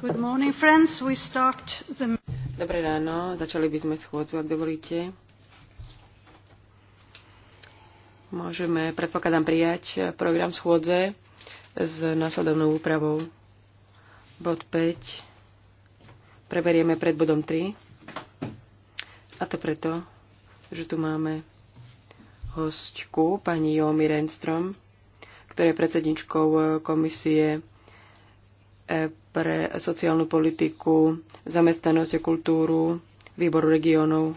Good morning, friends. We start the... Dobré ráno, začali by sme schôdzu, ak dovolíte. Môžeme, predpokladám, prijať program schôdze s následovnou úpravou. Bod 5 preberieme pred bodom 3. A to preto, že tu máme hostku, pani Jomi Renstrom, ktorá je predsedničkou eh, komisie pre sociálnu politiku, zamestnanosť a kultúru, výboru regiónov.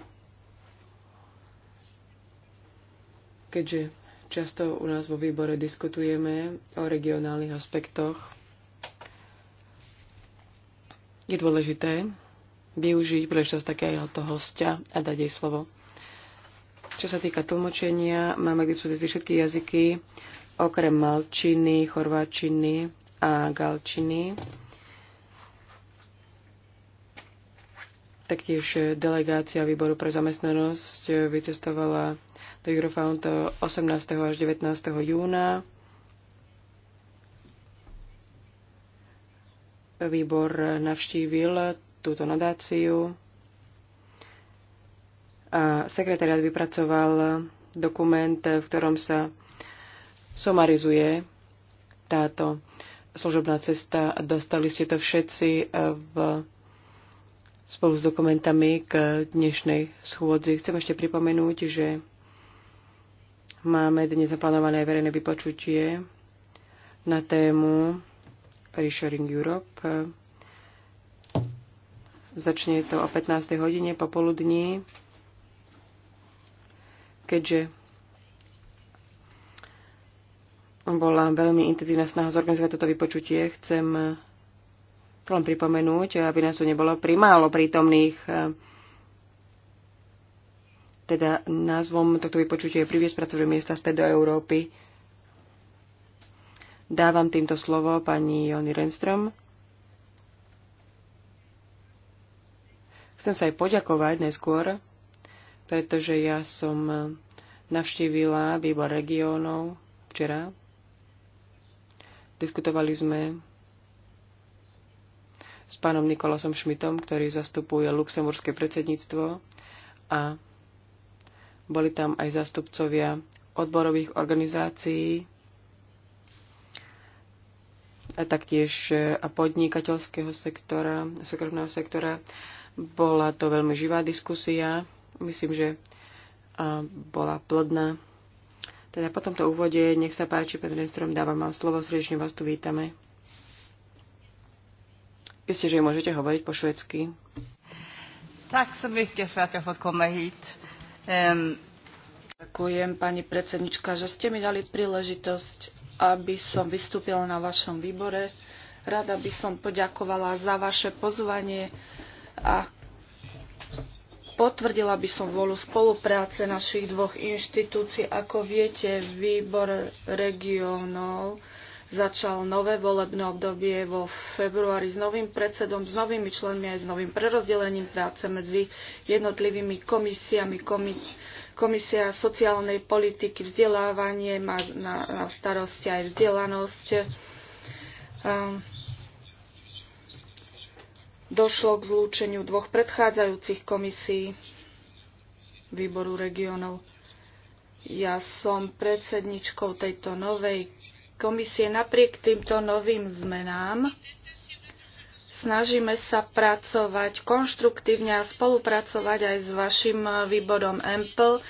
Keďže často u nás vo výbore diskutujeme o regionálnych aspektoch, je dôležité využiť príležitosť takéhoto hostia a dať jej slovo. Čo sa týka tlmočenia, máme k dispozícii všetky jazyky, okrem malčiny, chorváčiny, a Galčiny. Taktiež delegácia výboru pre zamestnanosť vycestovala do Eurofound 18. až 19. júna. Výbor navštívil túto nadáciu a sekretariat vypracoval dokument, v ktorom sa sumarizuje táto služobná cesta. Dostali ste to všetci eh, v, spolu s dokumentami k dnešnej schôdzi. Chcem ešte pripomenúť, že máme dnes zaplánované verejné vypočutie na tému Resharing Europe. Začne to o 15. hodine popoludní, keďže bola veľmi intenzívna snaha zorganizovať toto vypočutie. Chcem to len pripomenúť, aby nás tu nebolo primálo prítomných. Teda názvom tohto vypočutia je priviesť pracovné miesta späť do Európy. Dávam týmto slovo pani Joni Renstrom. Chcem sa aj poďakovať neskôr, pretože ja som navštívila výbor regiónov včera Diskutovali sme s pánom Nikolasom Šmitom, ktorý zastupuje luxemburské predsedníctvo a boli tam aj zástupcovia odborových organizácií a taktiež e, a podnikateľského sektora, súkromného sektora. Bola to veľmi živá diskusia. Myslím, že bola plodná. Teda po tomto úvode, nech sa páči, pán Renstrom, dávam vám slovo, srdečne vás tu vítame. Isté, že môžete hovoriť po švedsky. Tak så mycket för att jag fått komma hit. Um, Ďakujem, pani predsednička, že ste mi dali príležitosť, aby som vystúpila na vašom výbore. Rada by som poďakovala za vaše pozvanie a Potvrdila by som vôľu spolupráce našich dvoch inštitúcií. Ako viete, výbor regiónov začal nové volebné obdobie vo februári s novým predsedom, s novými členmi aj s novým prerozdelením práce medzi jednotlivými komisiami. Komi- komisia sociálnej politiky, vzdelávanie, má na, na starosti aj vzdelanosť. Um, došlo k zlúčeniu dvoch predchádzajúcich komisí výboru regionov. Ja som predsedničkou tejto novej komisie. Napriek týmto novým zmenám snažíme sa pracovať konštruktívne a spolupracovať aj s vašim výborom EMPL.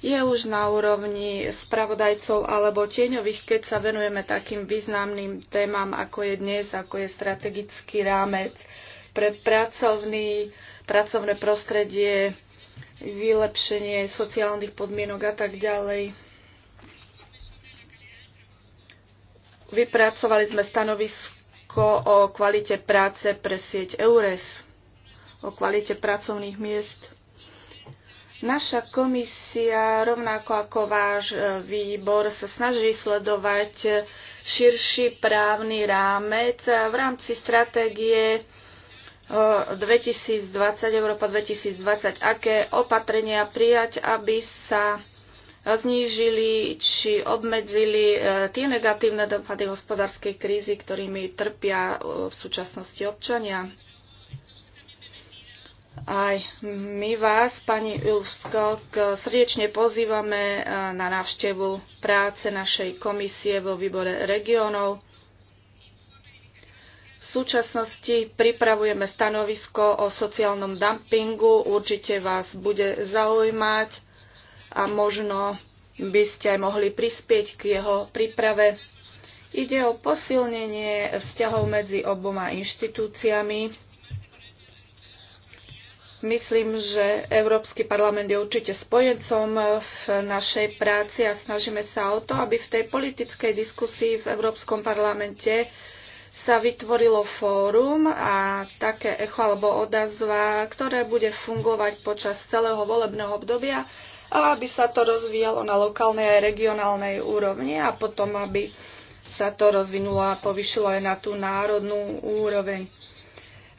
Je už na úrovni spravodajcov alebo tieňových, keď sa venujeme takým významným témam, ako je dnes, ako je strategický rámec pre pracovný, pracovné prostredie, vylepšenie sociálnych podmienok a tak ďalej. Vypracovali sme stanovisko o kvalite práce pre sieť EURES, o kvalite pracovných miest. Naša komisia, rovnako ako váš e, výbor, sa snaží sledovať širší právny rámec v rámci stratégie 2020, Európa 2020, aké opatrenia prijať, aby sa znížili či obmedzili e, tie negatívne dopady hospodárskej krízy, ktorými trpia e, v súčasnosti občania. Aj my vás, pani Ulfskok, srdečne pozývame e, na návštevu práce našej komisie vo výbore regionov v súčasnosti pripravujeme stanovisko o sociálnom dumpingu. Určite vás bude zaujímať a možno by ste aj mohli prispieť k jeho príprave. Ide o posilnenie vzťahov medzi oboma inštitúciami. Myslím, že Európsky parlament je určite spojencom v našej práci a snažíme sa o to, aby v tej politickej diskusii v Európskom parlamente sa vytvorilo fórum a také echo alebo odazva, ktoré bude fungovať počas celého volebného obdobia a aby sa to rozvíjalo na lokálnej a regionálnej úrovni a potom, aby sa to rozvinulo a povyšilo aj na tú národnú úroveň.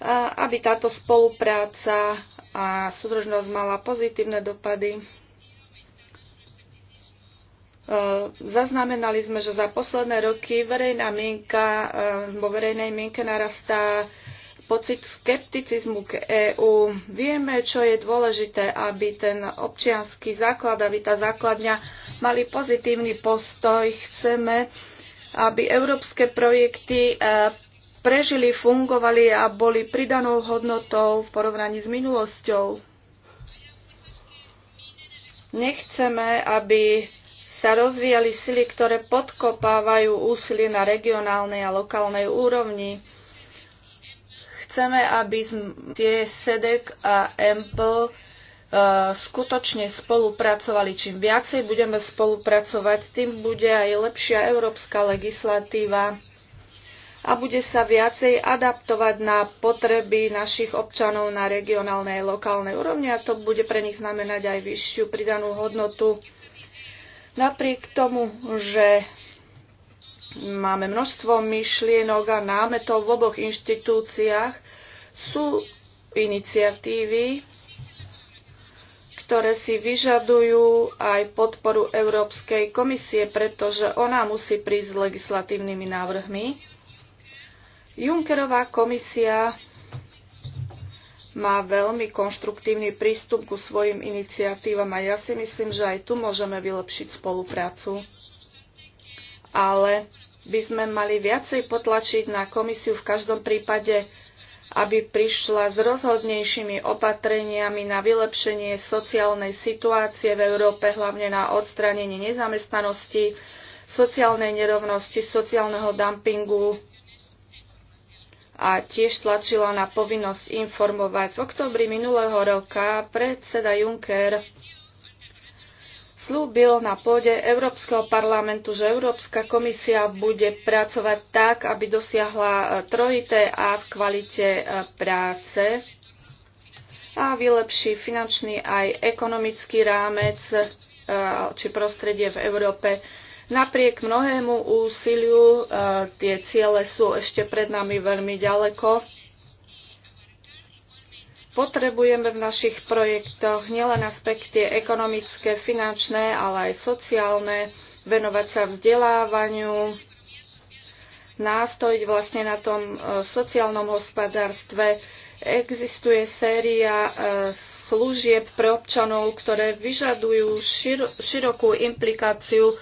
A aby táto spolupráca a súdržnosť mala pozitívne dopady Eh, zaznamenali sme, že za posledné roky verejná mienka, eh, vo verejnej mienke narastá pocit skepticizmu k EÚ. Vieme, čo je dôležité, aby ten občianský základ, aby tá základňa mali pozitívny postoj. Chceme, aby európske projekty eh, prežili, fungovali a boli pridanou hodnotou v porovnaní s minulosťou. Nechceme, aby sa rozvíjali sily, ktoré podkopávajú úsilie na regionálnej a lokálnej úrovni. Chceme, aby tie SEDEC a EMPL e, skutočne spolupracovali. Čím viacej budeme spolupracovať, tým bude aj lepšia európska legislatíva a bude sa viacej adaptovať na potreby našich občanov na regionálnej a lokálnej úrovni a to bude pre nich znamenať aj vyššiu pridanú hodnotu. Napriek tomu, že máme množstvo myšlienok a námetov v oboch inštitúciách, sú iniciatívy, ktoré si vyžadujú aj podporu Európskej komisie, pretože ona musí prísť s legislatívnymi návrhmi. Junckerová komisia má veľmi konštruktívny prístup ku svojim iniciatívam a ja si myslím, že aj tu môžeme vylepšiť spoluprácu. Ale by sme mali viacej potlačiť na komisiu v každom prípade, aby prišla s rozhodnejšími opatreniami na vylepšenie sociálnej situácie v Európe, hlavne na odstránenie nezamestnanosti, sociálnej nerovnosti, sociálneho dumpingu, a tiež tlačila na povinnosť informovať. V oktobri minulého roka predseda Juncker slúbil na pôde Európskeho parlamentu, že Európska komisia bude pracovať tak, aby dosiahla e, trojité A v kvalite e, práce a vylepší finančný aj ekonomický rámec e, či prostredie v Európe. Napriek mnohému úsiliu e, tie ciele sú ešte pred nami veľmi ďaleko. Potrebujeme v našich projektoch nielen aspekty ekonomické, finančné, ale aj sociálne, venovať sa vzdelávaniu, nástojiť vlastne na tom e, sociálnom hospodárstve, existuje séria e, služieb pre občanov, ktoré vyžadujú širokú implikáciu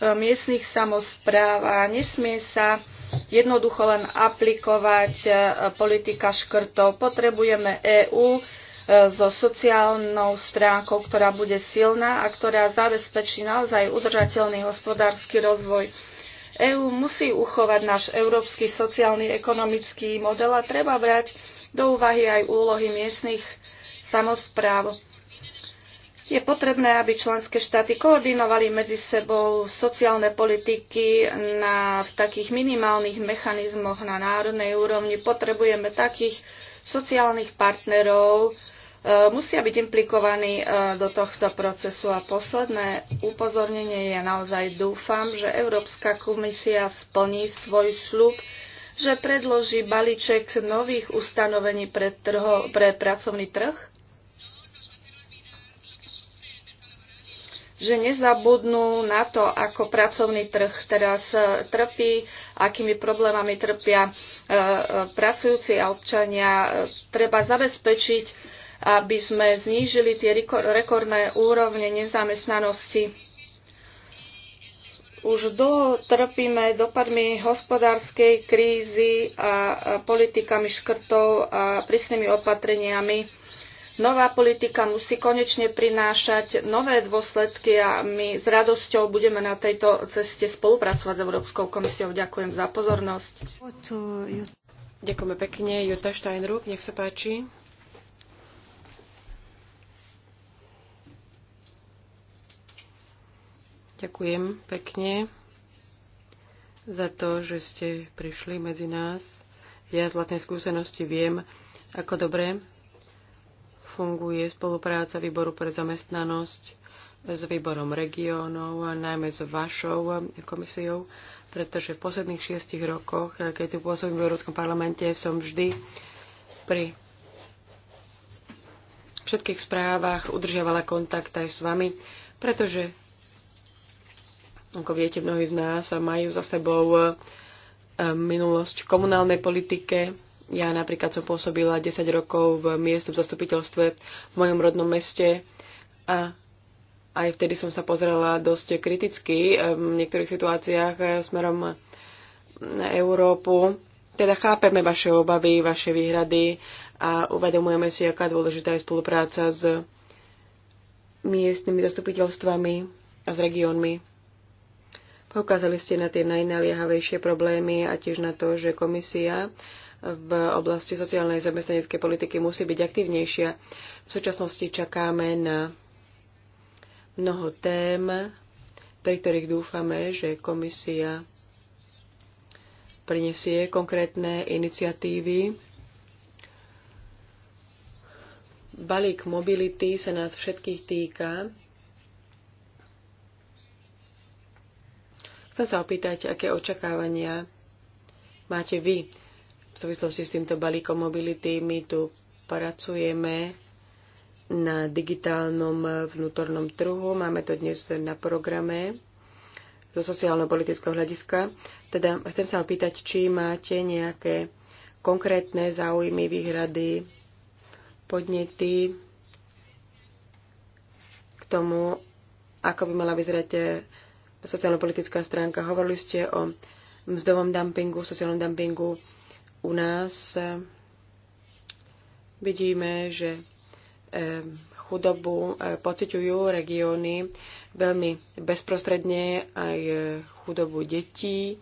E, miestnych samozpráv a nesmie sa jednoducho len aplikovať e, politika škrtov. Potrebujeme EÚ e, so sociálnou stránkou, ktorá bude silná a ktorá zabezpečí naozaj udržateľný hospodársky rozvoj. EÚ musí uchovať náš európsky sociálny ekonomický model a treba brať do úvahy aj úlohy miestnych samozpráv. Je potrebné, aby členské štáty koordinovali medzi sebou sociálne politiky na, v takých minimálnych mechanizmoch na národnej úrovni. Potrebujeme takých sociálnych partnerov, e, musia byť implikovaní e, do tohto procesu. A posledné upozornenie je ja naozaj dúfam, že Európska komisia splní svoj slub, že predloží balíček nových ustanovení pre, trho, pre pracovný trh že nezabudnú na to, ako pracovný trh teraz e, trpí, akými problémami trpia e, e, pracujúci a občania. Treba zabezpečiť, aby sme znížili tie rekordné úrovne nezamestnanosti už dlho trpíme dopadmi hospodárskej krízy a politikami škrtov a prísnymi opatreniami. Nová politika musí konečne prinášať nové dôsledky a my s radosťou budeme na tejto ceste spolupracovať s Európskou komisiou. Ďakujem za pozornosť. Ďakujeme pekne. Jutta Steinruck, nech sa páči. Ďakujem pekne za to, že ste prišli medzi nás. Ja z vlastnej skúsenosti viem, ako dobre funguje spolupráca výboru pre zamestnanosť s výborom regiónov, najmä s vašou komisiou, pretože v posledných šiestich rokoch, keď tu pôsobím v Európskom parlamente, som vždy pri všetkých správach udržiavala kontakt aj s vami, pretože, ako viete, mnohí z nás majú za sebou eh, minulosť v komunálnej politike, ja napríklad som pôsobila 10 rokov v miestnom zastupiteľstve v mojom rodnom meste a aj vtedy som sa pozrela dosť kriticky ehm, v niektorých situáciách eh, smerom na eh, Európu. Teda chápeme vaše obavy, vaše výhrady a uvedomujeme si, aká dôležitá je spolupráca s miestnymi zastupiteľstvami a s regiónmi. Poukázali ste na tie najnaliehavejšie problémy a tiež na to, že komisia v oblasti sociálnej zamestnaneckej politiky musí byť aktívnejšia. V súčasnosti čakáme na mnoho tém, pri ktorých dúfame, že komisia prinesie konkrétne iniciatívy. Balík mobility sa nás všetkých týka. Chcem sa opýtať, aké očakávania máte vy v súvislosti s týmto balíkom mobility my tu pracujeme na digitálnom vnútornom trhu. Máme to dnes na programe zo sociálno-politického hľadiska. Teda chcem sa opýtať, či máte nejaké konkrétne záujmy, výhrady, podnety k tomu, ako by mala vyzerať sociálno-politická stránka. Hovorili ste o mzdovom dumpingu, sociálnom dumpingu, u nás vidíme, že eh, chudobu eh, pociťujú regióny veľmi bezprostredne aj eh, chudobu detí.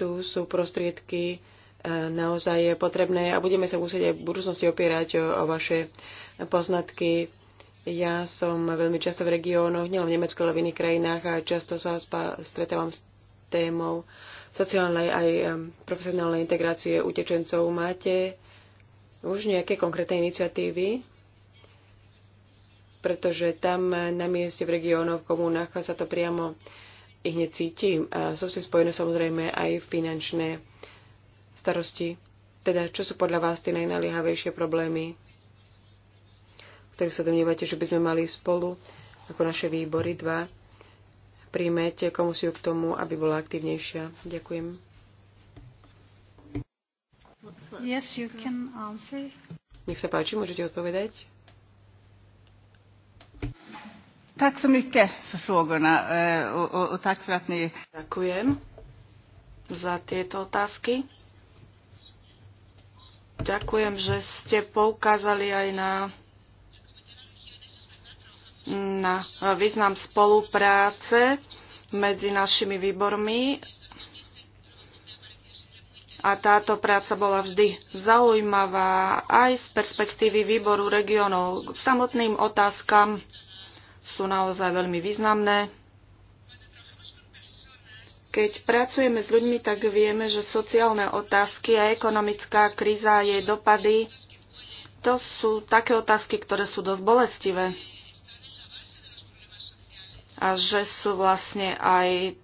Tu sú prostriedky naozaj potrebné a budeme sa musieť aj v budúcnosti opierať o, o vaše poznatky. Ja som veľmi často v regiónoch, nielen v Nemecku, ale v iných krajinách a často sa stretávam s témou sociálnej aj profesionálnej integrácie utečencov. Máte už nejaké konkrétne iniciatívy? Pretože tam na mieste v regiónoch, v komunách sa to priamo ich necíti. A sú si spojené samozrejme aj finančné starosti. Teda, čo sú podľa vás tie najnaliehavejšie problémy, ktorých sa domnievate, že by sme mali spolu, ako naše výbory dva, príjmete komisiu k tomu, aby bola aktívnejšia. Ďakujem. Yes, you can answer. Nech sa páči, môžete odpovedať. Tak som mycket för frågorna och, e, och, och tack för att ni... Ďakujem za tieto otázky. Ďakujem, že ste poukázali aj na na význam spolupráce medzi našimi výbormi a táto práca bola vždy zaujímavá aj z perspektívy výboru regionov. K samotným otázkam sú naozaj veľmi významné. Keď pracujeme s ľuďmi, tak vieme, že sociálne otázky a ekonomická kríza a jej dopady, to sú také otázky, ktoré sú dosť bolestivé a že sú vlastne aj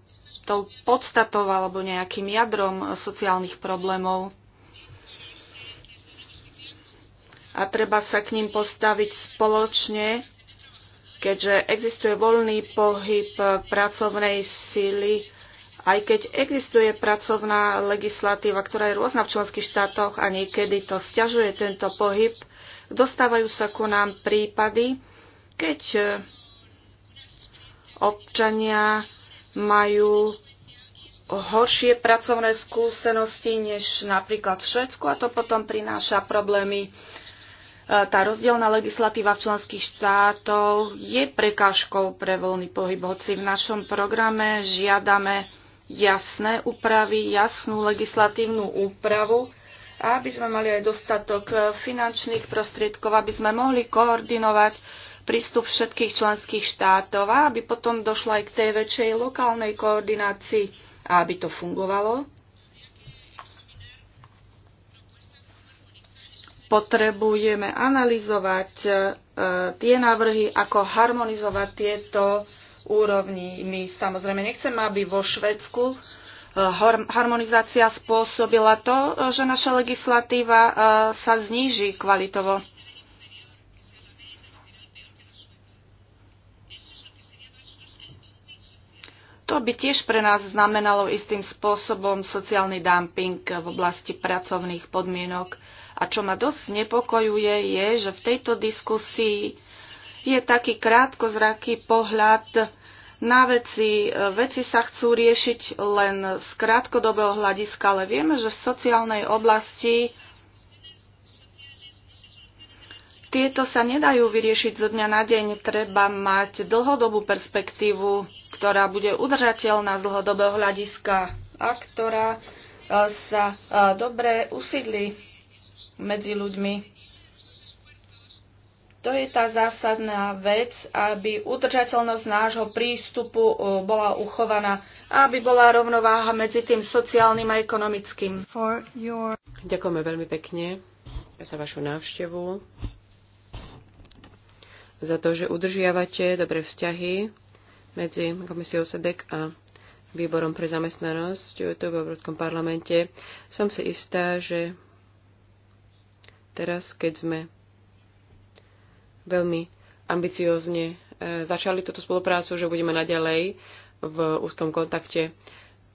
tou podstatou alebo nejakým jadrom sociálnych problémov. A treba sa k ním postaviť spoločne, keďže existuje voľný pohyb pracovnej síly, aj keď existuje pracovná legislatíva, ktorá je rôzna v členských štátoch a niekedy to stiažuje tento pohyb, dostávajú sa ku nám prípady, keď občania majú horšie pracovné skúsenosti než napríklad v Švedsku a to potom prináša problémy. E, tá rozdielna legislatíva členských štátov je prekážkou pre voľný pohyb, hoci v našom programe žiadame jasné úpravy, jasnú legislatívnu úpravu, aby sme mali aj dostatok e, finančných prostriedkov, aby sme mohli koordinovať prístup všetkých členských štátov a aby potom došlo aj k tej väčšej lokálnej koordinácii a aby to fungovalo. Potrebujeme analyzovať e, tie návrhy, ako harmonizovať tieto úrovni. My samozrejme nechceme, aby vo Švedsku e, harmonizácia spôsobila to, že naša legislatíva e, sa zníži kvalitovo. To by tiež pre nás znamenalo istým spôsobom sociálny dumping v oblasti pracovných podmienok. A čo ma dosť nepokojuje, je, že v tejto diskusii je taký krátkozraký pohľad na veci. Veci sa chcú riešiť len z krátkodobého hľadiska, ale vieme, že v sociálnej oblasti tieto sa nedajú vyriešiť zo dňa na deň. Treba mať dlhodobú perspektívu ktorá bude udržateľná z dlhodobého hľadiska a ktorá e, sa e, dobre usídli medzi ľuďmi. To je tá zásadná vec, aby udržateľnosť nášho prístupu e, bola uchovaná a aby bola rovnováha medzi tým sociálnym a ekonomickým. Your... Ďakujeme veľmi pekne za vašu návštevu, za to, že udržiavate dobré vzťahy medzi komisiou SEDEC a výborom pre zamestnanosť tu v Európskom parlamente. Som si istá, že teraz, keď sme veľmi ambiciozne e, začali túto spoluprácu, že budeme naďalej v úzkom kontakte.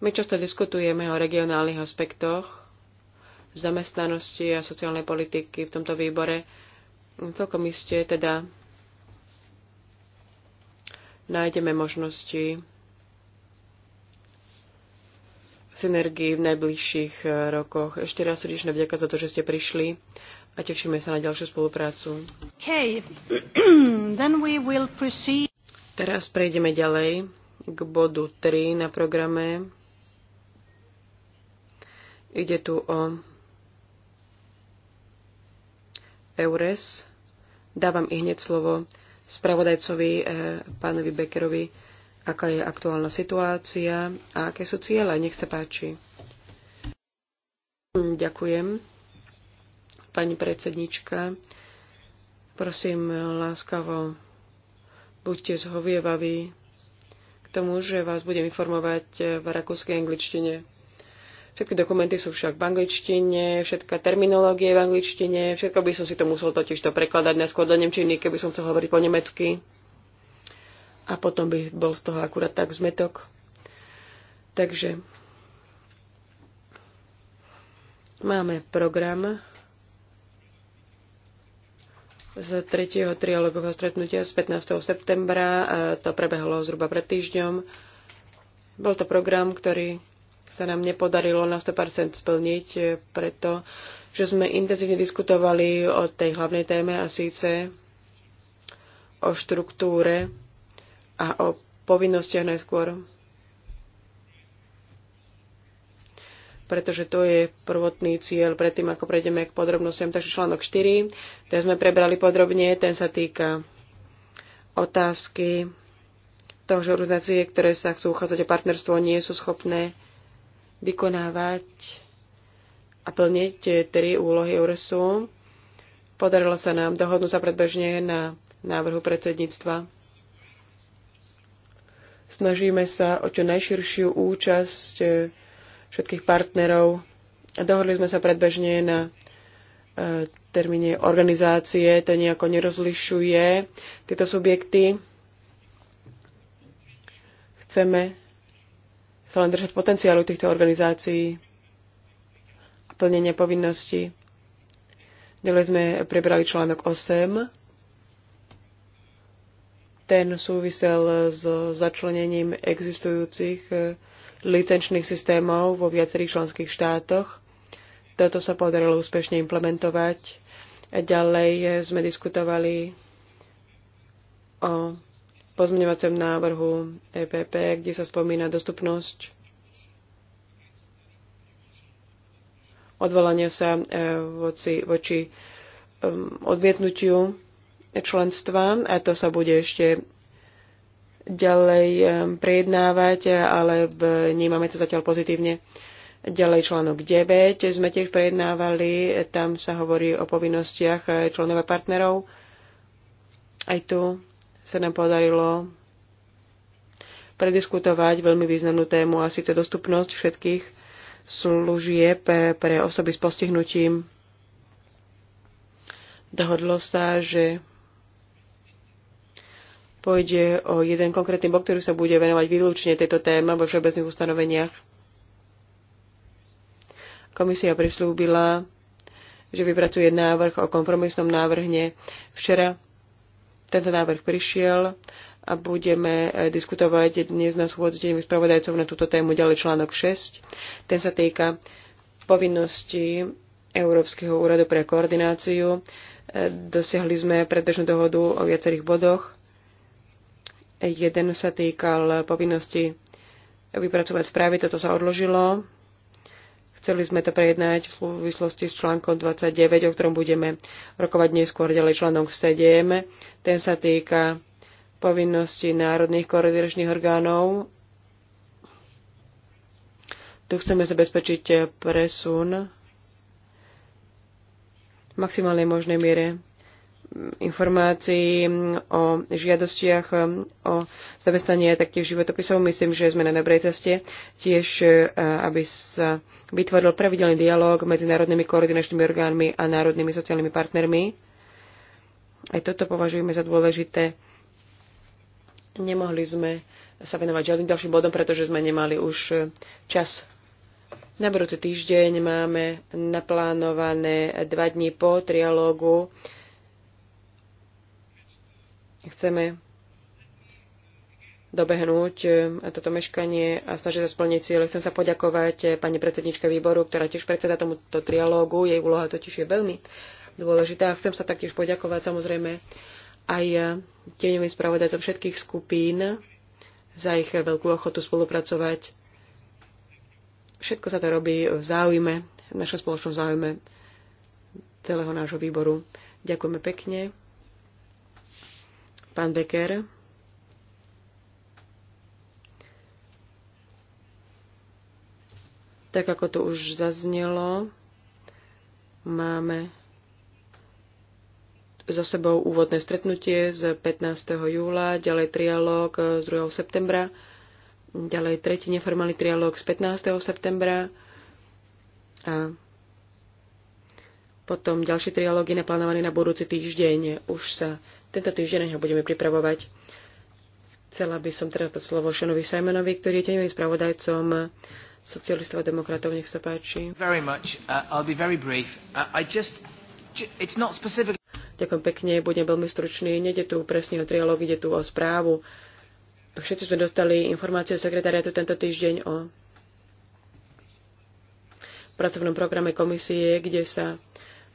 My často diskutujeme o regionálnych aspektoch zamestnanosti a sociálnej politiky v tomto výbore. Celkom iste teda nájdeme možnosti synergii v najbližších eh, rokoch. Ešte raz srdečne vďaka za to, že ste prišli a tešíme sa na ďalšiu spoluprácu. Okay. Then we will proceed. Teraz prejdeme ďalej k bodu 3 na programe. Ide tu o EURES. Dávam i hneď slovo spravodajcovi, eh, pánovi Beckerovi, aká je aktuálna situácia a aké sú ciele. Nech sa páči. Hm, ďakujem. Pani predsednička, prosím láskavo, buďte zhovievaví k tomu, že vás budem informovať v rakúskej angličtine. Všetky dokumenty sú však v angličtine, všetká terminológia je v angličtine, všetko by som si to musel totiž to prekladať neskôr do nemčiny, keby som chcel hovoriť po nemecky. A potom by bol z toho akurát tak zmetok. Takže máme program z 3. trialogového stretnutia z 15. septembra. To prebehlo zhruba pred týždňom. Bol to program, ktorý sa nám nepodarilo na 100% splniť, e, preto že sme intenzívne diskutovali o tej hlavnej téme a síce o štruktúre a o povinnostiach najskôr. pretože to je prvotný cieľ predtým, ako prejdeme k podrobnostiam. Takže článok 4, ten sme prebrali podrobne, ten sa týka otázky toho, že organizácie, ktoré sa chcú uchádzať o partnerstvo, nie sú schopné vykonávať a plniť eh, tri úlohy Eurosum. Podarilo sa nám dohodnúť sa predbežne na návrhu predsedníctva. Snažíme sa o čo najširšiu účasť eh, všetkých partnerov. Dohodli sme sa predbežne na eh, termíne organizácie, to nejako nerozlišuje tieto subjekty. Chceme sa len držať potenciálu týchto organizácií a plnenie povinností. Ďalej sme prebrali článok 8. Ten súvisel s začlenením existujúcich licenčných systémov vo viacerých členských štátoch. Toto sa podarilo úspešne implementovať. Ďalej sme diskutovali o pozmeňovacom návrhu EPP, kde sa spomína dostupnosť odvolania sa e, voci, voči odmietnutiu členstva. A to sa bude ešte ďalej prejednávať, ale vnímame to zatiaľ pozitívne. Ďalej článok 9 sme tiež prejednávali, tam sa hovorí o povinnostiach e, členov a partnerov. Aj tu sa nám podarilo prediskutovať veľmi významnú tému a síce dostupnosť všetkých služieb pre osoby s postihnutím. Dohodlo sa, že pôjde o jeden konkrétny bod, ktorý sa bude venovať výlučne tejto téme vo všeobecných ustanoveniach. Komisia prislúbila, že vypracuje návrh o kompromisnom návrhne. Včera tento návrh prišiel a budeme eh, diskutovať dnes na schôdzi spravodajcov na túto tému ďalej článok 6. Ten sa týka povinnosti Európskeho úradu pre koordináciu. Eh, dosiahli sme predbežnú dohodu o viacerých bodoch. Jeden sa týkal povinnosti vypracovať správy, toto sa odložilo Chceli sme to prejednať v súvislosti s článkom 29, o ktorom budeme rokovať neskôr ďalej článok 7. Ten sa týka povinnosti národných koordinačných orgánov. Tu chceme zabezpečiť presun v maximálnej možnej miere informácií mm, o žiadostiach mm, o zamestnanie taktiež životopisov. Myslím, že sme na dobrej ceste tiež, e, aby sa vytvoril pravidelný dialog medzi národnými koordinačnými orgánmi a národnými sociálnymi partnermi. Aj toto považujeme za dôležité. Nemohli sme sa venovať žiadnym ďalším bodom, pretože sme nemali už e, čas na budúci týždeň máme naplánované dva dní po trialógu Chceme dobehnúť e, toto meškanie a snažiť sa splniť cieľe. Chcem sa poďakovať e, pani predsedničke výboru, ktorá tiež predseda tomuto trialógu. Jej úloha totiž je veľmi dôležitá. chcem sa taktiež poďakovať samozrejme aj e, tieňovým spravodajcom všetkých skupín za ich veľkú ochotu spolupracovať. Všetko sa to robí v záujme, v našom spoločnom záujme celého nášho výboru. Ďakujeme pekne. Pán Becker. Tak ako to už zaznelo, máme za sebou úvodné stretnutie z 15. júla, ďalej trialóg z 2. septembra, ďalej tretí neformálny trialóg z 15. septembra a potom ďalší trialóg je naplánovaný na budúci týždeň. Už sa tento týždeň ho budeme pripravovať. Chcela by som teraz dať slovo Šanovi Simоnovi, ktorý je tenovým spravodajcom socialistov a demokratov. Nech sa páči. Very much. Uh, I'll be very brief. Uh, I just... It's not specific... Ďakujem pekne, budem veľmi stručný. Nede tu presne o trialog, ide tu o správu. Všetci sme dostali informáciu sekretariatu tento týždeň o pracovnom programe komisie, kde sa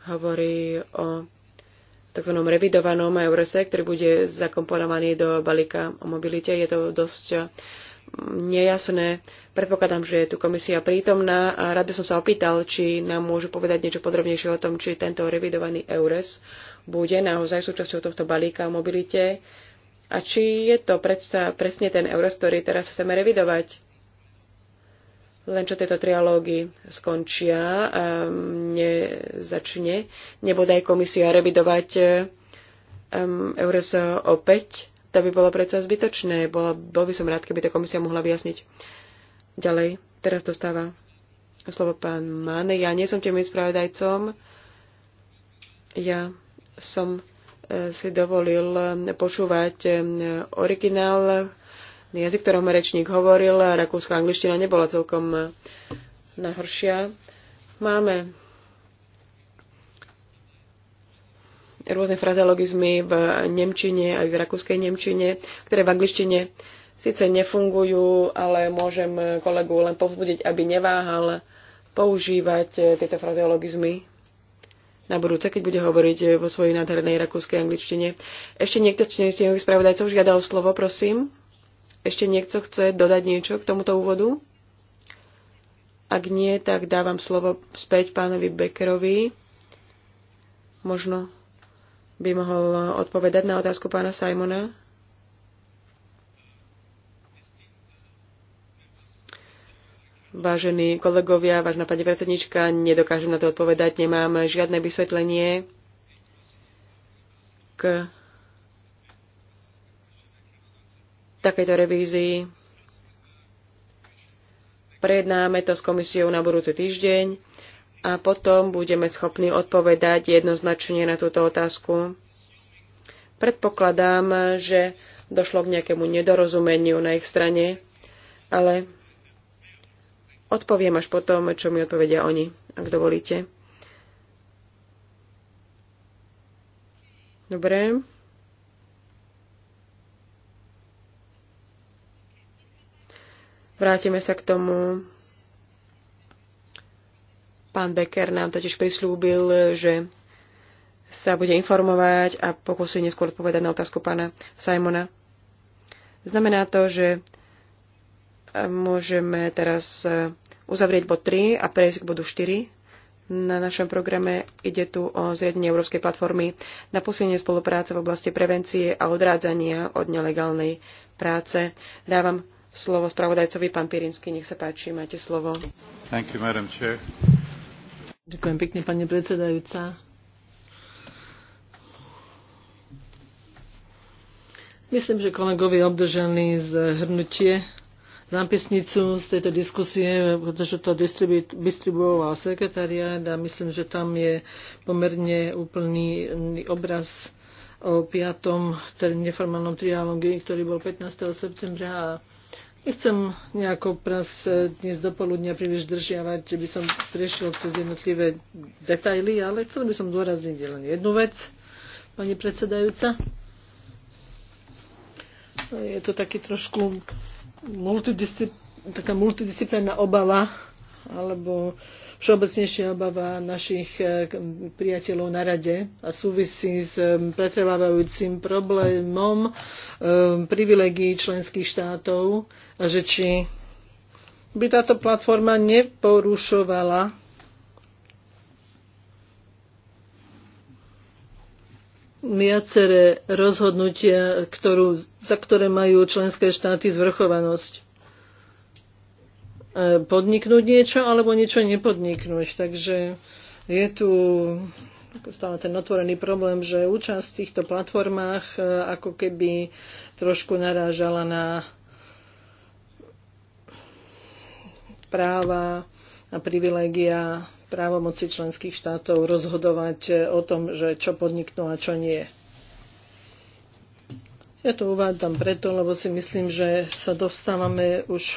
hovorí o tzv. revidovanom Eurese, ktorý bude zakomponovaný do balíka o mobilite. Je to dosť mm, nejasné. Predpokladám, že je tu komisia prítomná a rád by som sa opýtal, či nám môžu povedať niečo podrobnejšie o tom, či tento revidovaný EURES bude naozaj súčasťou tohto balíka o mobilite a či je to predsa presne ten EURES, ktorý teraz chceme revidovať len čo tieto trialógy skončia, ehm, nezačne, nebodaj komisia revidovať ehm, EURES opäť, to by bolo predsa zbytočné. Bola, bol by som rád, keby tá komisia mohla vyjasniť. Ďalej, teraz dostáva slovo pán Mane. Ja nie som tým spravodajcom. Ja som eh, si dovolil ehm, počúvať originál jazyk, ktorom rečník hovoril, rakúska angličtina nebola celkom eh, najhoršia. Máme rôzne frazeologizmy v nemčine, aj v rakúskej nemčine, ktoré v angličtine síce nefungujú, ale môžem kolegu len povzbudiť, aby neváhal používať eh, tieto frazeologizmy na budúce, keď bude hovoriť eh, vo svojej nádhernej rakúskej angličtine. Ešte niekto z činných spravodajcov žiadal slovo, prosím. Ešte niekto chce dodať niečo k tomuto úvodu? Ak nie, tak dávam slovo späť pánovi Beckerovi. Možno by mohol odpovedať na otázku pána Simona. Vážení kolegovia, vážna pani predsednička, nedokážem na to odpovedať, nemám žiadne vysvetlenie k takejto revízii. Prejednáme to s komisiou na budúci týždeň a potom budeme schopní odpovedať jednoznačne na túto otázku. Predpokladám, že došlo k nejakému nedorozumeniu na ich strane, ale odpoviem až potom, čo mi odpovedia oni, ak dovolíte. Dobre. Vrátime sa k tomu. Pán Becker nám totiž prislúbil, že sa bude informovať a pokusí neskôr odpovedať na otázku pána Simona. Znamená to, že eh, môžeme teraz eh, uzavrieť bod 3 a prejsť k bodu 4. Na našom programe ide tu o zriadenie Európskej platformy na posilnenie spolupráce v oblasti prevencie a odrádzania od nelegálnej práce. Dávam slovo spravodajcovi pán Pirinsky. Nech sa páči, máte slovo. Thank you, Madam Chair. Ďakujem pekne, pani predsedajúca. Myslím, že kolegovi obdržali zhrnutie zápisnicu z tejto diskusie, pretože to distribu- distribuoval sekretariát a myslím, že tam je pomerne úplný obraz o piatom neformálnom trialógu, ktorý bol 15. septembra a Nechcem nejako pras e, dnes dopoludnia príliš držiavať, že by som prešiel cez jednotlivé detaily, ale chcel by som dôrazniť len jednu vec, pani predsedajúca. Je to taký trošku multidiscipl- taká multidisciplinárna obava alebo všeobecnejšia obava našich eh, priateľov na rade a súvisí s eh, pretrvávajúcim problémom eh, privilegií členských štátov a že či by táto platforma neporušovala viaceré rozhodnutia, ktorú, za ktoré majú členské štáty zvrchovanosť. E, podniknúť niečo alebo niečo nepodniknúť. Takže je tu stále ten otvorený problém, že účasť v týchto platformách e, ako keby trošku narážala na práva a privilégia právomoci členských štátov rozhodovať o tom, že čo podniknú a čo nie. Ja to uvádzam preto, lebo si myslím, že sa dostávame už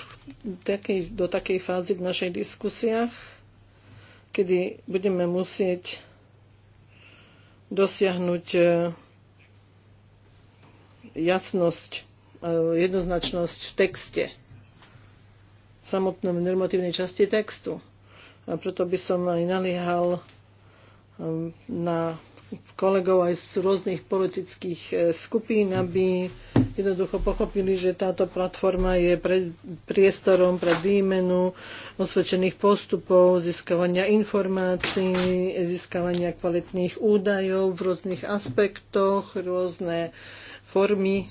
do takej fázy v našich diskusiách, kedy budeme musieť dosiahnuť e, jasnosť, e, jednoznačnosť v texte, v samotnom normatívnej časti textu. A preto by som aj naliehal e, na kolegov aj z rôznych politických e, skupín, aby jednoducho pochopili, že táto platforma je pre, priestorom pre výmenu osvedčených postupov, získavania informácií, získavania kvalitných údajov v rôznych aspektoch, rôzne formy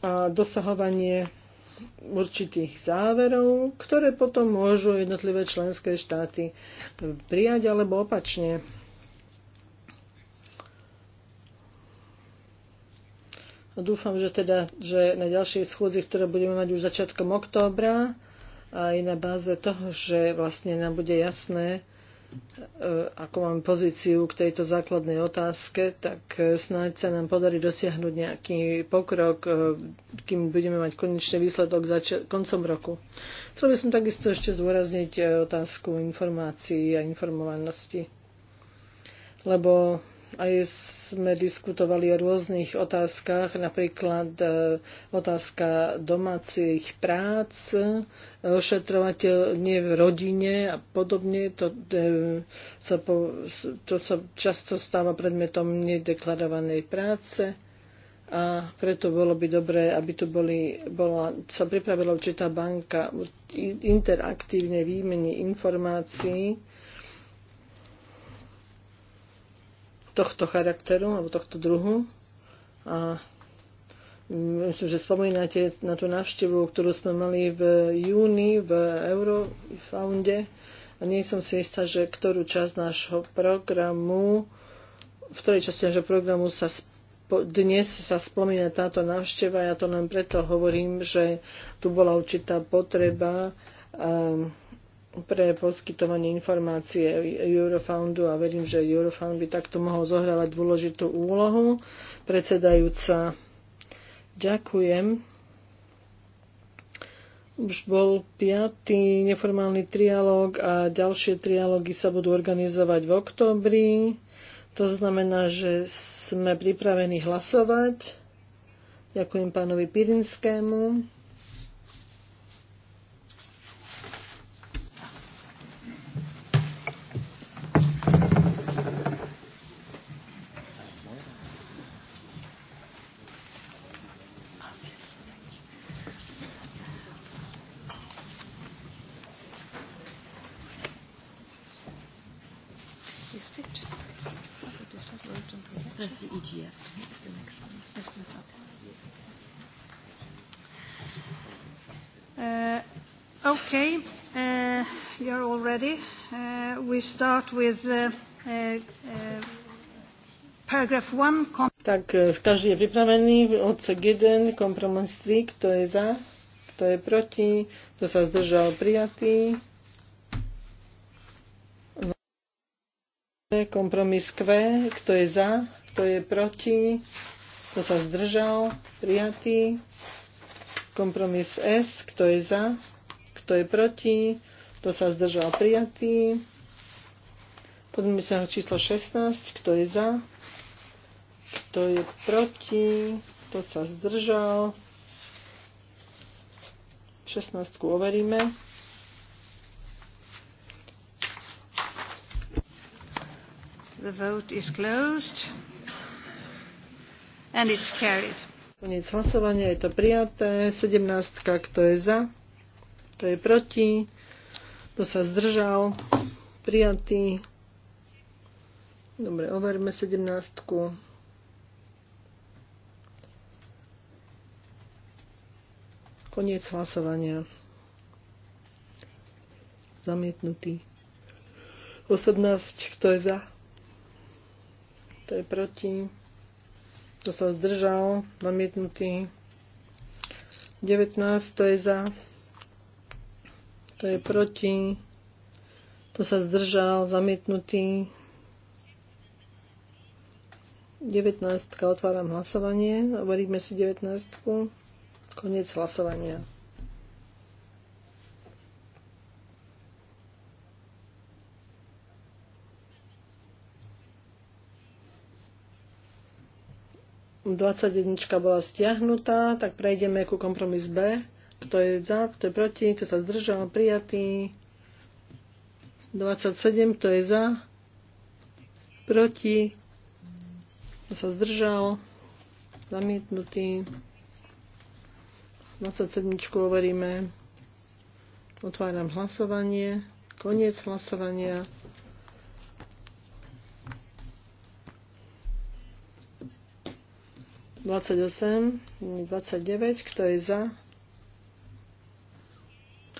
a dosahovanie určitých záverov, ktoré potom môžu jednotlivé členské štáty e, prijať alebo opačne. Dúfam, že teda, že na ďalšej schôdzi, ktoré budeme mať už začiatkom októbra, aj na báze toho, že vlastne nám bude jasné, E, ako mám pozíciu k tejto základnej otázke, tak e, snáď sa nám podarí dosiahnuť nejaký pokrok, e, kým budeme mať konečný výsledok zač- koncom roku. Chcel by som takisto ešte zdôrazniť otázku informácií a informovanosti, lebo aj sme diskutovali o rôznych otázkach, napríklad e, otázka domácich prác, ošetrovateľ nie v rodine a podobne. To, e, sa po, to sa často stáva predmetom nedeklarovanej práce a preto bolo by dobré, aby tu boli, bola, sa pripravila určitá banka interaktívne výmeny informácií tohto charakteru alebo tohto druhu. A myslím, že spomínate na tú návštevu, ktorú sme mali v júni v Eurofounde. A nie som si istá, že ktorú časť nášho programu, v ktorej časti nášho programu sa dnes sa spomína táto návšteva. Ja to len preto hovorím, že tu bola určitá potreba um, pre poskytovanie informácie Eurofoundu a verím, že Eurofound by takto mohol zohrávať dôležitú úlohu. Predsedajúca, ďakujem. Už bol piatý neformálny trialóg a ďalšie trialógy sa budú organizovať v oktobri. To znamená, že sme pripravení hlasovať. Ďakujem pánovi Pirinskému. Okay, uh, you're all ready. Uh, we start with uh, uh, paragraph one. Tak uh, každý je pripravený. Odsek 1, kompromis 3, kto je za, kto je proti, kto sa zdržal prijatý. No. Kompromis Q, kto je za, kto je proti, kto sa zdržal, prijatý. Kompromis S, kto je za, kto je proti? Kto sa zdržal? Prijatý. na číslo 16. Kto je za? Kto je proti? Kto sa zdržal? 16 overíme. The vote is closed. And it's carried. Koniec hlasovania, je to prijaté. 17. Kto je za? Kto je proti? Kto sa zdržal? Prijatý. Dobre, overme 17. Koniec hlasovania. Zamietnutý. 18. Kto je za? Kto je proti? Kto sa zdržal? Zamietnutý. 19. Kto je za? to je proti, to sa zdržal, zamietnutý. 19. Otváram hlasovanie. Hovoríme si 19. Koniec hlasovania. Dvadsať bola stiahnutá, tak prejdeme ku kompromis B kto je za, kto je proti, kto sa zdržal, prijatý. 27, kto je za, proti, kto sa zdržal, zamietnutý. 27 overíme. Otváram hlasovanie. Koniec hlasovania. Dvadsať osem, dvadsať deväť, kto je za?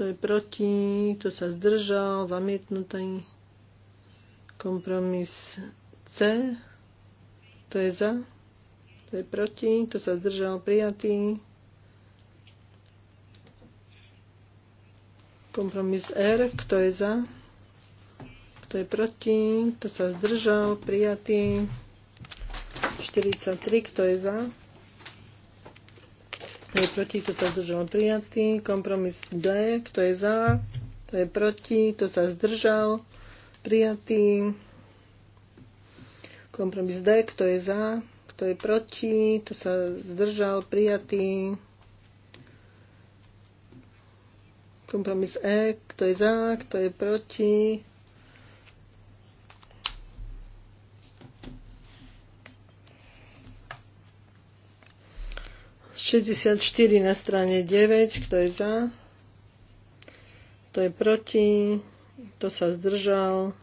to je proti, to sa zdržal, zamietnutý. Kompromis C, to je za, to je proti, to sa zdržal, prijatý. Kompromis R, kto je za, kto je proti, kto sa zdržal, prijatý. 43, kto je za, kto je proti, kto sa zdržal prijatý. Kompromis D. Kto je za, kto je proti, kto sa zdržal prijatý. Kompromis D. Kto je za, kto je proti, kto sa zdržal prijatý. Kompromis E. Kto je za, kto je proti, 64 na strane 9, kto je za, kto je proti, kto sa zdržal.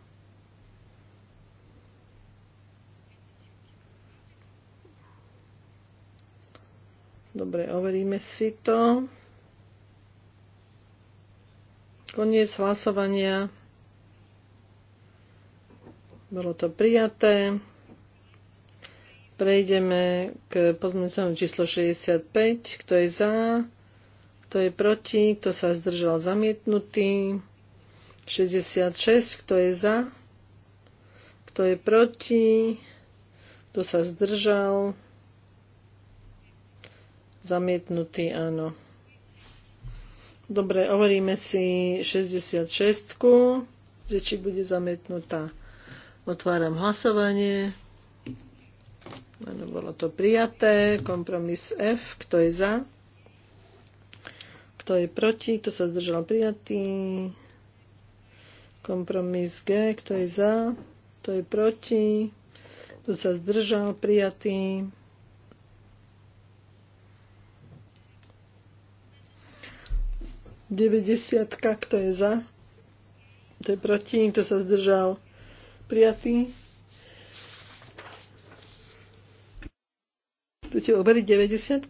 Dobre, overíme si to. Koniec hlasovania. Bolo to prijaté. Prejdeme k pozmeňujúcemu číslo 65. Kto je za? Kto je proti? Kto sa zdržal zamietnutý? 66. Kto je za? Kto je proti? Kto sa zdržal? Zamietnutý, áno. Dobre, overíme si 66, že či bude zamietnutá. Otváram hlasovanie. Áno, bolo to prijaté. Kompromis F. Kto je za? Kto je proti? Kto sa zdržal prijatý? Kompromis G. Kto je za? Kto je proti? Kto sa zdržal prijatý? Deväťdesiatka. Kto je za? Kto je proti? Kto sa zdržal prijatý? Chcete overiť 90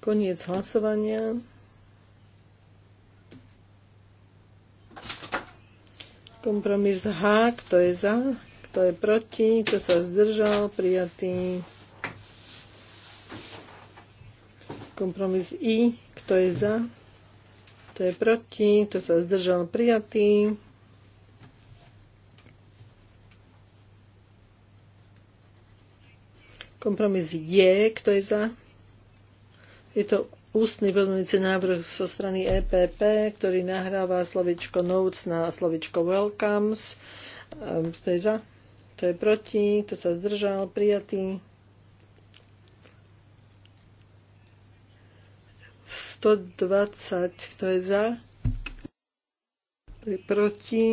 Koniec hlasovania. Kompromis H, kto je za, kto je proti, kto sa zdržal, prijatý. Kompromis I, kto je za, kto je proti, kto sa zdržal, prijatý. Kompromis je, kto je za. Je to ústny pozmeňujúci návrh zo so strany EPP, ktorý nahráva slovičko notes na slovičko welcomes. Ehm, kto je za? Kto je proti? Kto sa zdržal? Prijatý. 120. Kto je za? Kto je proti?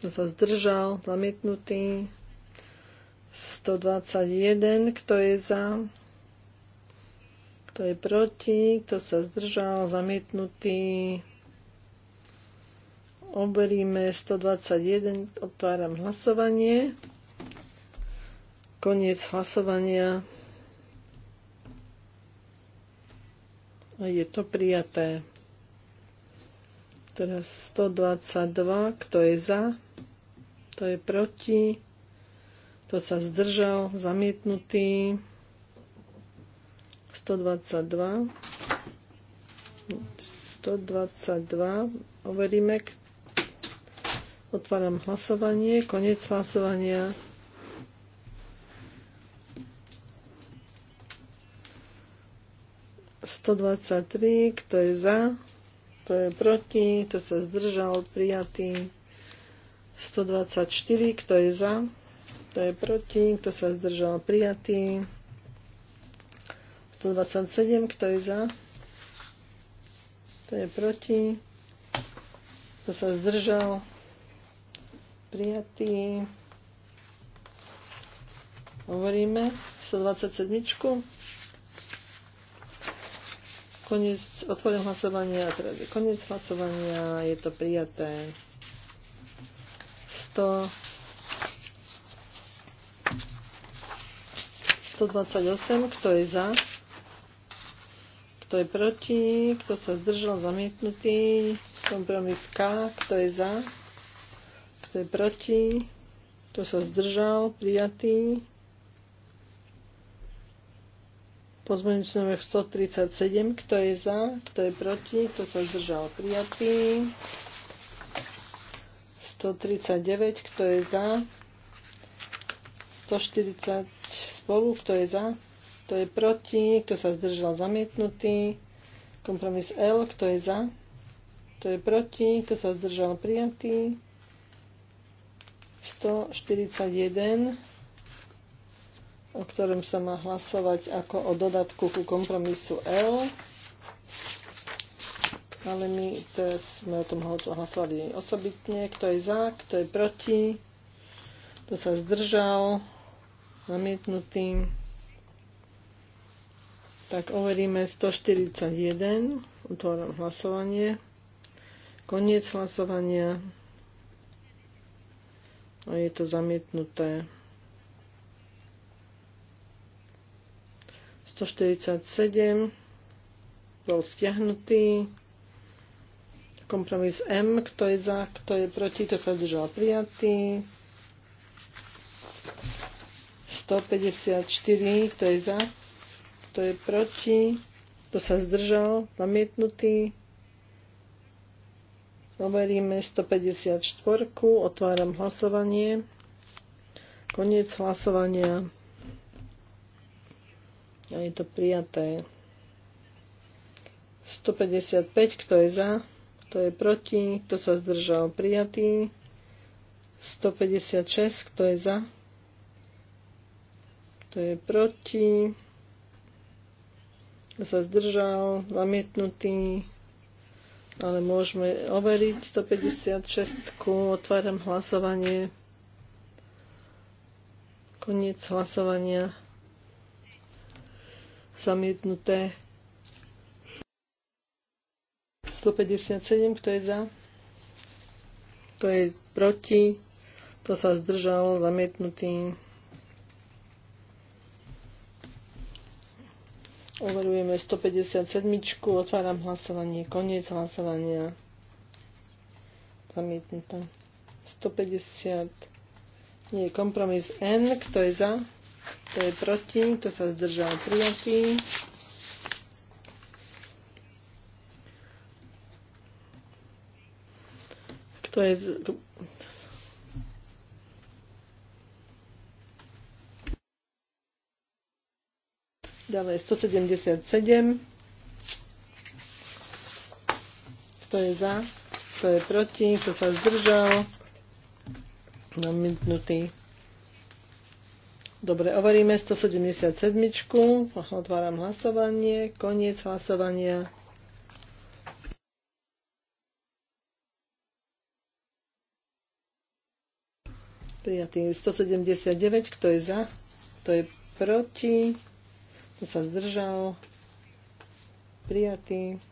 Kto sa zdržal? Zamietnutý. 121, kto je za, kto je proti, kto sa zdržal, zamietnutý. Oberíme 121, otváram hlasovanie. Koniec hlasovania. A je to prijaté. Teraz 122, kto je za, kto je proti. Kto sa zdržal? Zamietnutý. 122. 122. Overíme. Otváram hlasovanie. Konec hlasovania. kto je za, kto je proti, kto sa zdržal, prijatý. 124, kto je za kto je proti, kto sa zdržal prijatý. 127, kto je za, kto je proti, kto sa zdržal prijatý. Hovoríme 127. Koniec, otvorím hlasovanie a teraz je koniec hlasovania, je to prijaté. 100 128, kto je za, kto je proti, kto sa zdržal, zamietnutý. Kompromis K, kto je za, kto je proti, kto sa zdržal, prijatý. Pozmeňujúci návrh 137, kto je za, kto je proti, kto sa zdržal, prijatý. 139, kto je za, 140, spolu, kto je za, kto je proti, kto sa zdržal zamietnutý. Kompromis L, kto je za, kto je proti, kto sa zdržal prijatý. 141, o ktorom sa má hlasovať ako o dodatku ku kompromisu L. Ale my teraz sme o tom hlasovali osobitne. Kto je za, kto je proti, kto sa zdržal zamietnutý. Tak overíme 141. utváram hlasovanie. Koniec hlasovania. A je to zamietnuté. 147 bol stiahnutý. Kompromis M, kto je za, kto je proti, to sa držal prijatý. 154, kto je za, kto je proti, kto sa zdržal, namietnutý. Overíme 154, otváram hlasovanie. Koniec hlasovania. A je to prijaté. 155, kto je za, kto je proti, kto sa zdržal, prijatý. 156, kto je za, to je proti, kto sa zdržal, zamietnutý, ale môžeme overiť 156. Otváram hlasovanie. Koniec hlasovania. Zamietnuté. 157, kto je za? Kto je proti? Kto sa zdržal? Zamietnutý. Overujeme 157. Otváram hlasovanie. Koniec hlasovania. Zamietnuté. 150. Nie, kompromis N. Kto je za? Kto je proti? Kto sa zdržal? Prijatý. Kto je Ďalej 177. Kto je za? Kto je proti? Kto sa zdržal? Namietnutý. Dobre, overíme 177. Otváram hlasovanie. Koniec hlasovania. Prijatý 179. Kto je za? Kto je proti? Kto sa zdržal? Prijatý.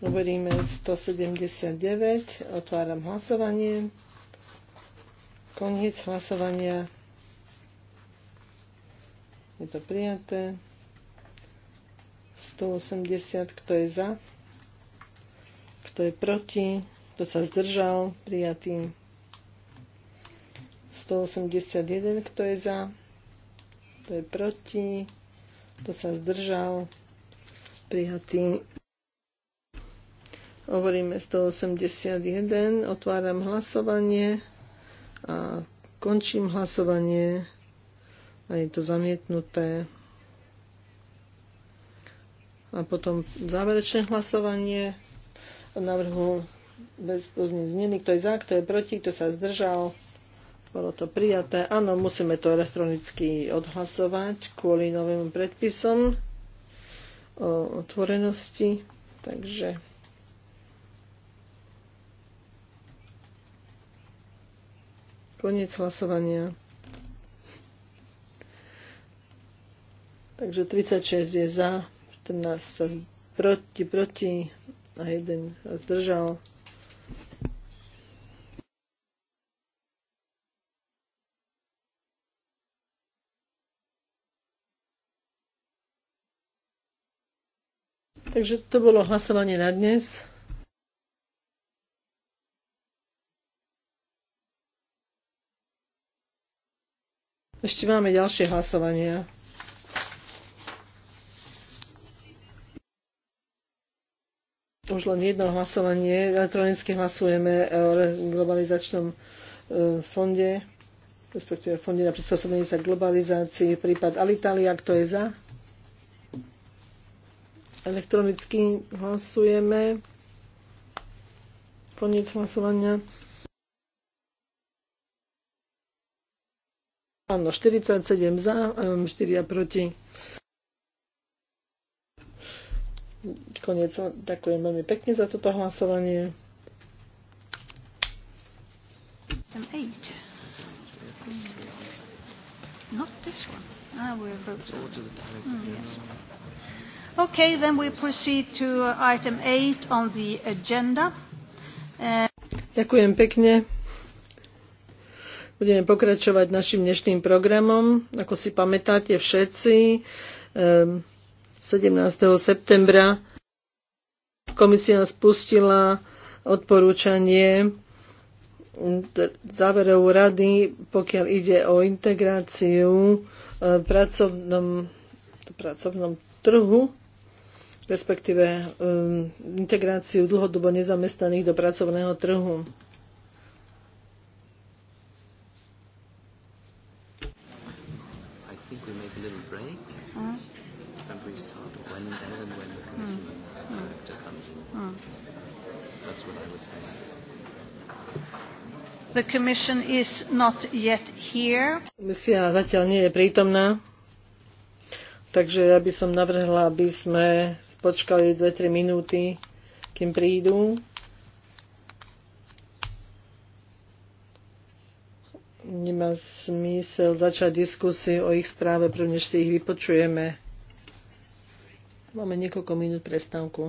Uberíme 179. Otváram hlasovanie. Koniec hlasovania. Je to prijaté. 180. Kto je za? Kto je proti? Kto sa zdržal? Prijatý. 181. Kto je za? Kto je proti? kto sa zdržal, prijatý. Hovoríme 181, otváram hlasovanie a končím hlasovanie a je to zamietnuté. A potom záverečné hlasovanie o návrhu bez zmeny, kto je za, kto je proti, kto sa zdržal. Bolo to prijaté. Áno, musíme to elektronicky odhlasovať kvôli novým predpisom o otvorenosti. Takže koniec hlasovania. Takže 36 je za, 14 sa proti, proti a jeden zdržal. Takže to bolo hlasovanie na dnes. Ešte máme ďalšie hlasovania. Už len jedno hlasovanie. Elektronicky hlasujeme o globalizačnom e, fonde, respektíve fonde na prispôsobenie sa globalizácii, prípad Alitalia, kto je za? Elektronicky hlasujeme. Koniec hlasovania. Áno, 47 za, 4 ehm, proti. Koniec, ďakujem veľmi pekne za toto hlasovanie. Not this one. Ah, we're voting. Mm, yes. Okay, then we proceed to uh, item 8 on the agenda. Uh, Ďakujem pekne. Budeme pokračovať našim dnešným programom. Ako si pamätáte všetci, 17. Um, septembra komisia spustila odporúčanie záverov rady, pokiaľ ide o integráciu v uh, pracovnom, v pracovnom trhu respektíve um, integráciu dlhodobo nezamestnaných do pracovného trhu. Hmm. Hmm. Hmm. The Commission is not yet here. Komisia zatiaľ nie je prítomná, takže ja by som navrhla, aby sme počkali 2-3 minúty, kým prídu. Nemá smysel začať diskusiu o ich správe, prvne si ich vypočujeme. Máme niekoľko minút prestávku.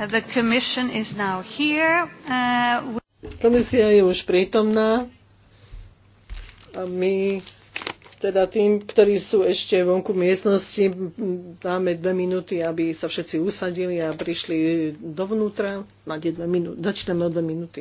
Uh, the commission is now here. Uh, Komisia je už prítomná a my teda tým, ktorí sú ešte vonku miestnosti, dáme dve minúty, aby sa všetci usadili a prišli dovnútra. Máte dve minúty, začneme o dve minúty.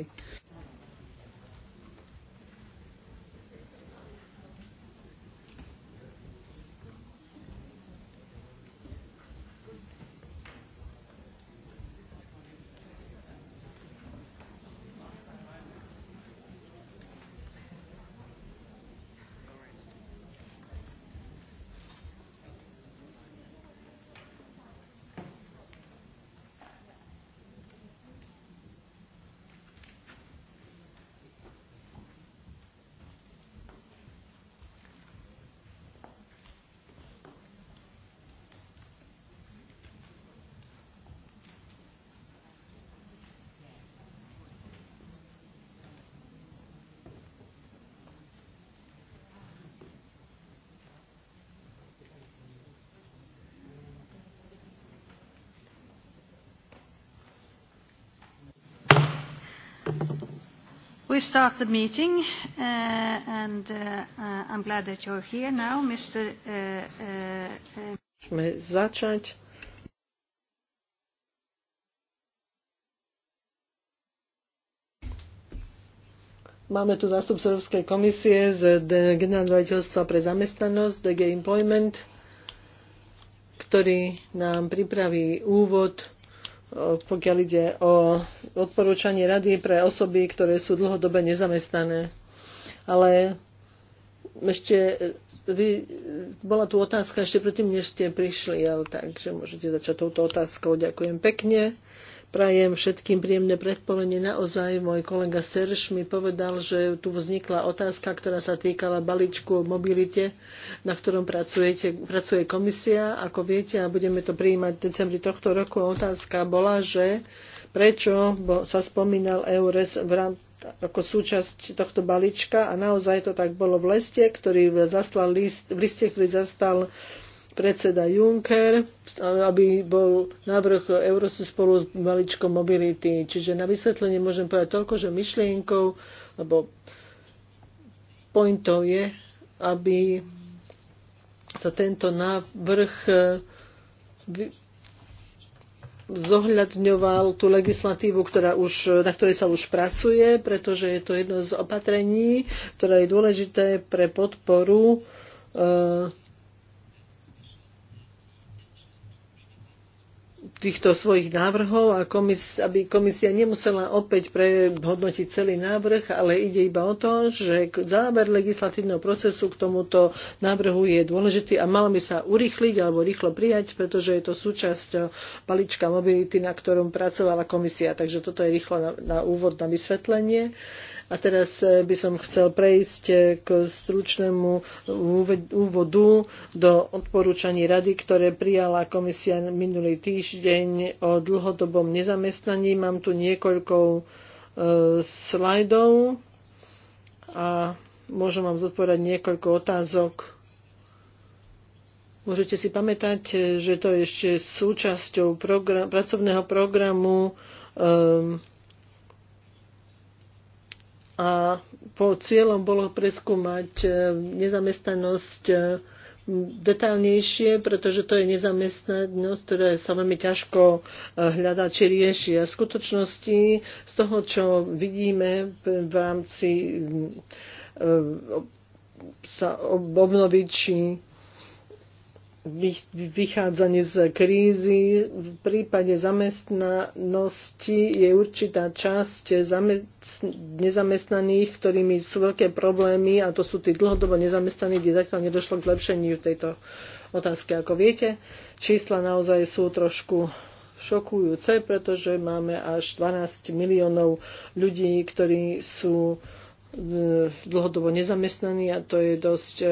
we start the meeting, uh, and uh, uh I'm glad that you're here now, Mr. Uh, uh, Môžeme začať. Máme tu zástupcu Európskej komisie z Generálneho riaditeľstva pre zamestnanosť, DG Employment, ktorý nám pripraví úvod, pokiaľ ide o odporúčanie rady pre osoby, ktoré sú dlhodobé nezamestnané. Ale ešte vy, bola tu otázka ešte predtým, než ste prišli, ale takže môžete začať touto otázkou. Ďakujem pekne. Prajem všetkým príjemné predpolenie. Naozaj môj kolega Serž mi povedal, že tu vznikla otázka, ktorá sa týkala balíčku o mobilite, na ktorom pracujete, pracuje komisia. Ako viete, a budeme to prijímať v decembri tohto roku, otázka bola, že prečo sa spomínal EURES v rámci ako súčasť tohto balíčka a naozaj to tak bolo v leste, ktorý zaslal list, v liste, ktorý zastal predseda Juncker, aby bol návrh Eurosu spolu s maličkom mobility. Čiže na vysvetlenie môžem povedať toľko, že myšlienkou, alebo pointov je, aby sa tento návrh zohľadňoval tú legislatívu, ktorá už, na ktorej sa už pracuje, pretože je to jedno z opatrení, ktoré je dôležité pre podporu e, týchto svojich návrhov a komis, aby komisia nemusela opäť prehodnotiť celý návrh, ale ide iba o to, že záber legislatívneho procesu k tomuto návrhu je dôležitý a mal by sa urýchliť alebo rýchlo prijať, pretože je to súčasť palička mobility, na ktorom pracovala komisia. Takže toto je rýchlo na, na úvod, na vysvetlenie. A teraz eh, by som chcel prejsť eh, k stručnému úvodu do odporúčaní rady, ktoré prijala komisia minulý týždeň o dlhodobom nezamestnaní. Mám tu niekoľko eh, slajdov a môžem vám zodpovedať niekoľko otázok. Môžete si pamätať, že to je ešte súčasťou program, pracovného programu um, a po cieľom bolo preskúmať e, nezamestnanosť e, detailnejšie, pretože to je nezamestnanosť, ktorá sa veľmi ťažko e, hľadá či rieši. A v skutočnosti z toho, čo vidíme v rámci sa obnoviť či vychádzanie z krízy. V prípade zamestnanosti je určitá časť nezamestnaných, ktorými sú veľké problémy a to sú tí dlhodobo nezamestnaní, kde zatiaľ nedošlo k zlepšeniu tejto otázky. Ako viete, čísla naozaj sú trošku šokujúce, pretože máme až 12 miliónov ľudí, ktorí sú dlhodobo nezamestnaní a to je dosť e,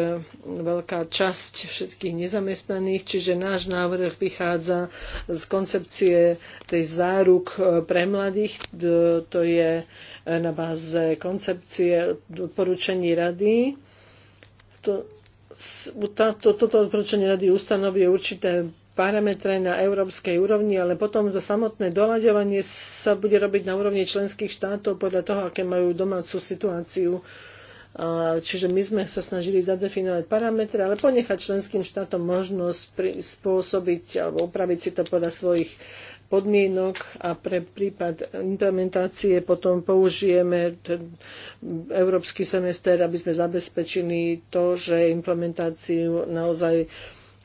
veľká časť všetkých nezamestnaných, čiže náš návrh vychádza z koncepcie tej záruk e, pre mladých, to je e, na báze koncepcie poručení rady. To, toto odporúčanie rady ustanovuje určité parametre na európskej úrovni, ale potom to samotné doľaďovanie sa bude robiť na úrovni členských štátov podľa toho, aké majú domácu situáciu. čiže my sme sa snažili zadefinovať parametre, ale ponechať členským štátom možnosť spôsobiť alebo upraviť si to podľa svojich podmienok a pre prípad implementácie potom použijeme ten európsky semester, aby sme zabezpečili to, že implementáciu naozaj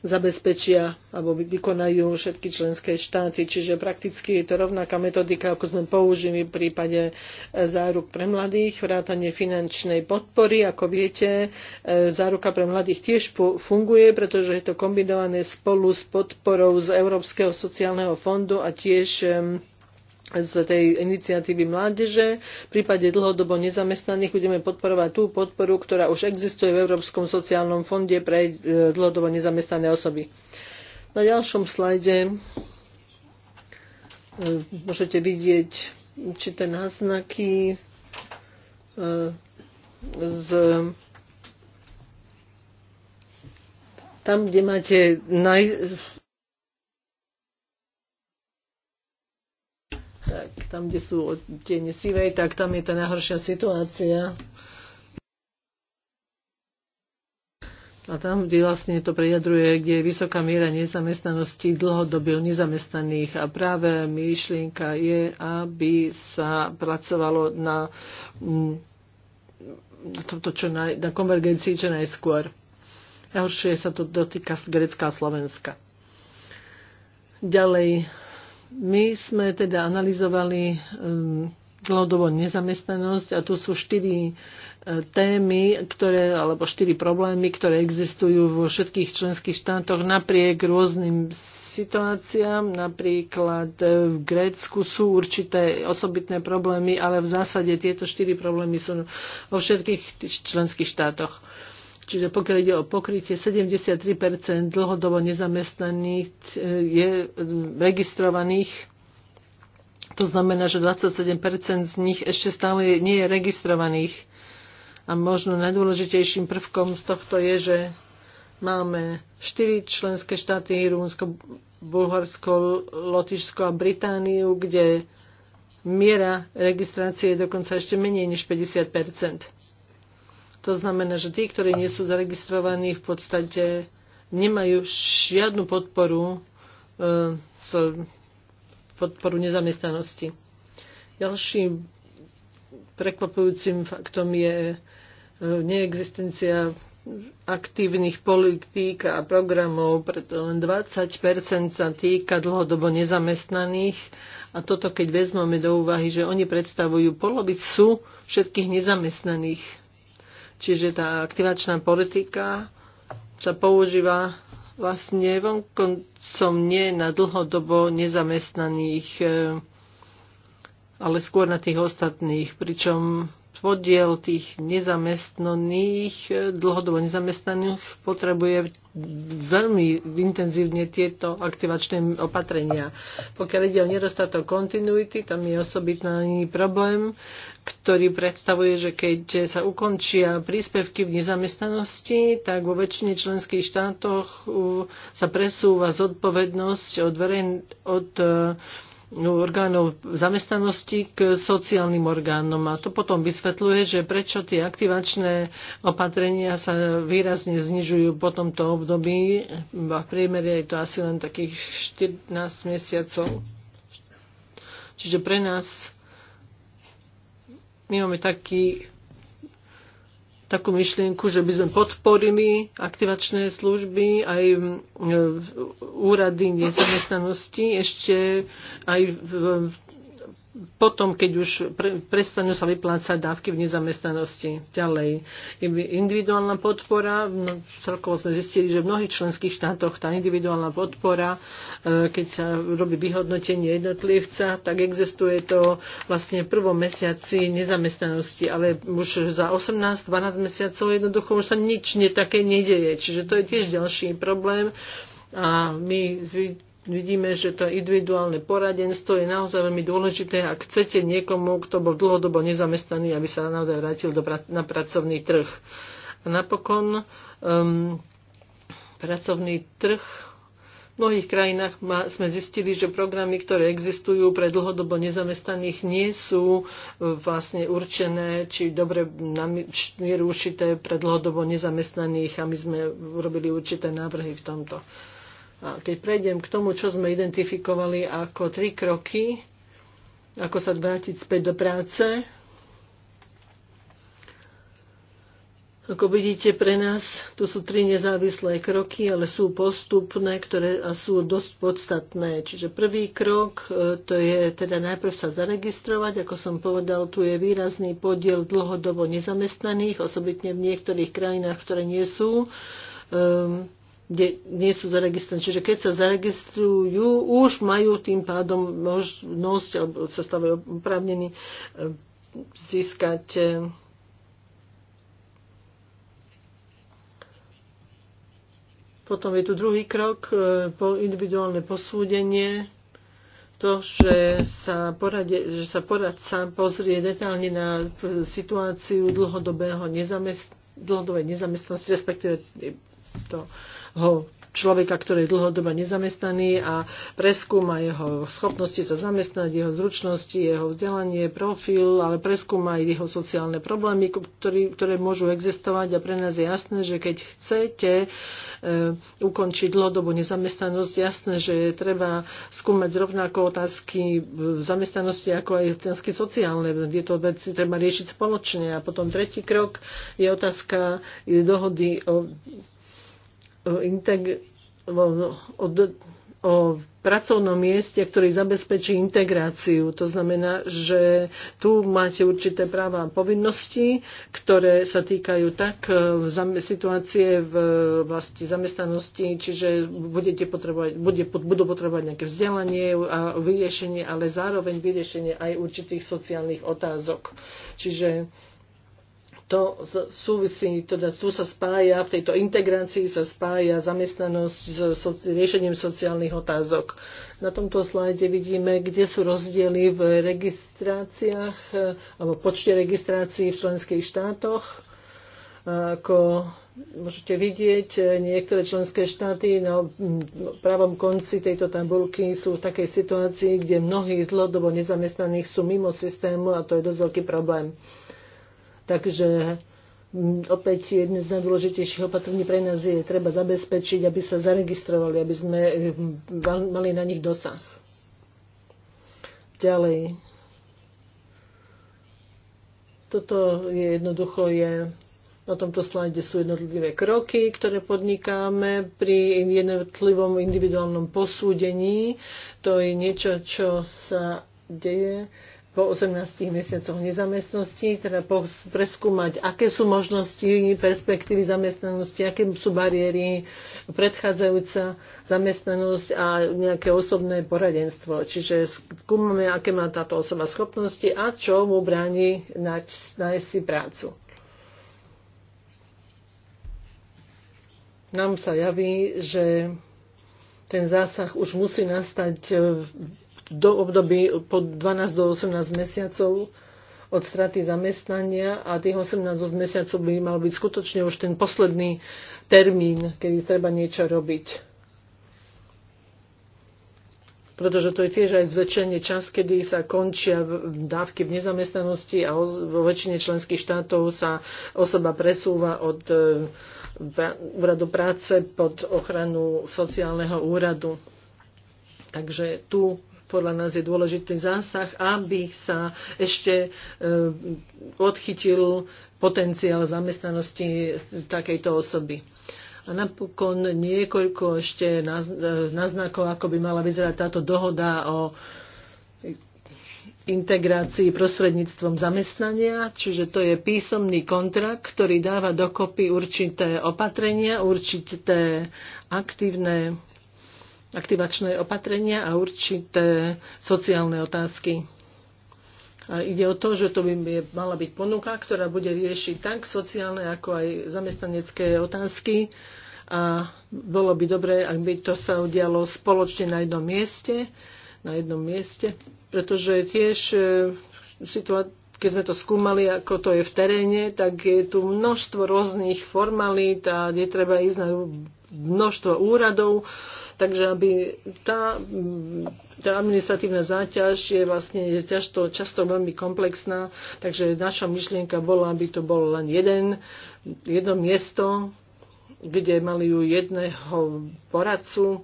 zabezpečia alebo vykonajú všetky členské štáty. Čiže prakticky je to rovnaká metodika, ako sme použili v prípade e, záruk pre mladých, vrátanie finančnej podpory. Ako viete, e, záruka pre mladých tiež funguje, pretože je to kombinované spolu s podporou z Európskeho sociálneho fondu a tiež z tej iniciatívy mládeže. V prípade dlhodobo nezamestnaných budeme podporovať tú podporu, ktorá už existuje v Európskom sociálnom fonde pre e, dlhodobo nezamestnané osoby. Na ďalšom slajde e, môžete vidieť určité náznaky e, z tam, kde máte naj, tam, kde sú tie sivej, tak tam je tá najhoršia situácia. A tam, kde vlastne to prejadruje, kde je vysoká miera nezamestnanosti dlhodobie nezamestnaných. A práve myšlienka je, aby sa pracovalo na, mm, na, tomto čo naj, na konvergencii čo najskôr. Najhoršie sa to dotýka z Grecka a Slovenska. Ďalej my sme teda analyzovali um, dlhodobo nezamestnanosť a tu sú štyri e, témy, ktoré, alebo štyri problémy, ktoré existujú vo všetkých členských štátoch napriek rôznym situáciám. Napríklad e, v Grécku sú určité osobitné problémy, ale v zásade tieto štyri problémy sú vo všetkých členských štátoch. Čiže pokiaľ ide o pokrytie, 73 dlhodobo nezamestnaných eh, je eh, registrovaných. To znamená, že 27 z nich ešte stále nie je registrovaných. A možno najdôležitejším prvkom z tohto je, že máme štyri členské štáty, Rumunsko, Bulharsko, Lotyšsko a Britániu, kde miera registrácie je dokonca ešte menej než 50 to znamená, že tí, ktorí nie sú zaregistrovaní, v podstate nemajú žiadnu podporu, e, so, podporu nezamestnanosti. Ďalším prekvapujúcim faktom je e, neexistencia aktívnych politík a programov, preto len 20 sa týka dlhodobo nezamestnaných a toto keď vezmeme do úvahy, že oni predstavujú polovicu všetkých nezamestnaných Čiže tá aktivačná politika sa používa vlastne vonkoncom nie na dlhodobo nezamestnaných, e, ale skôr na tých ostatných, pričom podiel tých nezamestnaných, e, dlhodobo nezamestnaných potrebuje veľmi intenzívne tieto aktivačné opatrenia. Pokiaľ ide o nedostatok kontinuity, tam je osobitný problém, ktorý predstavuje, že keď sa ukončia príspevky v nezamestnanosti, tak vo väčšine členských štátoch sa presúva zodpovednosť od, verej, od e, No, orgánov zamestnanosti k sociálnym orgánom. A to potom vysvetľuje, že prečo tie aktivačné opatrenia sa výrazne znižujú po tomto období. V priemere je to asi len takých 14 mesiacov. Čiže pre nás my máme taký takú myšlienku, že by sme podporili aktivačné služby, aj e, úrady nezamestnanosti ešte aj v, v potom, keď už pre, prestanú sa vyplácať dávky v nezamestnanosti. Ďalej, individuálna podpora, no, celkovo sme zistili, že v mnohých členských štátoch tá individuálna podpora, e, keď sa robí vyhodnotenie jednotlivca, tak existuje to vlastne v prvom mesiaci nezamestnanosti, ale už za 18-12 mesiacov jednoducho už sa nič ne, také nedeje. Čiže to je tiež ďalší problém. A my vidíme, že to individuálne poradenstvo je naozaj veľmi dôležité, ak chcete niekomu, kto bol dlhodobo nezamestnaný, aby sa naozaj vrátil do pra- na pracovný trh. A napokon um, pracovný trh v mnohých krajinách ma, sme zistili, že programy, ktoré existujú pre dlhodobo nezamestnaných, nie sú uh, vlastne určené či dobre mieru pre dlhodobo nezamestnaných a my sme urobili určité návrhy v tomto. A keď prejdem k tomu, čo sme identifikovali ako tri kroky, ako sa vrátiť späť do práce, Ako vidíte, pre nás tu sú tri nezávislé kroky, ale sú postupné ktoré, a sú dosť podstatné. Čiže prvý krok, e, to je teda najprv sa zaregistrovať. Ako som povedal, tu je výrazný podiel dlhodobo nezamestnaných, osobitne v niektorých krajinách, ktoré nie sú um, kde nie sú zaregistrované. Čiže keď sa zaregistrujú, už majú tým pádom možnosť, alebo sa stávajú oprávnení e, získať e, Potom je tu druhý krok, e, po individuálne posúdenie, to, že sa, poradie, že sa poradca pozrie detálne na situáciu dlhodobého nezamest- dlhodobej nezamestnosti, respektíve to ho človeka, ktorý je dlhodobo nezamestnaný a preskúma jeho schopnosti sa zamestnať, jeho zručnosti, jeho vzdelanie, profil, ale preskúma aj jeho sociálne problémy, ktorý, ktoré môžu existovať a pre nás je jasné, že keď chcete e, ukončiť dlhodobú nezamestnanosť, jasné, že treba skúmať rovnako otázky zamestnanosti ako aj otázky sociálne. to veci treba riešiť spoločne. A potom tretí krok je otázka je dohody o integ- o, no, o pracovnom mieste, ktorý zabezpečí integráciu. To znamená, že tu máte určité práva a povinnosti, ktoré sa týkajú tak e, situácie v vlasti zamestnanosti, čiže budete potrebovať, bude, budú potrebovať nejaké vzdelanie a vyriešenie, ale zároveň vyriešenie aj určitých sociálnych otázok. Čiže to súvisí, teda tu sa spája, v tejto integrácii sa spája zamestnanosť s so, riešením sociálnych otázok. Na tomto slajde vidíme, kde sú rozdiely v registráciách e, alebo počte registrácií v členských štátoch. Ako môžete vidieť, niektoré členské štáty na no, pravom konci tejto tabulky sú v takej situácii, kde mnohí zlodobo nezamestnaných sú mimo systému a to je dosť veľký problém. Takže mm, opäť jedno z najdôležitejších opatrení pre nás je treba zabezpečiť, aby sa zaregistrovali, aby sme mm, mali na nich dosah. Ďalej. Toto je jednoducho je na tomto slajde sú jednotlivé kroky, ktoré podnikáme pri jednotlivom individuálnom posúdení. To je niečo, čo sa deje po 18 mesiacoch nezamestnosti, teda preskúmať, aké sú možnosti, perspektívy zamestnanosti, aké sú bariéry, predchádzajúca zamestnanosť a nejaké osobné poradenstvo. Čiže skúmame, aké má táto osoba schopnosti a čo mu bráni nájsť si prácu. Nám sa javí, že ten zásah už musí nastať do období pod 12 do 18 mesiacov od straty zamestnania a tých 18 mesiacov by mal byť skutočne už ten posledný termín, kedy treba niečo robiť. Pretože to je tiež aj zväčšenie čas, kedy sa končia dávky v nezamestnanosti a vo väčšine členských štátov sa osoba presúva od e, úradu práce pod ochranu sociálneho úradu. Takže tu podľa nás je dôležitý zásah, aby sa ešte e, odchytil potenciál zamestnanosti takejto osoby. A napokon niekoľko ešte e, naznakov, ako by mala vyzerať táto dohoda o integrácii prostredníctvom zamestnania, čiže to je písomný kontrakt, ktorý dáva dokopy určité opatrenia, určité aktívne aktivačné opatrenia a určité sociálne otázky. A ide o to, že to by mala byť ponuka, ktorá bude riešiť tak sociálne, ako aj zamestnanecké otázky. A bolo by dobré, ak by to sa udialo spoločne na jednom mieste, na jednom mieste, pretože tiež e, keď sme to skúmali, ako to je v teréne, tak je tu množstvo rôznych formalít a je treba ísť na množstvo úradov, takže aby tá, tá administratívna záťaž je vlastne je ťažto, často veľmi komplexná, takže naša myšlienka bola, aby to bolo len jeden, jedno miesto, kde mali ju jedného poradcu,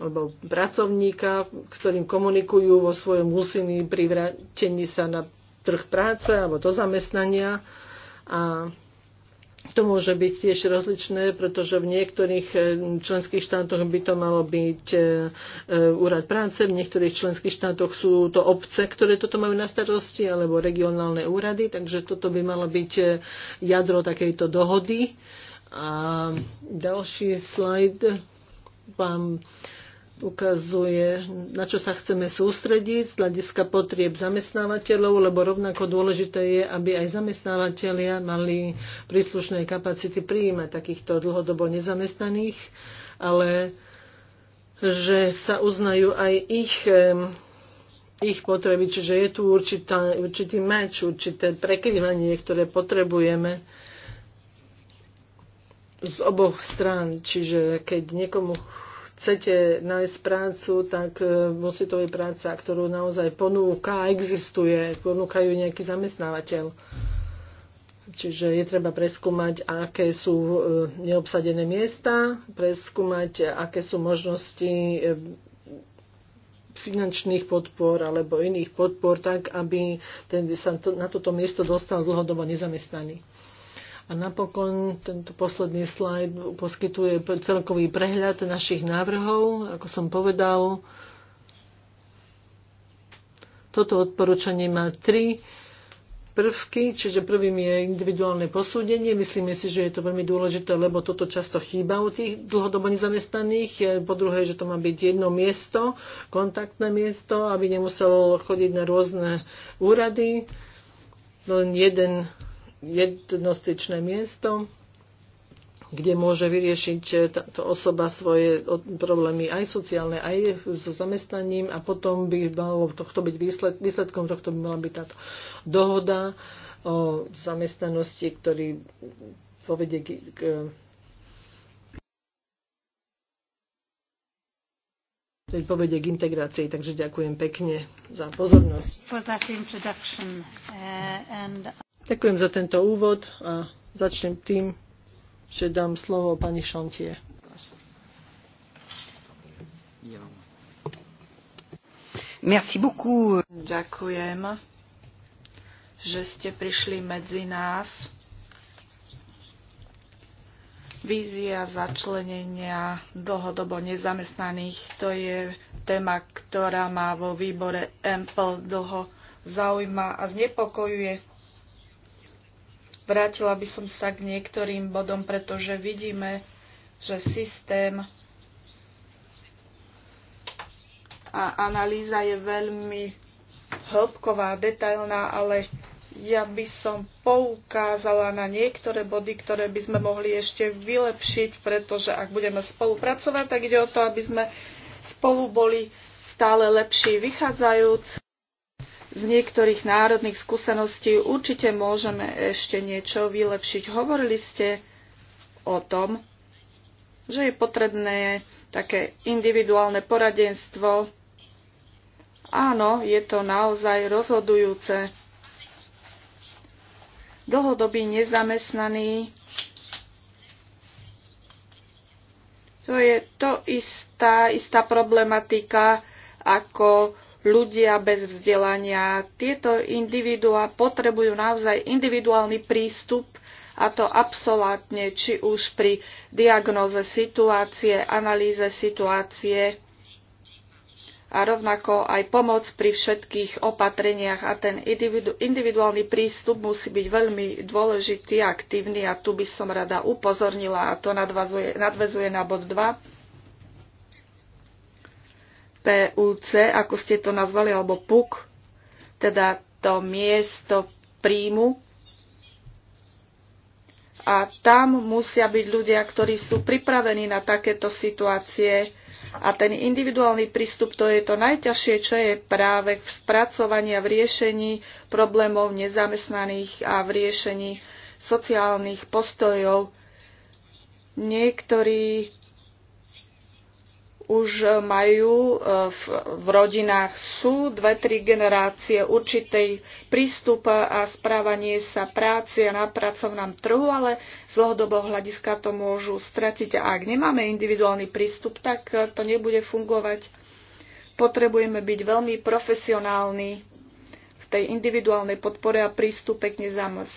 alebo pracovníka, s ktorým komunikujú vo svojom úsilí pri vrátení sa na trh práce alebo do zamestnania. A to môže byť tiež rozličné, pretože v niektorých eh, členských štátoch by to malo byť eh, eh, úrad práce, v niektorých členských štátoch sú to obce, ktoré toto majú na starosti, alebo regionálne úrady, takže toto by malo byť jadro takejto dohody. A ďalší slajd vám ukazuje, na čo sa chceme sústrediť z hľadiska potrieb zamestnávateľov, lebo rovnako dôležité je, aby aj zamestnávateľia mali príslušné kapacity príjmať takýchto dlhodobo nezamestnaných, ale že sa uznajú aj ich, ich potreby, čiže je tu určitá, určitý meč, určité prekryvanie, ktoré potrebujeme z oboch strán. Čiže keď niekomu chcete nájsť prácu, tak e, musí to byť práca, ktorú naozaj ponúka existuje, ponúkajú nejaký zamestnávateľ. Čiže je treba preskúmať, aké sú e, neobsadené miesta, preskúmať, aké sú možnosti e, finančných podpor alebo iných podpor, tak aby ten, sa to, na toto miesto dostal dlhodobo nezamestnaný. A napokon tento posledný slajd poskytuje celkový prehľad našich návrhov. Ako som povedal, toto odporúčanie má tri prvky, čiže prvým je individuálne posúdenie. Myslíme si, že je to veľmi dôležité, lebo toto často chýba u tých dlhodobo nezamestnaných. E, po druhé, že to má byť jedno miesto, kontaktné miesto, aby nemuselo chodiť na rôzne úrady. Len jeden jednostičné miesto, kde môže vyriešiť táto osoba svoje problémy aj sociálne, aj so zamestnaním a potom by malo tohto byť výsled, výsledkom tohto by mala byť táto dohoda o zamestnanosti, ktorý povedie k, ktorý povedie k integrácii. Takže ďakujem pekne za pozornosť. Ďakujem za tento úvod a začnem tým, že dám slovo pani Šantie. Merci beaucoup. Ďakujem, že ste prišli medzi nás. Vízia začlenenia dlhodobo nezamestnaných, to je téma, ktorá má vo výbore EMPL dlho zaujíma a znepokojuje Vrátila by som sa k niektorým bodom, pretože vidíme, že systém a analýza je veľmi hĺbková, detailná, ale ja by som poukázala na niektoré body, ktoré by sme mohli ešte vylepšiť, pretože ak budeme spolupracovať, tak ide o to, aby sme spolu boli stále lepší vychádzajúc z niektorých národných skúseností určite môžeme ešte niečo vylepšiť. Hovorili ste o tom, že je potrebné také individuálne poradenstvo. Áno, je to naozaj rozhodujúce. Dlhodobý nezamestnaný to je to istá, istá problematika ako ľudia bez vzdelania. Tieto individuá potrebujú naozaj individuálny prístup a to absolútne, či už pri diagnoze situácie, analýze situácie a rovnako aj pomoc pri všetkých opatreniach a ten individu- individuálny prístup musí byť veľmi dôležitý a aktívny a tu by som rada upozornila a to nadvezuje, nadvezuje na bod 2 PUC, ako ste to nazvali, alebo PUK, teda to miesto príjmu. A tam musia byť ľudia, ktorí sú pripravení na takéto situácie. A ten individuálny prístup, to je to najťažšie, čo je práve v spracovaní a v riešení problémov nezamestnaných a v riešení sociálnych postojov. Niektorí už majú e, v, v rodinách sú dve, tri generácie určitej prístup a správanie sa práce a na pracovnom trhu, ale z dlhodobého hľadiska to môžu stratiť. A ak nemáme individuálny prístup, tak e, to nebude fungovať. Potrebujeme byť veľmi profesionálni v tej individuálnej podpore a prístupe k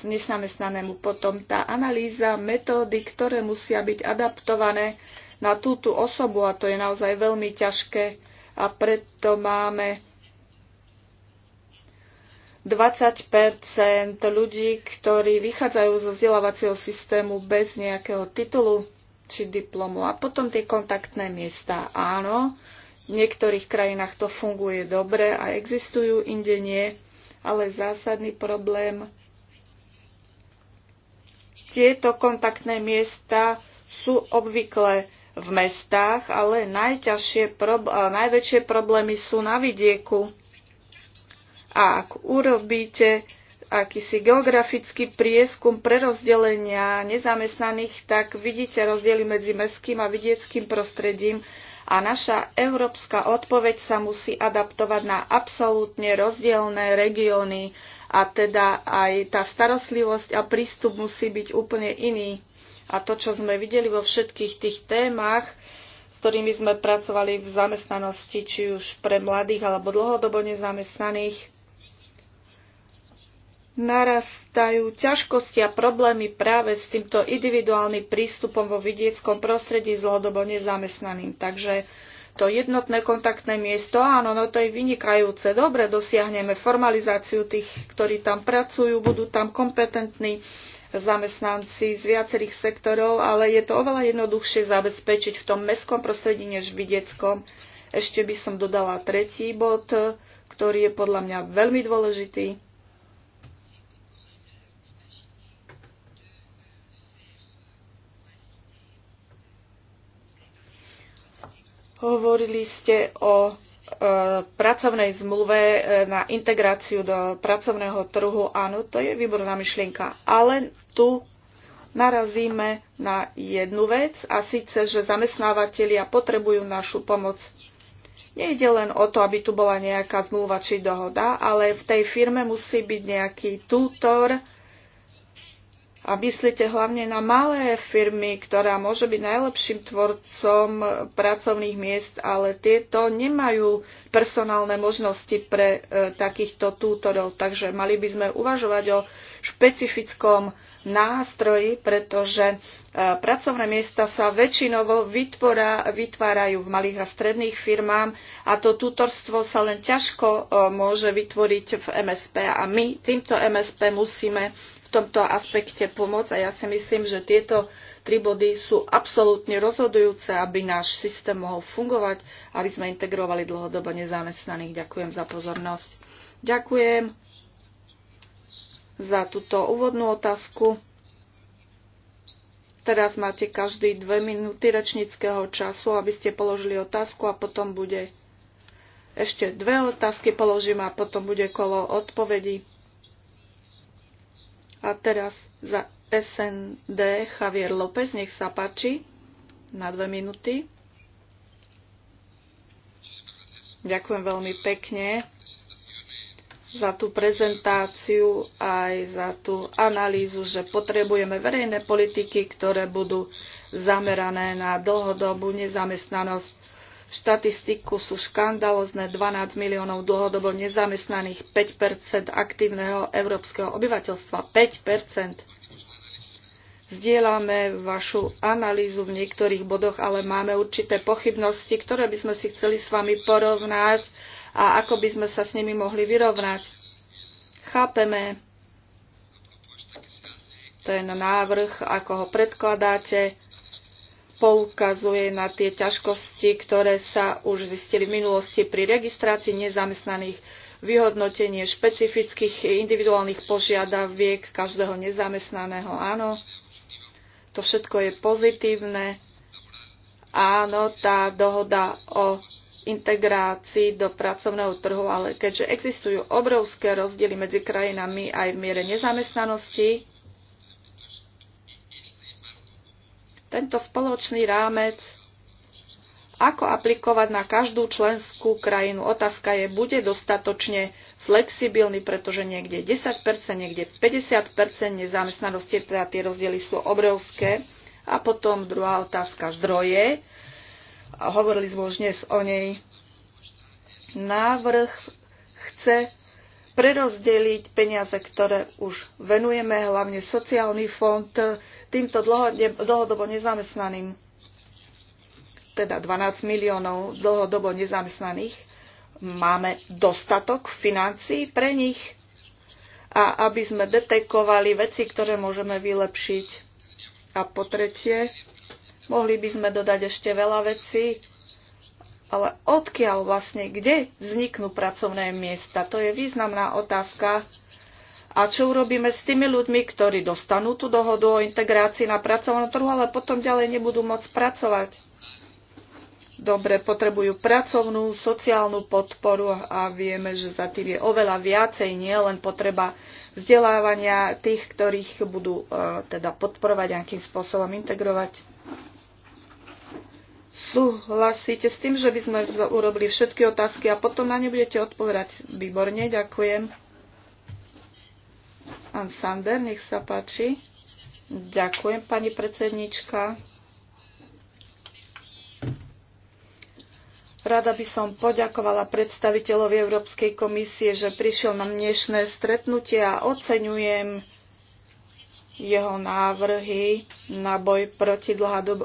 nezamestnanému. Potom tá analýza, metódy, ktoré musia byť adaptované na túto osobu a to je naozaj veľmi ťažké a preto máme 20 ľudí, ktorí vychádzajú zo vzdelávacieho systému bez nejakého titulu či diplomu. A potom tie kontaktné miesta. Áno, v niektorých krajinách to funguje dobre a existujú, inde nie. Ale zásadný problém tieto kontaktné miesta sú obvykle v mestách, ale najťažšie, najväčšie problémy sú na vidieku. A ak urobíte akýsi geografický prieskum prerozdelenia nezamestnaných, tak vidíte rozdiely medzi mestským a vidieckým prostredím a naša európska odpoveď sa musí adaptovať na absolútne rozdielne regióny a teda aj tá starostlivosť a prístup musí byť úplne iný. A to, čo sme videli vo všetkých tých témach, s ktorými sme pracovali v zamestnanosti, či už pre mladých alebo dlhodobo nezamestnaných, narastajú ťažkosti a problémy práve s týmto individuálnym prístupom vo vidieckom prostredí s dlhodobo nezamestnaným. Takže to jednotné kontaktné miesto, áno, no to je vynikajúce. Dobre, dosiahneme formalizáciu tých, ktorí tam pracujú, budú tam kompetentní, zamestnanci z viacerých sektorov, ale je to oveľa jednoduchšie zabezpečiť v tom mestskom prostredí než v vidieckom. Ešte by som dodala tretí bod, ktorý je podľa mňa veľmi dôležitý. Hovorili ste o E, pracovnej zmluve e, na integráciu do pracovného trhu, áno, to je výborná myšlienka. Ale tu narazíme na jednu vec a síce, že zamestnávateľia potrebujú našu pomoc. Nejde len o to, aby tu bola nejaká zmluva či dohoda, ale v tej firme musí byť nejaký tútor, a myslíte hlavne na malé firmy, ktorá môže byť najlepším tvorcom pracovných miest, ale tieto nemajú personálne možnosti pre e, takýchto tútorov. Takže mali by sme uvažovať o špecifickom nástroji, pretože e, pracovné miesta sa väčšinovo vytvora, vytvárajú v malých a stredných firmám a to tútorstvo sa len ťažko e, môže vytvoriť v MSP a my týmto MSP musíme tomto aspekte pomôcť a ja si myslím, že tieto tri body sú absolútne rozhodujúce, aby náš systém mohol fungovať, aby sme integrovali dlhodobo nezamestnaných. Ďakujem za pozornosť. Ďakujem za túto úvodnú otázku. Teraz máte každý dve minúty rečníckého času, aby ste položili otázku a potom bude ešte dve otázky položím a potom bude kolo odpovedí. A teraz za SND Javier López, nech sa páči, na dve minúty. Ďakujem veľmi pekne za tú prezentáciu aj za tú analýzu, že potrebujeme verejné politiky, ktoré budú zamerané na dlhodobú nezamestnanosť štatistiku sú škandalozne 12 miliónov dlhodobo nezamestnaných, 5 aktívneho európskeho obyvateľstva. 5 Zdieľame vašu analýzu v niektorých bodoch, ale máme určité pochybnosti, ktoré by sme si chceli s vami porovnať a ako by sme sa s nimi mohli vyrovnať. Chápeme ten návrh, ako ho predkladáte, poukazuje na tie ťažkosti, ktoré sa už zistili v minulosti pri registrácii nezamestnaných, vyhodnotenie špecifických individuálnych požiadaviek každého nezamestnaného. Áno, to všetko je pozitívne. Áno, tá dohoda o integrácii do pracovného trhu, ale keďže existujú obrovské rozdiely medzi krajinami aj v miere nezamestnanosti, tento spoločný rámec ako aplikovať na každú členskú krajinu. Otázka je, bude dostatočne flexibilný, pretože niekde 10%, niekde 50% nezamestnanosti, teda tie rozdiely sú obrovské. A potom druhá otázka, zdroje. Hovorili sme už dnes o nej. Návrh chce prerozdeliť peniaze, ktoré už venujeme, hlavne sociálny fond, týmto dlhodobo nezamestnaným, teda 12 miliónov dlhodobo nezamestnaných, máme dostatok financií pre nich a aby sme detekovali veci, ktoré môžeme vylepšiť. A po tretie, mohli by sme dodať ešte veľa vecí, ale odkiaľ vlastne, kde vzniknú pracovné miesta? To je významná otázka, a čo urobíme s tými ľuďmi, ktorí dostanú tú dohodu o integrácii na pracovnom trhu, ale potom ďalej nebudú môcť pracovať? Dobre, potrebujú pracovnú, sociálnu podporu a vieme, že za tým je oveľa viacej, nie len potreba vzdelávania tých, ktorých budú e, teda podporovať nejakým spôsobom integrovať. Súhlasíte s tým, že by sme urobili všetky otázky a potom na ne budete odpovedať? Výborne, ďakujem nech sa páči. Ďakujem, pani predsednička. Rada by som poďakovala predstaviteľovi Európskej komisie, že prišiel na dnešné stretnutie a oceňujem jeho návrhy na boj proti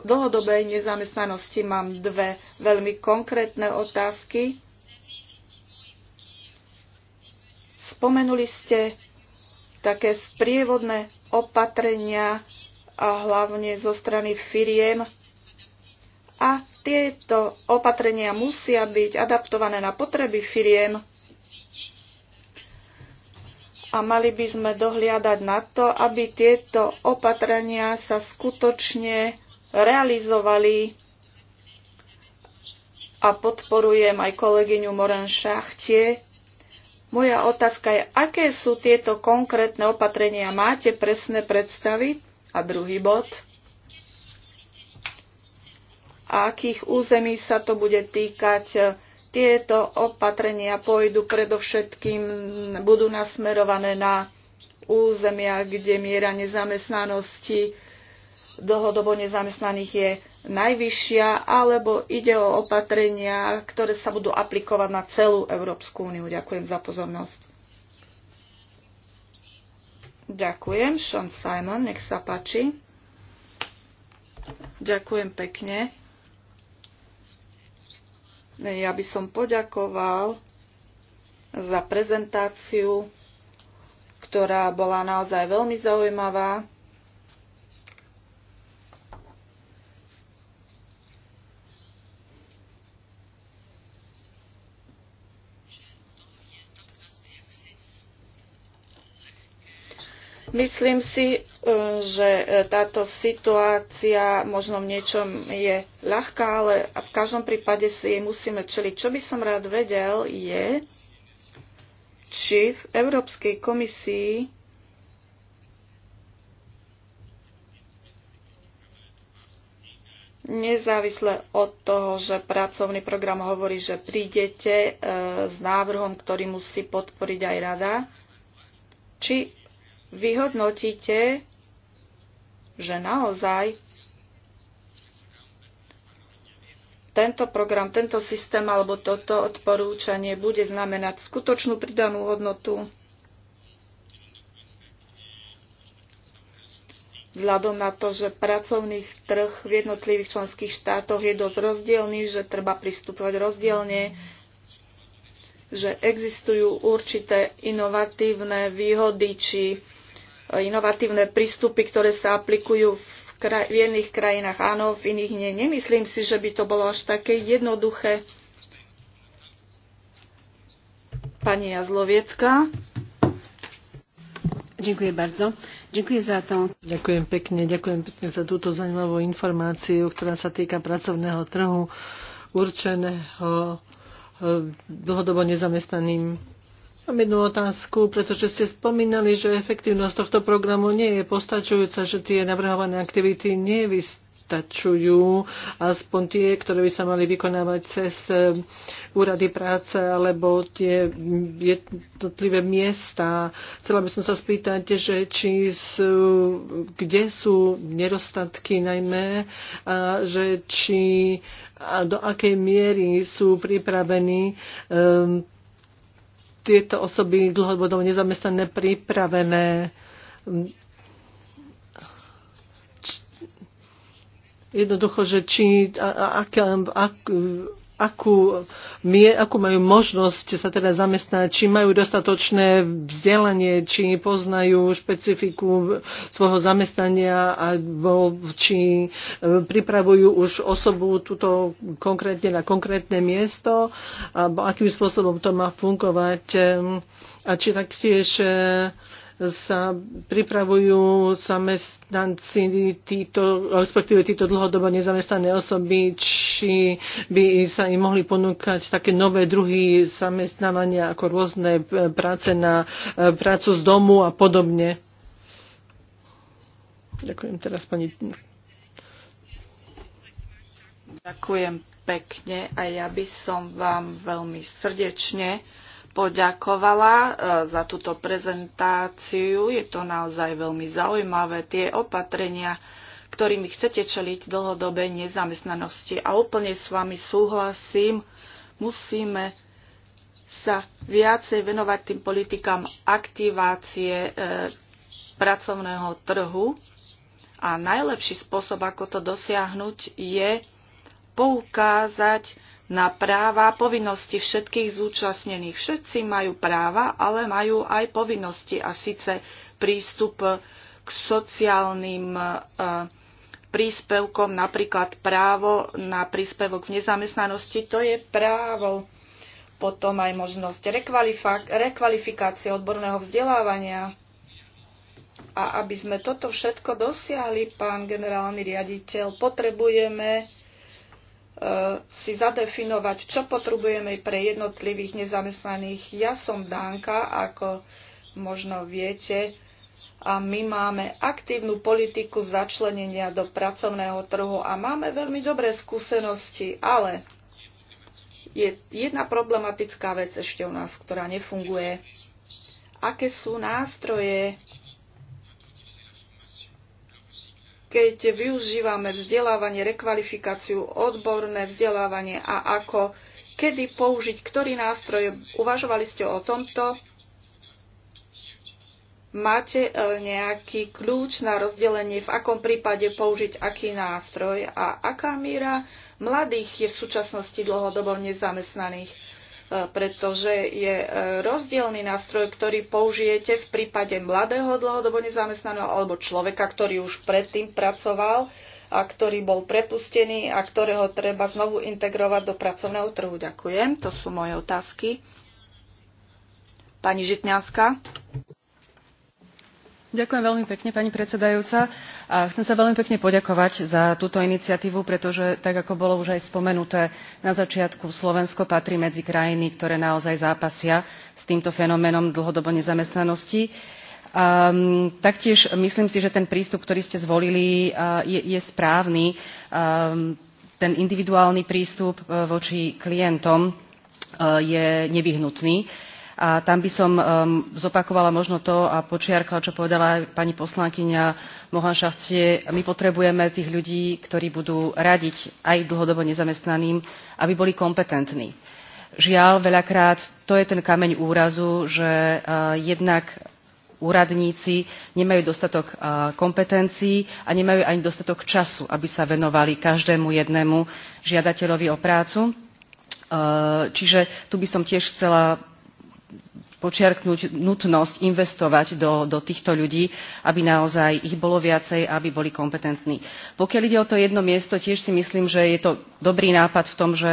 dlhodobej nezamestnanosti. Mám dve veľmi konkrétne otázky. Spomenuli ste také sprievodné opatrenia a hlavne zo strany firiem. A tieto opatrenia musia byť adaptované na potreby firiem a mali by sme dohliadať na to, aby tieto opatrenia sa skutočne realizovali. A podporujem aj kolegyňu Moran Šachtie, moja otázka je, aké sú tieto konkrétne opatrenia? Máte presné predstavy? A druhý bod. A akých území sa to bude týkať? Tieto opatrenia pôjdu predovšetkým, budú nasmerované na územia, kde miera nezamestnanosti dlhodobo nezamestnaných je najvyššia, alebo ide o opatrenia, ktoré sa budú aplikovať na celú Európsku úniu. Ďakujem za pozornosť. Ďakujem. Sean Simon, nech sa páči. Ďakujem pekne. Ja by som poďakoval za prezentáciu, ktorá bola naozaj veľmi zaujímavá. Myslím si, e, že e, táto situácia možno v niečom je ľahká, ale v každom prípade si jej musíme čeliť. Čo by som rád vedel je, či v Európskej komisii nezávisle od toho, že pracovný program hovorí, že prídete e, s návrhom, ktorý musí podporiť aj rada, či vyhodnotíte, že naozaj tento program, tento systém alebo toto odporúčanie bude znamenať skutočnú pridanú hodnotu vzhľadom na to, že pracovný trh v jednotlivých členských štátoch je dosť rozdielný, že treba pristupovať rozdielne, že existujú určité inovatívne výhody či inovatívne prístupy, ktoré sa aplikujú v, kraj- v jedných krajinách áno, v iných nie. Nemyslím si, že by to bolo až také jednoduché. Pani Jazloviecka. Ďakujem bardzo. Ďakujem za to. Ďakujem pekne, ďakujem pekne za túto zaujímavú informáciu, ktorá sa týka pracovného trhu určeného eh, dlhodobo nezamestnaným Mám jednu otázku, pretože ste spomínali, že efektívnosť tohto programu nie je postačujúca, že tie navrhované aktivity nevystačujú, aspoň tie, ktoré by sa mali vykonávať cez e, úrady práce alebo tie jednotlivé miesta. Chcela by som sa spýtať, že či sú, kde sú nedostatky najmä, a že či a do akej miery sú pripravení um, tieto osoby dlhodobo nezamestnané pripravené jednoducho, že či, a, a, a, akú, mie, akú majú možnosť sa teda zamestnať, či majú dostatočné vzdelanie, či poznajú špecifiku svojho zamestnania, alebo či e, pripravujú už osobu túto konkrétne na konkrétne miesto, alebo akým spôsobom to má fungovať. E, a či taktiež e, sa pripravujú zamestnanci títo, respektíve títo dlhodobo nezamestnané osoby, či by sa im mohli ponúkať také nové druhy zamestnávania ako rôzne práce na eh, prácu z domu a podobne. Ďakujem teraz pani. Ďakujem pekne a ja by som vám veľmi srdečne poďakovala e, za túto prezentáciu. Je to naozaj veľmi zaujímavé. Tie opatrenia, ktorými chcete čeliť dlhodobej nezamestnanosti. A úplne s vami súhlasím, musíme sa viacej venovať tým politikám aktivácie e, pracovného trhu. A najlepší spôsob, ako to dosiahnuť, je poukázať na práva a povinnosti všetkých zúčastnených. Všetci majú práva, ale majú aj povinnosti a síce prístup k sociálnym e, príspevkom, napríklad právo na príspevok v nezamestnanosti, to je právo. Potom aj možnosť rekvalifikácie odborného vzdelávania. A aby sme toto všetko dosiahli, pán generálny riaditeľ, potrebujeme E, si zadefinovať, čo potrebujeme pre jednotlivých nezamestnaných. Ja som Dánka, ako možno viete, a my máme aktívnu politiku začlenenia do pracovného trhu a máme veľmi dobré skúsenosti, ale je jedna problematická vec ešte u nás, ktorá nefunguje. Aké sú nástroje keď využívame vzdelávanie, rekvalifikáciu, odborné vzdelávanie a ako, kedy použiť, ktorý nástroj. Uvažovali ste o tomto? Máte e, nejaký kľúč na rozdelenie, v akom prípade použiť aký nástroj a aká míra mladých je v súčasnosti dlhodobo nezamestnaných? E, pretože je e, rozdielný nástroj, ktorý použijete v prípade mladého dlhodobo nezamestnaného alebo človeka, ktorý už predtým pracoval a ktorý bol prepustený a ktorého treba znovu integrovať do pracovného trhu. Ďakujem. To sú moje otázky. Pani Žitňanská. Ďakujem veľmi pekne, pani predsedajúca. A chcem sa veľmi pekne poďakovať za túto iniciatívu, pretože, tak ako bolo už aj spomenuté na začiatku, Slovensko patrí medzi krajiny, ktoré naozaj zápasia s týmto fenoménom dlhodobo nezamestnanosti. Um, taktiež myslím si, že ten prístup, ktorý ste zvolili, uh, je, je správny. Um, ten individuálny prístup uh, voči klientom uh, je nevyhnutný a tam by som um, zopakovala možno to a počiarkala, čo povedala aj pani poslankyňa Mohan Šachcie. My potrebujeme tých ľudí, ktorí budú radiť aj dlhodobo nezamestnaným, aby boli kompetentní. Žiaľ, veľakrát to je ten kameň úrazu, že uh, jednak úradníci nemajú dostatok uh, kompetencií a nemajú ani dostatok času, aby sa venovali každému jednému žiadateľovi o prácu. Uh, čiže tu by som tiež chcela počiarknúť nutnosť investovať do, do týchto ľudí, aby naozaj ich bolo viacej a aby boli kompetentní. Pokiaľ ide o to jedno miesto, tiež si myslím, že je to dobrý nápad v tom, že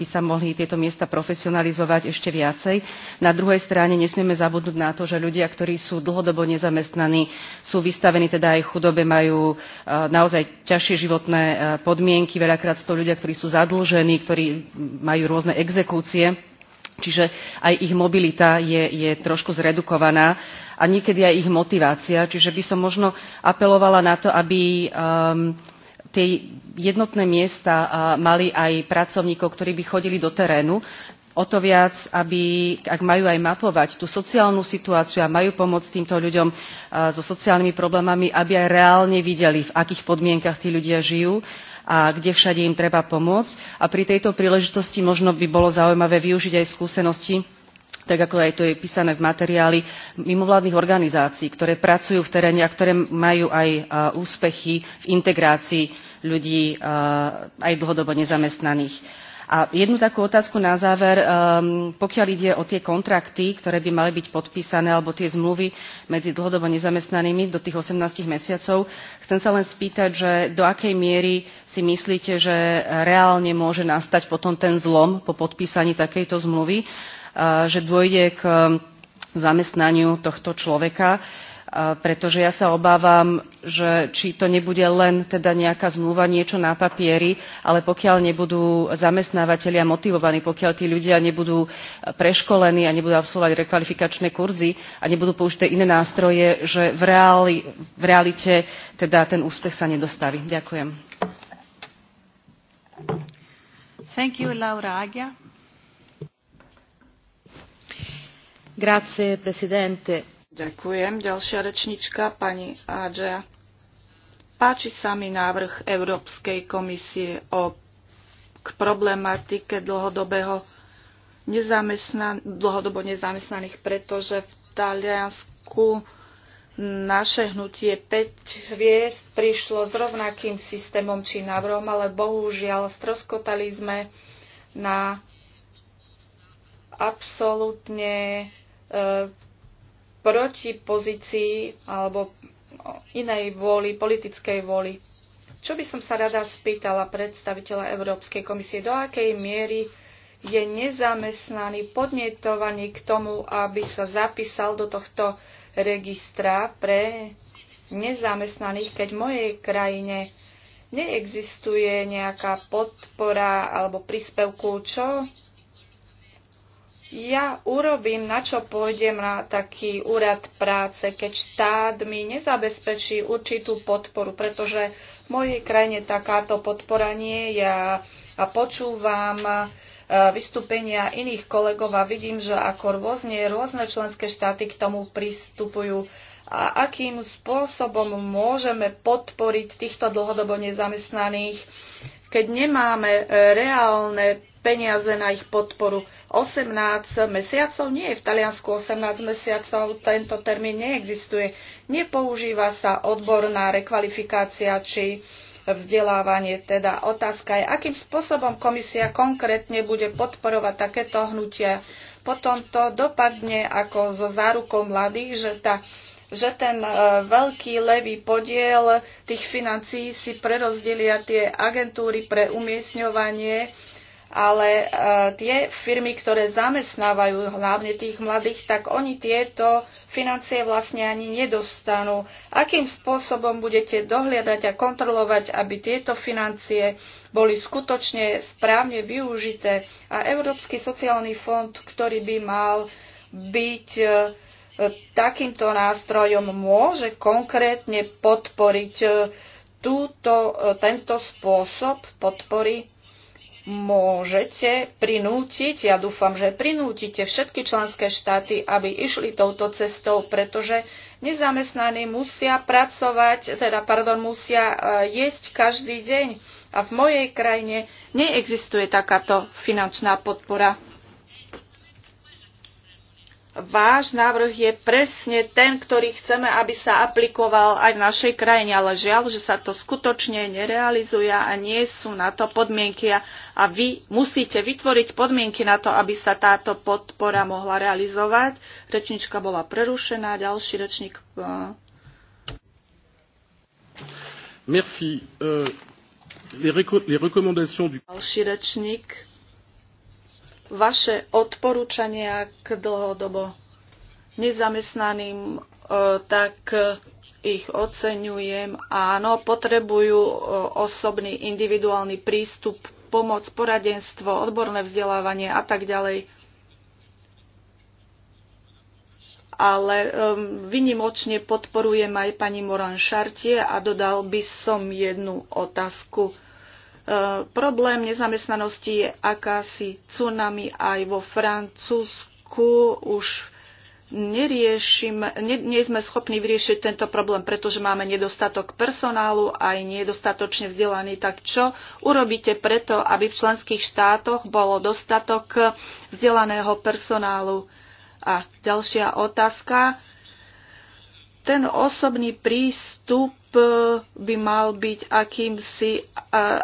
by sa mohli tieto miesta profesionalizovať ešte viacej. Na druhej strane nesmieme zabudnúť na to, že ľudia, ktorí sú dlhodobo nezamestnaní, sú vystavení teda aj chudobe, majú naozaj ťažšie životné podmienky. Veľakrát sú to ľudia, ktorí sú zadlžení, ktorí majú rôzne exekúcie Čiže aj ich mobilita je, je trošku zredukovaná a niekedy aj ich motivácia. Čiže by som možno apelovala na to, aby um, tie jednotné miesta mali aj pracovníkov, ktorí by chodili do terénu, o to viac, aby, ak majú aj mapovať tú sociálnu situáciu a majú pomôcť týmto ľuďom so sociálnymi problémami, aby aj reálne videli, v akých podmienkach tí ľudia žijú a kde všade im treba pomôcť. A pri tejto príležitosti možno by bolo zaujímavé využiť aj skúsenosti tak ako aj to je písané v materiáli mimovládnych organizácií, ktoré pracujú v teréne a ktoré majú aj úspechy v integrácii ľudí aj dlhodobo nezamestnaných a jednu takú otázku na záver, ehm, pokiaľ ide o tie kontrakty, ktoré by mali byť podpísané, alebo tie zmluvy medzi dlhodobo nezamestnanými do tých 18 mesiacov, chcem sa len spýtať, že do akej miery si myslíte, že reálne môže nastať potom ten zlom po podpísaní takejto zmluvy, že dôjde k ehm, zamestnaniu tohto človeka pretože ja sa obávam, že či to nebude len teda nejaká zmluva, niečo na papieri, ale pokiaľ nebudú zamestnávateľia motivovaní, pokiaľ tí ľudia nebudú e, preškolení a nebudú absolvovať rekvalifikačné kurzy a nebudú použité iné nástroje, že v, reáli, v realite teda ten úspech sa nedostaví. Ďakujem. Thank you, Laura Agia. Grazie Presidente Ďakujem. Ďalšia rečnička, pani Adžia. Páči sa mi návrh Európskej komisie o, k problematike dlhodobého nezamestnan- dlhodobo nezamestnaných, pretože v Taliansku naše hnutie 5 hviezd prišlo s rovnakým systémom či návrhom, ale bohužiaľ stroskotali sme na absolútne e, proti pozícii alebo inej vôli, politickej vôli. Čo by som sa rada spýtala predstaviteľa Európskej komisie, do akej miery je nezamestnaný podnetovaný k tomu, aby sa zapísal do tohto registra pre nezamestnaných, keď v mojej krajine neexistuje nejaká podpora alebo príspevku, čo ja urobím, na čo pôjdem na taký úrad práce, keď štát mi nezabezpečí určitú podporu, pretože v mojej krajine takáto podpora nie je ja počúvam e, vystúpenia iných kolegov a vidím, že ako rôzne, rôzne členské štáty k tomu pristupujú a akým spôsobom môžeme podporiť týchto dlhodobo nezamestnaných, keď nemáme e, reálne peniaze na ich podporu. 18 mesiacov. Nie je v Taliansku 18 mesiacov, tento termín neexistuje. Nepoužíva sa odborná rekvalifikácia či vzdelávanie. Teda otázka je, akým spôsobom komisia konkrétne bude podporovať takéto hnutia. Potom to dopadne ako so zárukou mladých, že tá že ten e, veľký levý podiel tých financií si prerozdelia tie agentúry pre umiestňovanie ale e, tie firmy, ktoré zamestnávajú hlavne tých mladých, tak oni tieto financie vlastne ani nedostanú. Akým spôsobom budete dohliadať a kontrolovať, aby tieto financie boli skutočne správne využité a Európsky sociálny fond, ktorý by mal byť e, takýmto nástrojom, môže konkrétne podporiť e, túto, tento spôsob podpory môžete prinútiť, ja dúfam, že prinútite všetky členské štáty, aby išli touto cestou, pretože nezamestnaní musia pracovať, teda, pardon, musia e, jesť každý deň. A v mojej krajine neexistuje takáto finančná podpora váš návrh je presne ten, ktorý chceme, aby sa aplikoval aj v našej krajine, ale žiaľ, že sa to skutočne nerealizuje a nie sú na to podmienky a, vy musíte vytvoriť podmienky na to, aby sa táto podpora mohla realizovať. Rečnička bola prerušená, ďalší rečník. E, Merci. Uh, les, les recommandations du... Ďalší rečník vaše odporúčania k dlhodobo nezamestnaným, e, tak ich oceňujem. Áno, potrebujú e, osobný, individuálny prístup, pomoc, poradenstvo, odborné vzdelávanie a tak ďalej. ale um, vynimočne podporujem aj pani Moran Šartie a dodal by som jednu otázku problém nezamestnanosti je akási tsunami aj vo Francúzsku. Už neriešim, nie, nie sme schopní vyriešiť tento problém, pretože máme nedostatok personálu aj nedostatočne vzdelaný. Tak čo urobíte preto, aby v členských štátoch bolo dostatok vzdelaného personálu? A ďalšia otázka. Ten osobný prístup by mal byť akýmsi,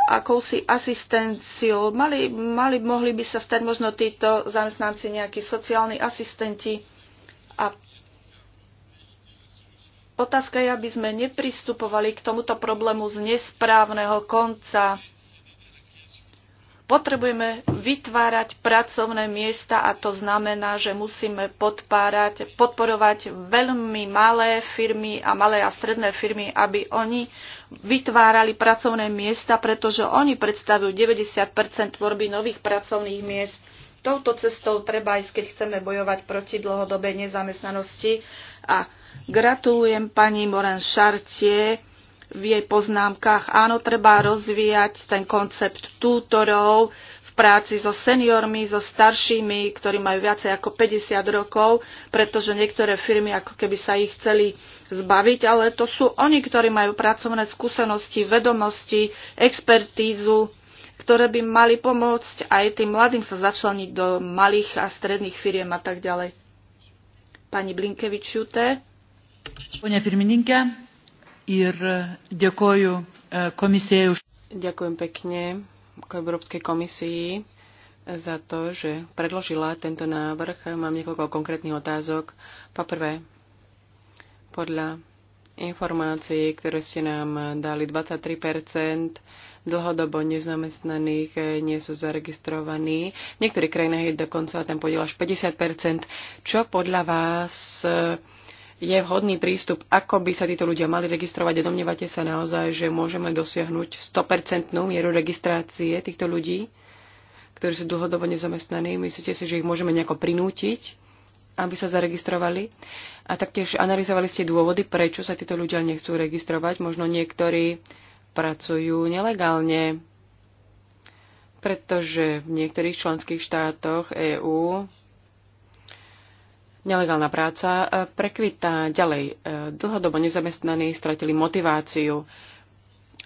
akousi asistenciou. Mali, mali, mohli by sa stať možno títo zamestnanci nejakí sociálni asistenti. A otázka je, aby sme nepristupovali k tomuto problému z nesprávneho konca. Potrebujeme vytvárať pracovné miesta a to znamená, že musíme podpárať, podporovať veľmi malé firmy a malé a stredné firmy, aby oni vytvárali pracovné miesta, pretože oni predstavujú 90 tvorby nových pracovných miest. Touto cestou treba ísť, keď chceme bojovať proti dlhodobej nezamestnanosti. A gratulujem pani Moran Šartie, v jej poznámkach. Áno, treba rozvíjať ten koncept tútorov v práci so seniormi, so staršími, ktorí majú viacej ako 50 rokov, pretože niektoré firmy ako keby sa ich chceli zbaviť, ale to sú oni, ktorí majú pracovné skúsenosti, vedomosti, expertízu, ktoré by mali pomôcť aj tým mladým sa začleniť do malých a stredných firiem a tak ďalej. Pani Blinkevič-Jute. Pani Firmininka, ir e, e, už. Ďakujem pekne k Európskej komisii za to, že predložila tento návrh. Mám niekoľko konkrétnych otázok. Poprvé, podľa informácií, ktoré ste nám dali, 23 dlhodobo nezamestnaných e, nie sú zaregistrovaní. V niektorých krajinách je dokonca ten podiel až 50 Čo podľa vás je vhodný prístup, ako by sa títo ľudia mali registrovať a domnievate sa naozaj, že môžeme dosiahnuť 100% mieru registrácie týchto ľudí, ktorí sú dlhodobo nezamestnaní. Myslíte si, že ich môžeme nejako prinútiť, aby sa zaregistrovali? A taktiež analyzovali ste dôvody, prečo sa títo ľudia nechcú registrovať. Možno niektorí pracujú nelegálne, pretože v niektorých členských štátoch EÚ nelegálna práca e, prekvitá ďalej. E, dlhodobo nezamestnaní stratili motiváciu.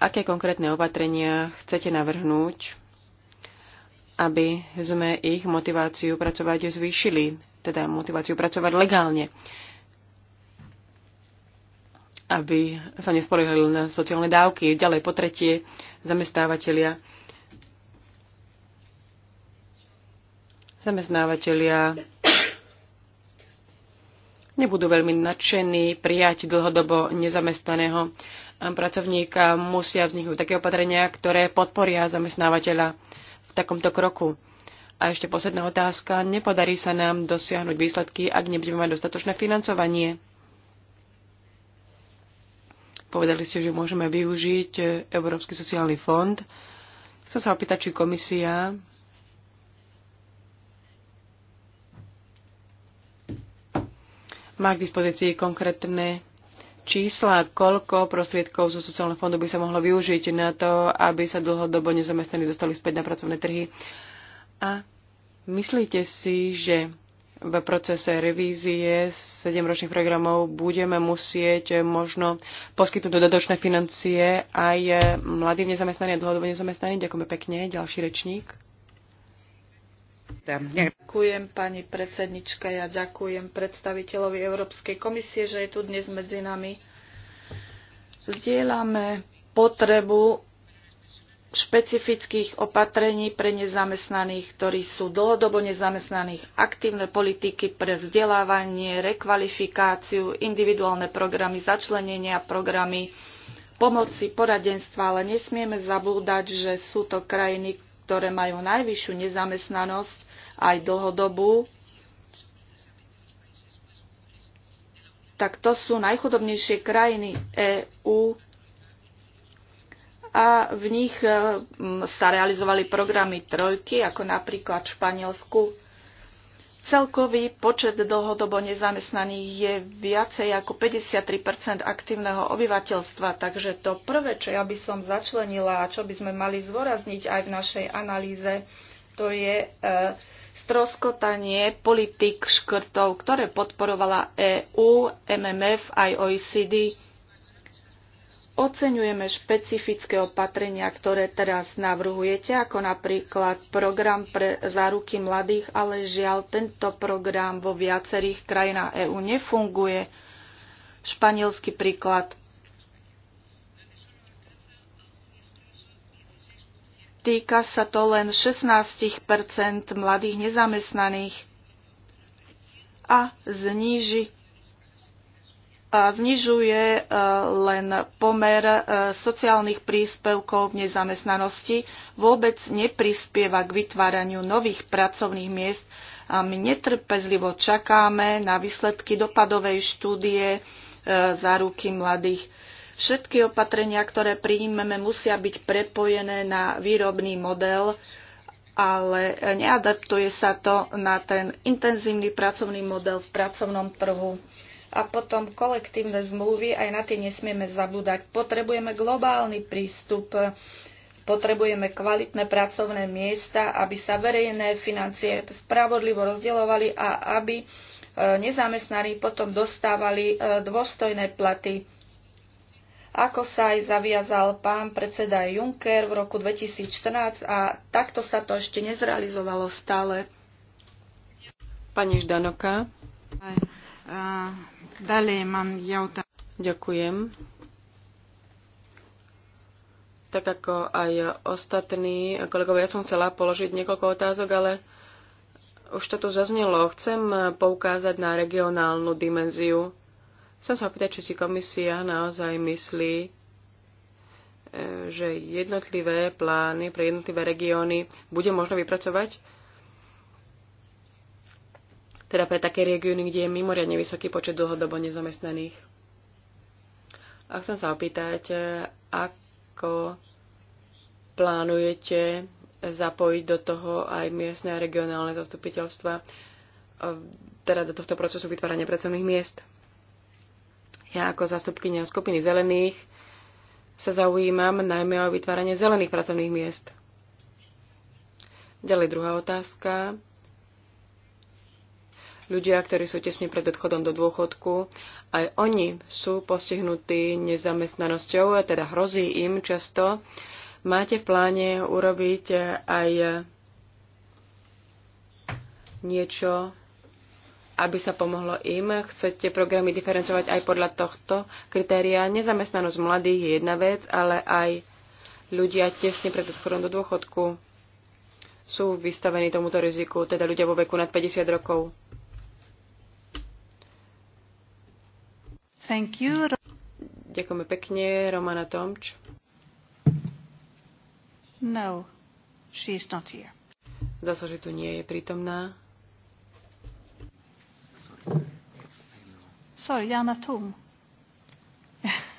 Aké konkrétne opatrenia chcete navrhnúť, aby sme ich motiváciu pracovať zvýšili, teda motiváciu pracovať legálne, aby sa nespoliehali na sociálne dávky. Ďalej, po tretie, zamestnávateľia zamestnávateľia nebudú veľmi nadšení prijať dlhodobo nezamestnaného pracovníka. Musia vzniknúť také opatrenia, ktoré podporia zamestnávateľa v takomto kroku. A ešte posledná otázka. Nepodarí sa nám dosiahnuť výsledky, ak nebudeme mať dostatočné financovanie. Povedali ste, že môžeme využiť Európsky sociálny fond. Chcem sa opýtať, či komisia má k dispozícii konkrétne čísla, koľko prostriedkov zo sociálneho fondu by sa mohlo využiť na to, aby sa dlhodobo nezamestnaní dostali späť na pracovné trhy. A myslíte si, že v procese revízie 7-ročných programov budeme musieť možno poskytnúť dodatočné financie aj mladým nezamestnaným a dlhodobo nezamestnaným? Ďakujeme pekne. Ďalší rečník. Ďakujem pani predsednička, ja ďakujem predstaviteľovi Európskej komisie, že je tu dnes medzi nami. Zdieľame potrebu špecifických opatrení pre nezamestnaných, ktorí sú dlhodobo nezamestnaných, aktívne politiky pre vzdelávanie, rekvalifikáciu, individuálne programy začlenenia, programy pomoci, poradenstva, ale nesmieme zabúdať, že sú to krajiny, ktoré majú najvyššiu nezamestnanosť aj dlhodobú, tak to sú najchudobnejšie krajiny EÚ a v nich e, sa realizovali programy trojky, ako napríklad v Španielsku. Celkový počet dlhodobo nezamestnaných je viacej ako 53 aktívneho obyvateľstva, takže to prvé, čo ja by som začlenila a čo by sme mali zvorazniť aj v našej analýze, to je uh, stroskotanie politik škrtov, ktoré podporovala EÚ, MMF aj OECD. Oceňujeme špecifické opatrenia, ktoré teraz navrhujete, ako napríklad program pre záruky mladých, ale žiaľ tento program vo viacerých krajinách EÚ nefunguje. Španielský príklad Týka sa to len 16 mladých nezamestnaných a zniži a znižuje e, len pomer e, sociálnych príspevkov v nezamestnanosti, vôbec neprispieva k vytváraniu nových pracovných miest a my netrpezlivo čakáme na výsledky dopadovej štúdie e, za ruky mladých Všetky opatrenia, ktoré príjmeme, musia byť prepojené na výrobný model, ale neadaptuje sa to na ten intenzívny pracovný model v pracovnom trhu. A potom kolektívne zmluvy, aj na tie nesmieme zabúdať. Potrebujeme globálny prístup, potrebujeme kvalitné pracovné miesta, aby sa verejné financie spravodlivo rozdielovali a aby e, nezamestnaní potom dostávali e, dôstojné platy ako sa aj zaviazal pán predseda Juncker v roku 2014 a takto sa to ešte nezrealizovalo stále. Pani Ždanoka. Ďalej mám ja Ďakujem. Tak ako aj ostatní kolegovia, ja som chcela položiť niekoľko otázok, ale už to tu zaznelo. Chcem poukázať na regionálnu dimenziu Chcem sa opýtať, či si komisia naozaj myslí, e, že jednotlivé plány pre jednotlivé regióny bude možno vypracovať? Teda pre také regióny, kde je mimoriadne vysoký počet dlhodobo nezamestnaných. A chcem sa opýtať, e, ako plánujete zapojiť do toho aj miestne a regionálne zastupiteľstva, e, teda do tohto procesu vytvárania pracovných miest. Ja ako zastupkynia skupiny zelených sa zaujímam najmä o vytváranie zelených pracovných miest. Ďalej druhá otázka. Ľudia, ktorí sú tesne pred odchodom do dôchodku, aj oni sú postihnutí nezamestnanosťou, teda hrozí im často. Máte v pláne urobiť aj niečo aby sa pomohlo im. Chcete programy diferencovať aj podľa tohto kritéria. Nezamestnanosť mladých je jedna vec, ale aj ľudia tesne pred odchodom do dôchodku sú vystavení tomuto riziku, teda ľudia vo veku nad 50 rokov. Thank you. Ďakujeme pekne. Romana Tomč. No, she's not here. Zase, že tu nie je prítomná. Sorry, Jana Tum.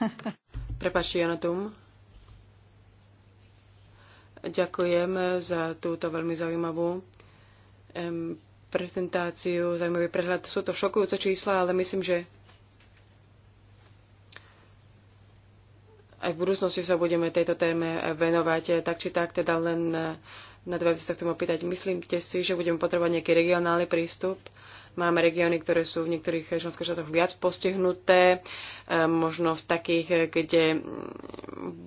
Prepačte, Jana Tum. Ďakujem za túto veľmi zaujímavú prezentáciu, zaujímavý prehľad. Sú to šokujúce čísla, ale myslím, že aj v budúcnosti sa budeme tejto téme venovať. Eh, tak či tak, teda len eh, na dve veci sa chcem opýtať. Myslíte si, že budeme potrebovať nejaký regionálny prístup Máme regióny, ktoré sú v niektorých členských štátoch viac postihnuté, e, možno v takých, e, kde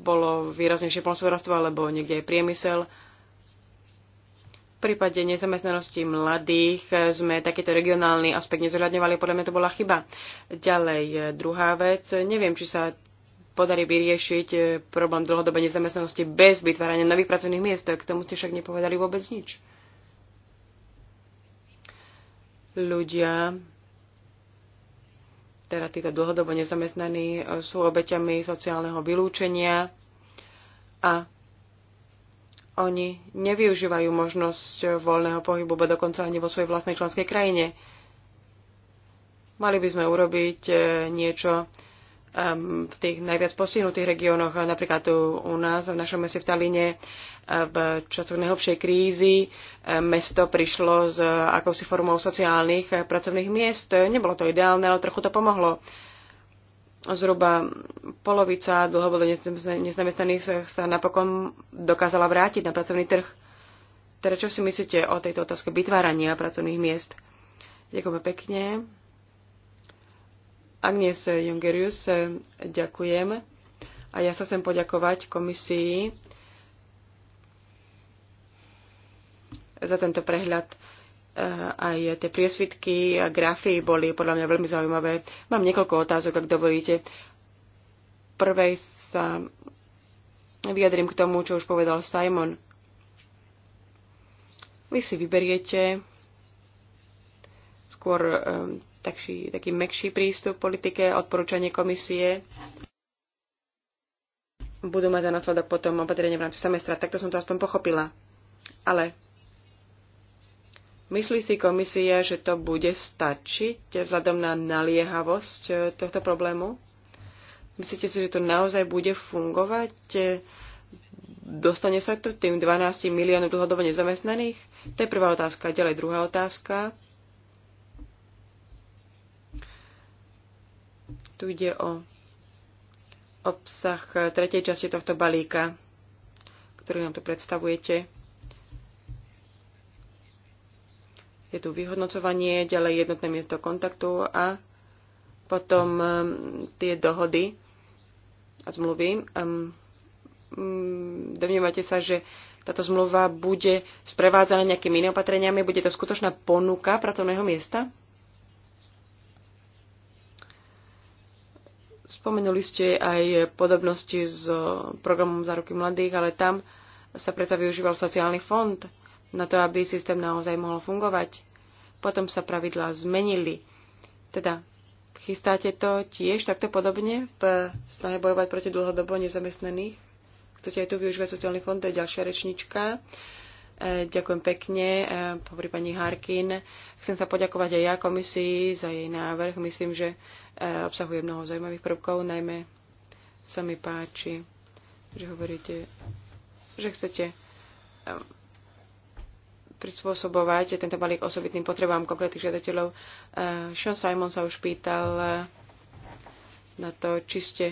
bolo výraznejšie polnospodárstvo alebo niekde je priemysel. V prípade nezamestnanosti mladých e, sme takýto regionálny aspekt nezohľadňovali, podľa mňa to bola chyba. Ďalej, druhá vec, neviem, či sa podarí vyriešiť problém dlhodobej nezamestnanosti bez vytvárania nových pracovných miest. K tomu ste však nepovedali vôbec nič ľudia, teda títo dlhodobo nezamestnaní, sú obeťami sociálneho vylúčenia a oni nevyužívajú možnosť voľného pohybu, bo dokonca ani vo svojej vlastnej členskej krajine. Mali by sme urobiť eh, niečo Um, v tých najviac postihnutých regiónoch, napríklad tu u nás, v našom meste v Taline, uh, v časoch najhlbšej krízy uh, mesto prišlo s akousi formou sociálnych uh, pracovných miest. Nebolo to ideálne, ale trochu to pomohlo. Zhruba polovica dlhodobo nezamestnaných sa napokon dokázala vrátiť na pracovný trh. Teda čo si myslíte o tejto otázke vytvárania pracovných miest? Ďakujem pekne. Agnes Jungerius, ďakujem. A ja sa chcem poďakovať komisii za tento prehľad. Eh, aj tie priesvitky a grafy boli podľa mňa veľmi zaujímavé. Mám niekoľko otázok, ak dovolíte. Prvej sa vyjadrím k tomu, čo už povedal Simon. Vy si vyberiete skôr eh, takší, taký mekší prístup v politike, odporúčanie komisie budú mať za následok potom opatrenie v rámci semestra. Takto som to aspoň pochopila. Ale myslí si komisia, že to bude stačiť vzhľadom na naliehavosť eh, tohto problému? Myslíte si, že to naozaj bude fungovať? Dostane sa to tým 12 miliónov dlhodobo nezamestnaných? To je prvá otázka. Ďalej druhá otázka. Tu ide o obsah eh, tretej časti tohto balíka, ktorý nám tu predstavujete. Je tu vyhodnocovanie, ďalej jednotné miesto kontaktu a potom um, tie dohody a zmluvy. Um, domnievate sa, že táto zmluva bude sprevádzaná nejakými iné opatreniami? Bude to skutočná ponuka pracovného miesta? Spomenuli ste aj podobnosti s programom za ruky mladých, ale tam sa predsa využíval sociálny fond na to, aby systém naozaj mohol fungovať. Potom sa pravidlá zmenili. Teda chystáte to tiež takto podobne v snahe bojovať proti dlhodobo nezamestnaných? Chcete aj tu využívať sociálny fond? To je ďalšia rečnička. Ďakujem pekne, e, hovorí pani Harkin. Chcem sa poďakovať aj ja komisii za jej návrh. Myslím, že e, obsahuje mnoho zaujímavých prvkov, najmä sa mi páči, že hovoríte, že chcete e, prispôsobovať tento balík osobitným potrebám konkrétnych žiadateľov. Sean Simon sa už pýtal na to, či ste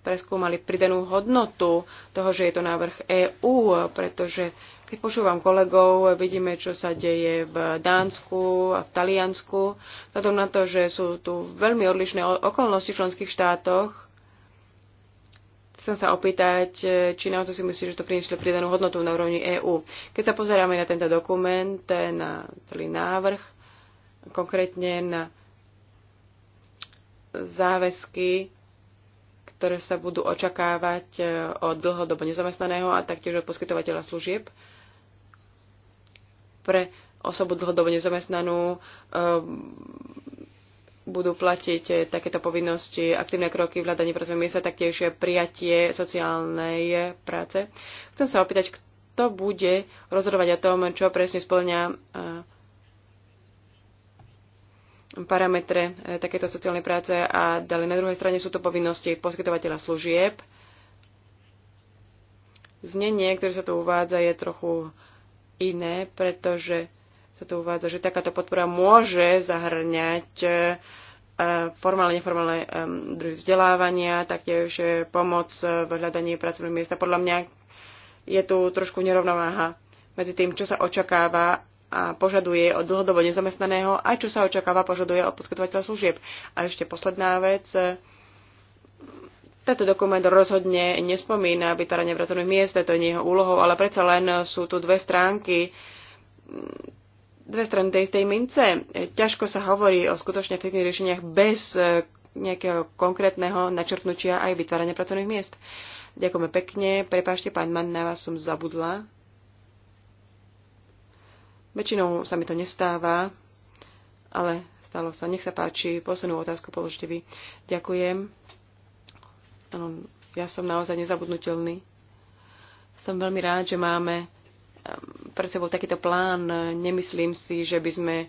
preskúmali pridanú hodnotu toho, že je to návrh EÚ, pretože keď počúvam kolegov, vidíme, čo sa deje v Dánsku a v Taliansku. Vzhľadom na to, že sú tu veľmi odlišné okolnosti v členských štátoch, chcem sa opýtať, či naozaj si myslíš, že to prinieslo pridanú hodnotu na úrovni EÚ. Keď sa pozeráme na tento dokument, na celý návrh, konkrétne na záväzky ktoré sa budú očakávať eh, od dlhodobo nezamestnaného a taktiež od poskytovateľa služieb pre osobu dlhodobo nezamestnanú ehm, budú platiť eh, takéto povinnosti, aktívne kroky v hľadaní pracovného miesta, taktiež prijatie sociálnej eh, práce. Chcem sa opýtať, kto bude rozhodovať o tom, čo presne splňa eh, parametre takéto sociálnej práce a ďalej na druhej strane sú to povinnosti poskytovateľa služieb. Znenie, ktoré sa tu uvádza, je trochu iné, pretože sa tu uvádza, že takáto podpora môže zahrňať e, formálne, neformálne e, druhy vzdelávania, taktiež e, pomoc v hľadaní pracovného miesta. Podľa mňa je tu trošku nerovnováha medzi tým, čo sa očakáva a požaduje od dlhodobo nezamestnaného, a čo sa očakáva požaduje od poskytovateľa služieb. A ešte posledná vec, tento dokument rozhodne nespomína vytváranie pracovných miest, to je nie jeho úlohou, ale predsa len sú tu dve stránky, dve strany tej istej mince. Ťažko sa hovorí o skutočne efektívnych riešeniach bez e, nejakého konkrétneho načrtnutia aj vytvárania pracovných miest. Ďakujeme pekne. Prepášte, pán Mann, na vás som zabudla. Väčšinou sa mi to nestáva, ale stalo sa. Nech sa páči, poslednú otázku položte vy. Ďakujem. Áno, ja som naozaj nezabudnutelný. Som veľmi rád, že máme ehm, pred sebou takýto plán. Nemyslím si, že by sme ehm,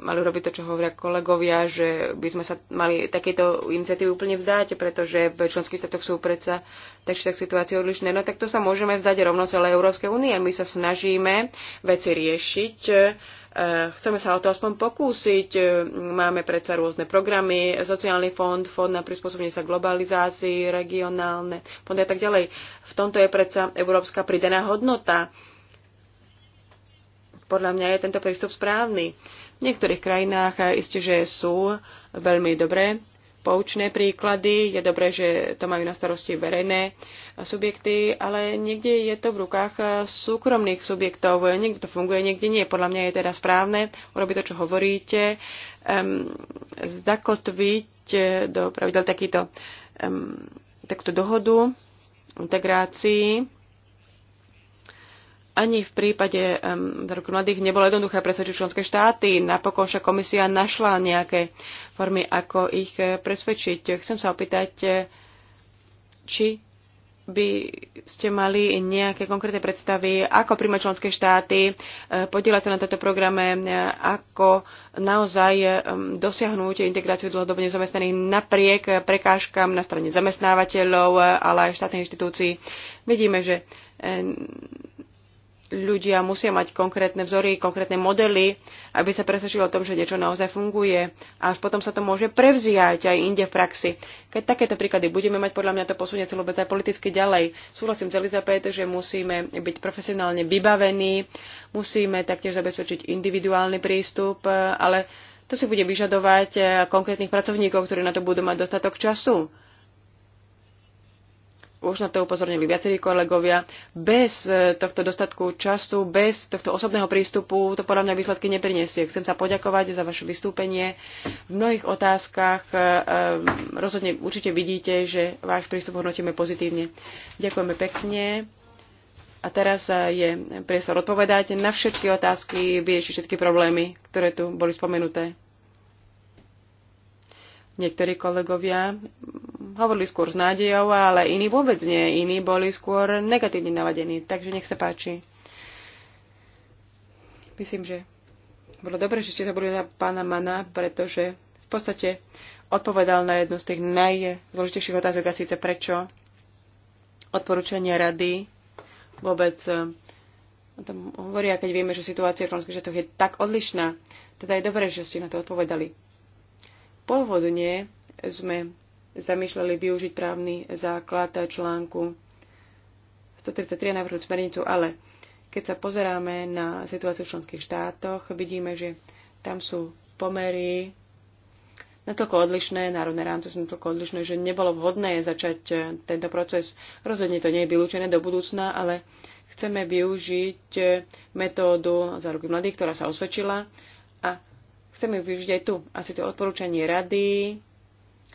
mali robiť to, čo hovoria kolegovia, že by sme sa mali takéto iniciatívy úplne vzdať, pretože v členských štátoch sú predsa takže tak situácie odlišné. No tak to sa môžeme vzdať rovno celé Európskej únie. My sa snažíme veci riešiť Eh, chceme sa o to aspoň pokúsiť. Eh, máme predsa rôzne programy, sociálny fond, fond na prispôsobenie sa globalizácii, regionálne fondy a tak ďalej. V tomto je predsa európska pridaná hodnota. Podľa mňa je tento prístup správny. V niektorých krajinách eh, isté, že sú veľmi dobré poučné príklady. Je dobré, že to majú na starosti verejné subjekty, ale niekde je to v rukách eh, súkromných subjektov. Niekde to funguje, niekde nie. Podľa mňa je teda správne urobiť to, čo hovoríte, um, zakotviť eh, do pravidel takýto, um, takúto dohodu integrácii ani v prípade um, roku mladých nebolo jednoduché presvedčiť členské štáty. Napokon však komisia našla nejaké formy, ako ich eh, presvedčiť. Chcem sa opýtať, eh, či by ste mali nejaké konkrétne predstavy, ako príjme členské štáty, eh, podielať sa na tejto programe, ako naozaj dosiahnuť integráciu dlhodobne zamestnaných napriek prekážkam na strane zamestnávateľov, ale aj štátnych inštitúcií. Vidíme, že ľudia musia mať konkrétne vzory, konkrétne modely, aby sa presvedčilo o tom, že niečo naozaj funguje. A až potom sa to môže prevziať aj inde v praxi. Keď takéto príklady budeme mať, podľa mňa to posunie celú vec aj politicky ďalej. Súhlasím s Elizabeth, že musíme byť profesionálne vybavení, musíme taktiež zabezpečiť individuálny prístup, ale to si bude vyžadovať eh, konkrétnych pracovníkov, ktorí na to budú mať dostatok času už na to upozornili viacerí kolegovia, bez e, tohto dostatku času, bez tohto osobného prístupu to podľa mňa výsledky nepriniesie. Chcem sa poďakovať za vaše vystúpenie. V mnohých otázkach e, e, rozhodne určite vidíte, že váš prístup hodnotíme pozitívne. Ďakujeme pekne. A teraz je priestor odpovedať na všetky otázky, vyriešiť všetky problémy, ktoré tu boli spomenuté. Niektorí kolegovia hovorili skôr s nádejou, ale iní vôbec nie. Iní boli skôr negatívne naladení. Takže nech sa páči. Myslím, že bolo dobre, že ste sa boli na pána Mana, pretože v podstate odpovedal na jednu z tých najzložitejších otázok a síce prečo odporúčania rady vôbec hovoria, keď vieme, že situácia v členských štátoch je tak odlišná. Teda je dobré, že ste na to odpovedali. Pôvodne sme zamýšľali využiť právny základ článku 133 návrhu smernicu, ale keď sa pozeráme na situáciu v členských štátoch, vidíme, že tam sú pomery natoľko odlišné, národné rámce sú natoľko odlišné, že nebolo vhodné začať eh, tento proces. Rozhodne to nie je vylúčené do budúcna, ale chceme využiť eh, metódu záruky mladých, ktorá sa osvedčila a Chceme využiť aj tu, asi to odporúčanie rady,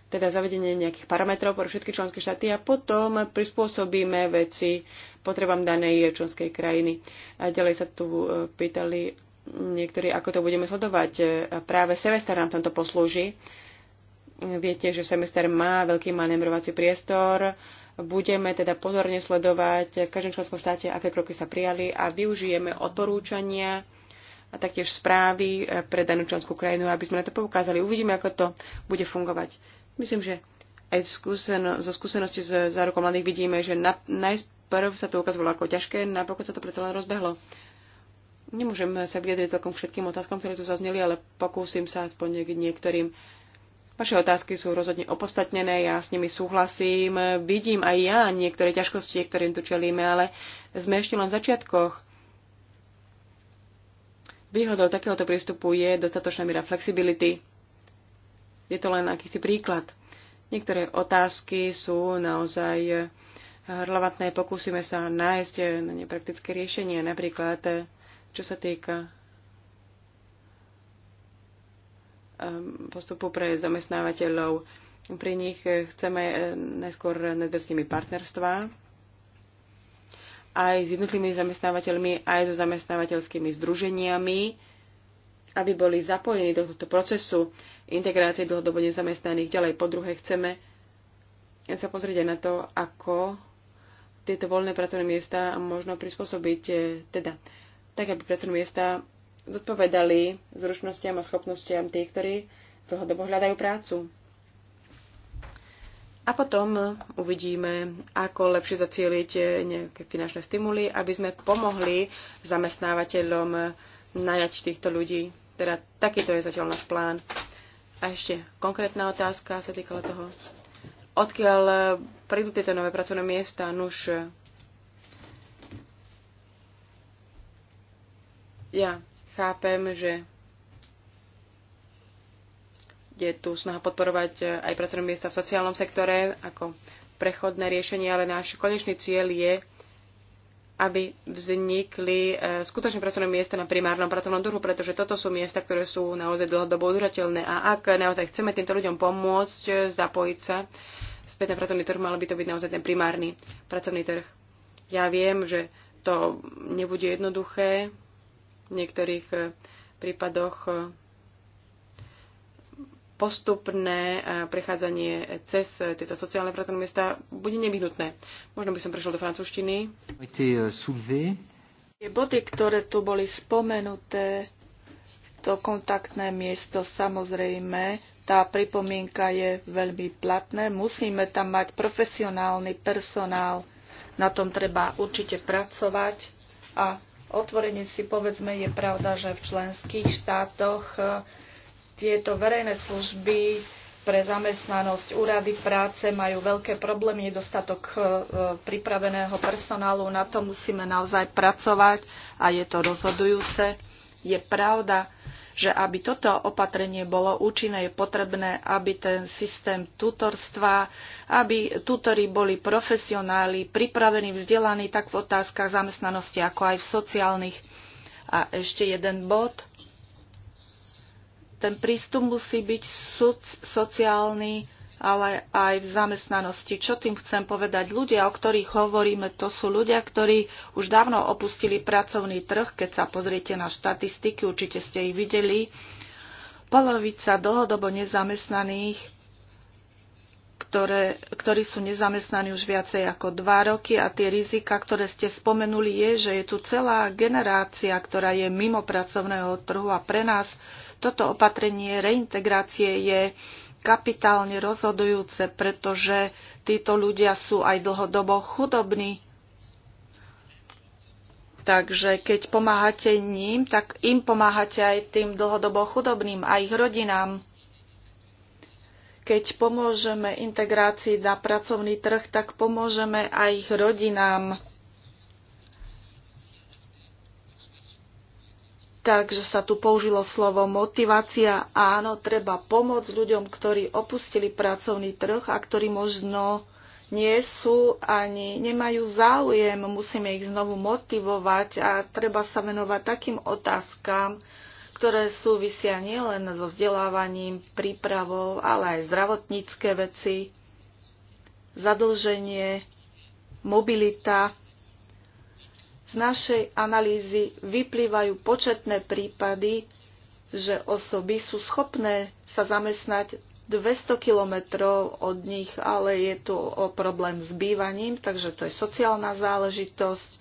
teda zavedenie nejakých parametrov pre všetky členské štáty a potom prispôsobíme veci potrebám danej členskej krajiny. A ďalej sa tu e, pýtali niektorí, ako to budeme sledovať. E, práve semester nám tento poslúži. Viete, že semester má veľký manevrovací priestor. Budeme teda pozorne sledovať v každom členskom štáte, aké kroky sa prijali a využijeme odporúčania a taktiež správy eh, pre danú členskú krajinu, aby sme na to poukázali. Uvidíme, ako to bude fungovať. Myslím, že aj v skúseno, zo skúsenosti z zárukom mladých vidíme, že na, najprv sa to ukázalo ako ťažké, napokon sa to predsa len rozbehlo. Nemôžem sa vyjadriť celkom všetkým otázkom, ktoré tu zazneli, ale pokúsim sa aspoň k niektorým. Vaše otázky sú rozhodne opodstatnené, ja s nimi súhlasím, vidím aj ja niektoré ťažkosti, ktorým tu čelíme, ale sme ešte len v začiatkoch Výhodou takéhoto prístupu je dostatočná míra flexibility. Je to len akýsi príklad. Niektoré otázky sú naozaj relevantné. Pokúsime sa nájsť na ne praktické riešenie. Napríklad, čo sa týka ehm, postupu pre zamestnávateľov. Pri nich chceme eh, najskôr nadviesť nimi partnerstvá aj s jednotlivými zamestnávateľmi, aj so zamestnávateľskými združeniami, aby boli zapojení do tohto procesu integrácie dlhodobo nezamestnaných. Ďalej po druhé chceme sa pozrieť aj na to, ako tieto voľné pracovné miesta možno prispôsobiť, e, teda tak, aby pracovné miesta zodpovedali zručnostiam a schopnostiam tých, ktorí dlhodobo hľadajú prácu. A potom uvidíme, ako lepšie zacieliť nejaké finančné stimuly, aby sme pomohli zamestnávateľom najať týchto ľudí. Teda takýto je zatiaľ náš plán. A ešte konkrétna otázka sa týkala toho, odkiaľ prídu tieto nové pracovné miesta, nuž ja chápem, že je tu snaha podporovať eh, aj pracovné miesta v sociálnom sektore ako prechodné riešenie, ale náš konečný cieľ je, aby vznikli eh, skutočne pracovné miesta na primárnom pracovnom trhu, pretože toto sú miesta, ktoré sú naozaj dlhodobo udržateľné. A ak naozaj chceme týmto ľuďom pomôcť eh, zapojiť sa späť na pracovný trh, malo by to byť naozaj ten primárny pracovný trh. Ja viem, že to nebude jednoduché. V niektorých prípadoch postupné eh, prechádzanie cez eh, tieto sociálne pracovné miesta bude nevyhnutné. Možno by som prešiel do francúzštiny. Eh, Tie body, ktoré tu boli spomenuté, to kontaktné miesto samozrejme, tá pripomienka je veľmi platné. Musíme tam mať profesionálny personál, na tom treba určite pracovať a otvorenie si povedzme, je pravda, že v členských štátoch tieto verejné služby pre zamestnanosť, úrady práce majú veľké problémy, nedostatok e, pripraveného personálu, na to musíme naozaj pracovať a je to rozhodujúce. Je pravda, že aby toto opatrenie bolo účinné, je potrebné, aby ten systém tutorstva, aby tutori boli profesionáli, pripravení, vzdelaní tak v otázkach zamestnanosti, ako aj v sociálnych. A ešte jeden bod ten prístup musí byť sociálny, ale aj v zamestnanosti. Čo tým chcem povedať? Ľudia, o ktorých hovoríme, to sú ľudia, ktorí už dávno opustili pracovný trh. Keď sa pozriete na štatistiky, určite ste ich videli, polovica dlhodobo nezamestnaných ktoré, ktorí sú nezamestnaní už viacej ako dva roky a tie rizika, ktoré ste spomenuli, je, že je tu celá generácia, ktorá je mimo pracovného trhu a pre nás toto opatrenie reintegrácie je kapitálne rozhodujúce, pretože títo ľudia sú aj dlhodobo chudobní. Takže keď pomáhate ním, tak im pomáhate aj tým dlhodobo chudobným a ich rodinám. Keď pomôžeme integrácii na pracovný trh, tak pomôžeme aj ich rodinám. Takže sa tu použilo slovo motivácia. Áno, treba pomôcť ľuďom, ktorí opustili pracovný trh a ktorí možno nie sú ani nemajú záujem. Musíme ich znovu motivovať a treba sa venovať takým otázkam, ktoré súvisia nielen so vzdelávaním, prípravou, ale aj zdravotnícke veci, zadlženie, mobilita z našej analýzy vyplývajú početné prípady, že osoby sú schopné sa zamestnať 200 kilometrov od nich, ale je tu o problém s bývaním, takže to je sociálna záležitosť, e,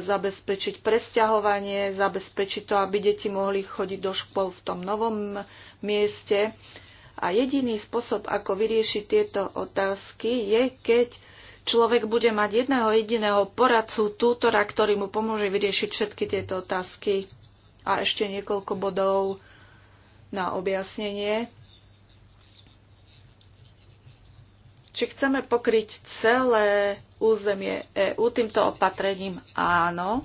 zabezpečiť presťahovanie, zabezpečiť to, aby deti mohli chodiť do škôl v tom novom mieste. A jediný spôsob, ako vyriešiť tieto otázky, je, keď človek bude mať jedného jediného poradcu, tútora, ktorý mu pomôže vyriešiť všetky tieto otázky. A ešte niekoľko bodov na objasnenie. Či chceme pokryť celé územie EÚ týmto opatrením? Áno.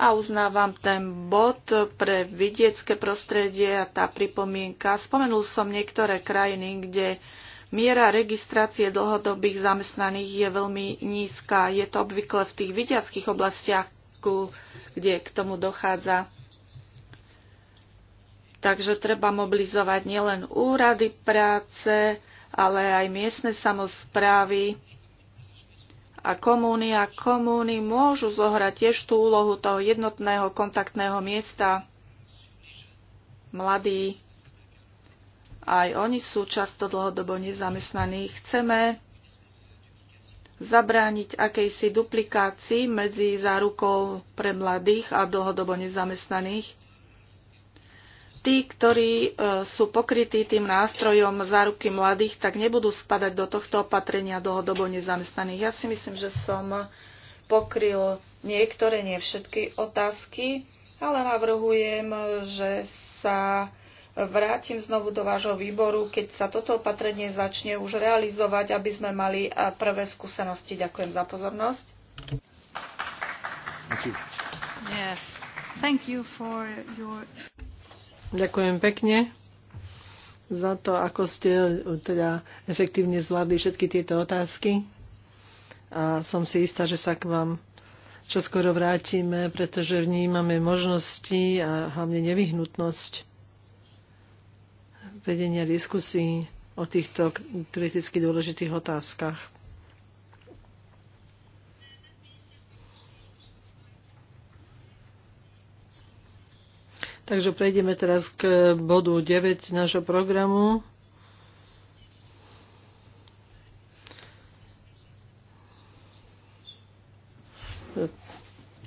A uznávam ten bod pre vidiecké prostredie a tá pripomienka. Spomenul som niektoré krajiny, kde Miera registrácie dlhodobých zamestnaných je veľmi nízka. Je to obvykle v tých vidiackých oblastiach, kde k tomu dochádza. Takže treba mobilizovať nielen úrady práce, ale aj miestne samozprávy a komúny a komúny môžu zohrať tiež tú úlohu toho jednotného kontaktného miesta. Mladí aj oni sú často dlhodobo nezamestnaní. Chceme zabrániť akejsi duplikácii medzi zárukou pre mladých a dlhodobo nezamestnaných. Tí, ktorí e, sú pokrytí tým nástrojom záruky mladých, tak nebudú spadať do tohto opatrenia dlhodobo nezamestnaných. Ja si myslím, že som pokryl niektoré, nie všetky otázky, ale navrhujem, že sa vrátim znovu do vášho výboru, keď sa toto opatrenie začne už realizovať, aby sme mali prvé skúsenosti. Ďakujem za pozornosť. Yes. Thank you for your... Ďakujem pekne za to, ako ste e, teda efektívne zvládli všetky tieto otázky. A som si istá, že sa k vám čoskoro vrátime, pretože vnímame možnosti a hlavne nevyhnutnosť vedenia diskusí o týchto kriticky dôležitých otázkach. Takže prejdeme teraz k bodu 9 nášho programu.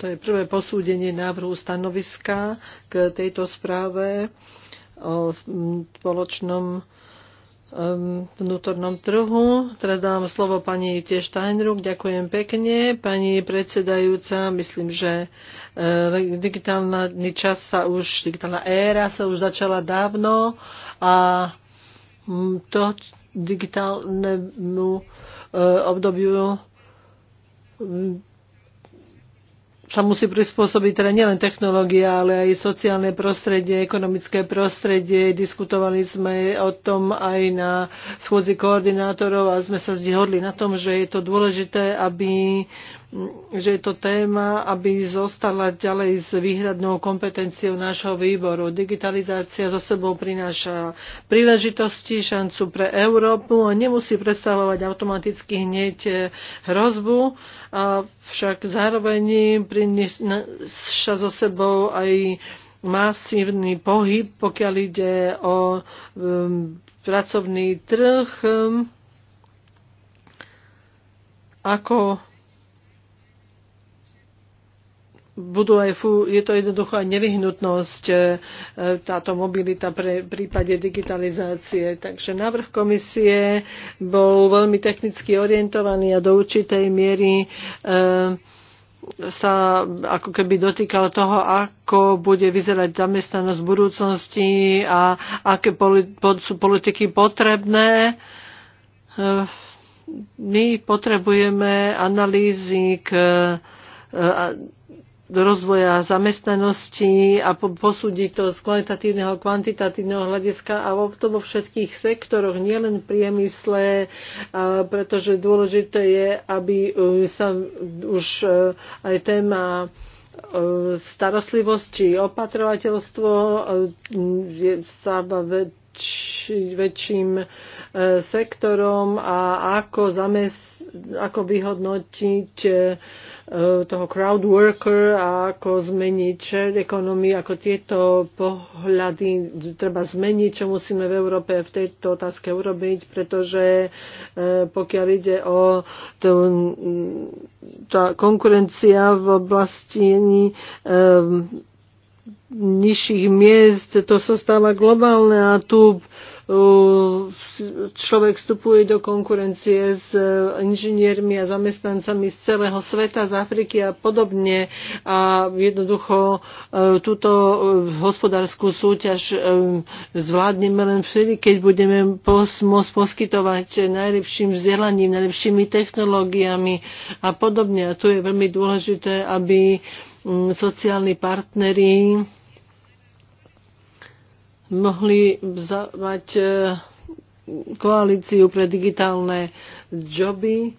To je prvé posúdenie návrhu stanoviska k tejto správe o spoločnom vnútornom trhu. Teraz dávam slovo pani Jutie Steinruck. Ďakujem pekne. Pani predsedajúca, myslím, že eh, digitálna čas sa už, digitálna éra sa už začala dávno a hm, to digitálnemu eh, obdobiu hm, sa musí prispôsobiť teda nielen technológia, ale aj sociálne prostredie, ekonomické prostredie. Diskutovali sme o tom aj na schôdzi koordinátorov a sme sa zhodli na tom, že je to dôležité, aby že je to téma, aby zostala ďalej s výhradnou kompetenciou nášho výboru. Digitalizácia so sebou prináša príležitosti, šancu pre Európu a nemusí predstavovať automaticky hneď eh, hrozbu, avšak zároveň prináša so sebou aj masívny pohyb, pokiaľ ide o um, pracovný trh. Um, ako budú aj, je to jednoducho aj nevyhnutnosť e, e, táto mobilita pre prípade digitalizácie. Takže návrh komisie bol veľmi technicky orientovaný a do určitej miery e, sa ako keby dotýkal toho, ako bude vyzerať zamestnanosť v budúcnosti a aké sú politiky potrebné my potrebujeme analýzy k rozvoja zamestnanosti a posúdiť to z kvalitatívneho a kvantitatívneho hľadiska a to vo všetkých sektoroch, nielen v priemysle, pretože dôležité je, aby e, sa už e, aj téma e, starostlivosť či opatrovateľstvo sa väč, väčším e, sektorom a ako, zamest, ako vyhodnotiť e, E, toho crowd worker a ako zmeniť share economy, ako tieto pohľady treba zmeniť, čo musíme v Európe v tejto otázke urobiť, pretože e, pokiaľ ide o to, tá konkurencia v oblasti e, nižších miest, to sa stáva globálne a tu uh, človek vstupuje do konkurencie s uh, inžiniermi a zamestnancami z celého sveta, z Afriky a podobne. A jednoducho uh, túto hospodárskú súťaž um, zvládneme len vtedy, keď budeme môcť poskytovať najlepším vzdelaním, najlepšími technológiami a podobne. A tu je veľmi dôležité, aby Mm, sociálni partneri mohli mať e, koalíciu pre digitálne joby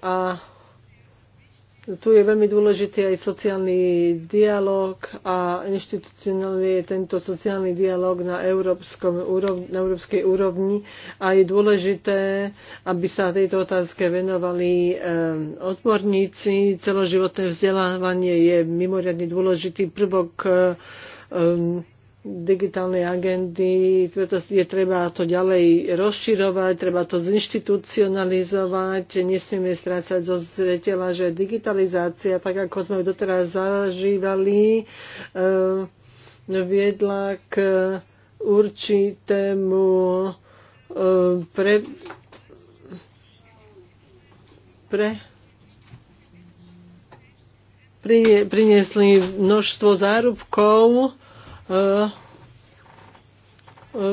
a tu je veľmi dôležitý aj sociálny dialog a inštitucionálny je tento sociálny dialog na, európskom, na európskej úrovni a je dôležité, aby sa tejto otázke venovali eh, odborníci. Celoživotné vzdelávanie je mimoriadne dôležitý prvok um, digitálnej agendy, preto je treba to ďalej rozširovať, treba to zinstitucionalizovať, nesmieme strácať zo zreteľa, že digitalizácia, tak ako sme ju doteraz zažívali, eh, viedla k určitému eh, pre, pre priniesli množstvo zárubkov, E,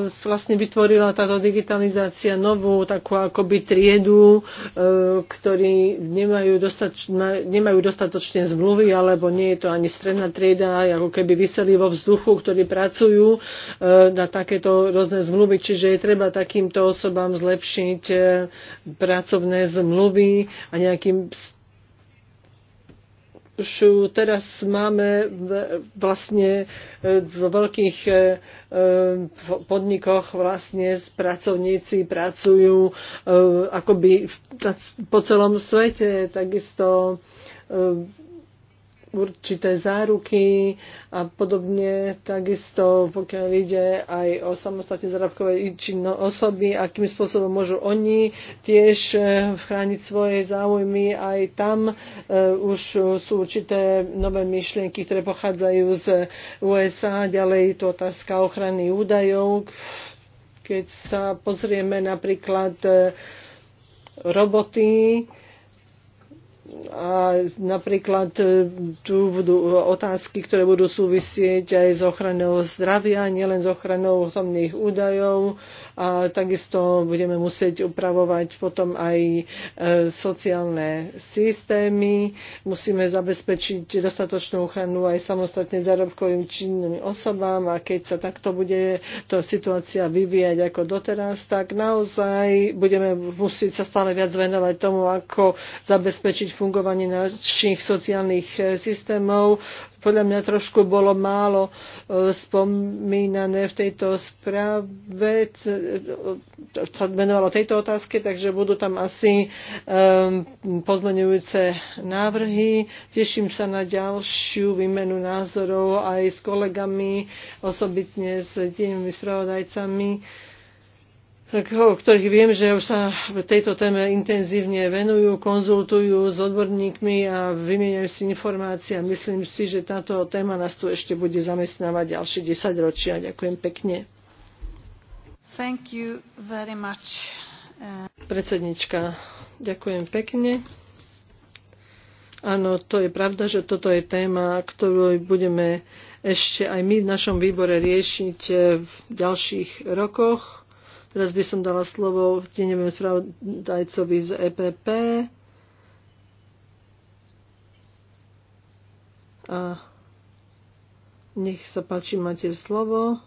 e, vlastne vytvorila táto digitalizácia novú takú akoby triedu, e, ktorí nemajú, dostač, nemajú dostatočne zmluvy, alebo nie je to ani stredná trieda, ako keby vyseli vo vzduchu, ktorí pracujú na takéto rôzne zmluvy. Čiže je treba takýmto osobám zlepšiť pracovné zmluvy a nejakým už teraz máme vlastne e, v veľkých e, e, podnikoch vlastne pracovníci pracujú akoby po celom svete. Takisto určité záruky a podobne. Takisto pokiaľ ide aj o samostatne zárobkové činno osoby, akým spôsobom môžu oni tiež e, chrániť svoje záujmy. Aj tam e, už sú určité nové myšlienky, ktoré pochádzajú z USA. Ďalej je tu otázka ochrany údajov. Keď sa pozrieme napríklad e, roboty, a napríklad e, tu budú otázky, ktoré budú súvisieť aj s ochranou zdravia, nielen s ochranou osobných údajov a takisto budeme musieť upravovať potom aj e, sociálne systémy. Musíme zabezpečiť dostatočnú ochranu aj samostatne zárobkovým činným osobám a keď sa takto bude to situácia vyvíjať ako doteraz, tak naozaj budeme musieť sa stále viac venovať tomu, ako zabezpečiť fungovanie našich sociálnych e, systémov. Podľa mňa trošku bolo málo e, spomínané v tejto správe, sa e, menovalo tejto otázke, takže budú tam asi pozmenujúce návrhy. Teším sa na ďalšiu výmenu názorov aj s kolegami, osobitne s tými spravodajcami o ktorých viem, že už sa v tejto téme intenzívne venujú, konzultujú s odborníkmi a vymieňajú si informácie. Myslím si, že táto téma nás tu ešte bude zamestnávať ďalšie 10 ročia. Ďakujem pekne. Thank you very much. Predsednička, ďakujem pekne. Áno, to je pravda, že toto je téma, ktorú budeme ešte aj my v našom výbore riešiť v ďalších rokoch Teraz by som dala slovo tenevým spravodajcovi z EPP. A nech sa páči, máte slovo.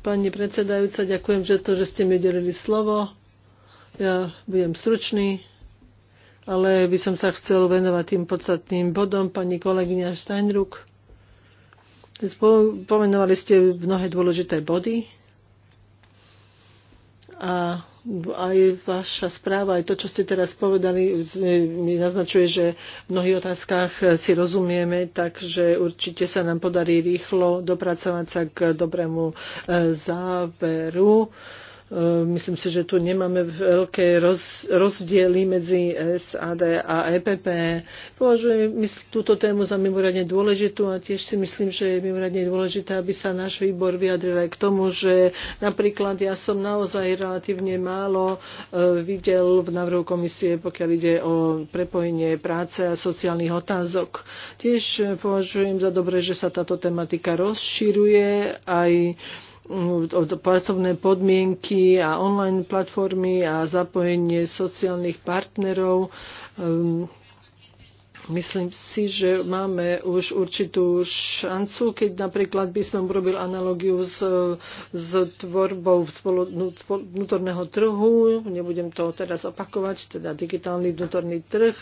Pani predsedajúca, ďakujem za to, že ste mi udelili slovo. Ja budem stručný, ale by som sa chcel venovať tým podstatným bodom. Pani kolegyňa Steinruck, pomenovali ste mnohé dôležité body a aj vaša správa, aj to, čo ste teraz povedali, mi naznačuje, že v mnohých otázkach si rozumieme, takže určite sa nám podarí rýchlo dopracovať sa k dobrému e, záveru. Ehm, myslím si, že tu nemáme veľké roz, rozdiely medzi SAD a EPP. Považujem túto tému za mimoriadne dôležitú a tiež si myslím, že je mimoriadne dôležité, aby sa náš výbor vyjadril aj k tomu, že napríklad ja som naozaj relatívne málo ehm, videl v návrhu komisie, pokiaľ ide o prepojenie práce a sociálnych otázok. Tiež považujem za dobre, že sa táto tematika rozširuje aj Mm, pracovné podmienky a online platformy a zapojenie sociálnych partnerov. Um, Myslím si, že máme už určitú šancu, keď napríklad by som urobil analogiu s, s tvorbou vnútorného trhu, nebudem to teraz opakovať, teda digitálny vnútorný trh,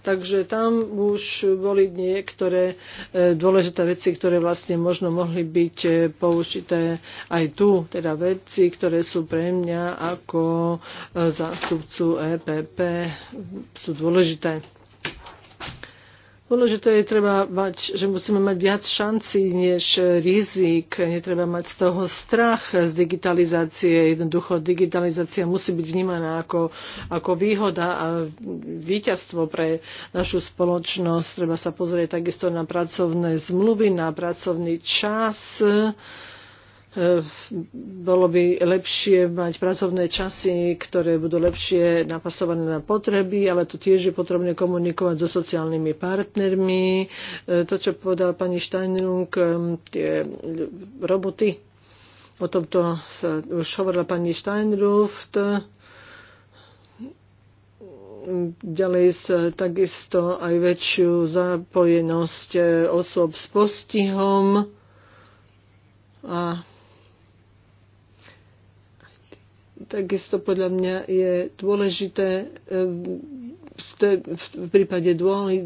takže tam už boli niektoré e, dôležité veci, ktoré vlastne možno mohli byť e, použité aj tu, teda veci, ktoré sú pre mňa ako e, zástupcu EPP, sú dôležité. Bolo, že to je treba mať, že musíme mať viac šancí než rizik. Netreba mať z toho strach z digitalizácie. Jednoducho digitalizácia musí byť vnímaná ako, ako výhoda a víťazstvo pre našu spoločnosť. Treba sa pozrieť takisto na pracovné zmluvy, na pracovný čas. Eh, bolo by lepšie mať pracovné časy, ktoré budú lepšie napasované na potreby, ale to tiež je potrebné komunikovať so sociálnymi partnermi. Eh, to, čo povedal pani Steinung, eh, tie roboty, o tomto sa už hovorila pani Steinruft, ďalej takisto aj väčšiu zapojenosť osôb s postihom a Takisto podľa mňa je dôležité e, v prípade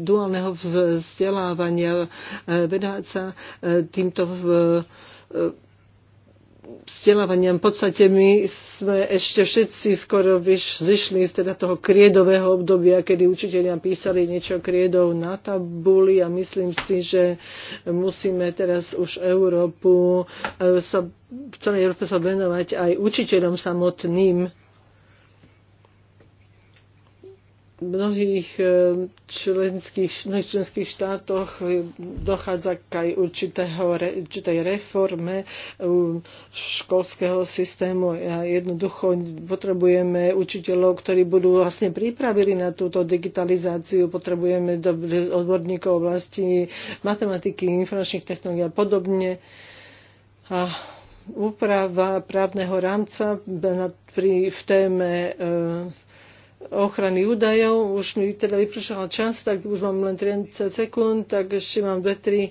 duálneho vzdelávania sa e, e, týmto v vzdelávania. V podstate my sme ešte všetci skoro vyš, zišli z teda toho kriedového obdobia, kedy učiteľia písali niečo kriedov na tabuli a myslím si, že musíme teraz už Európu e, sa, v celej Európe sa venovať aj učiteľom samotným mnohých eh, členských, mnohých členských štátoch eh, dochádza k aj určitého, určitej reforme eh, školského systému a jednoducho potrebujeme učiteľov, ktorí budú vlastne pripravili na túto digitalizáciu, potrebujeme odborníkov oblasti matematiky, informačných technológií a podobne. A úprava právneho rámca pri, v téme e, ochrany údajov. Už mi teda vypršal čas, tak už mám len 30 sekúnd, tak ešte mám dve, tri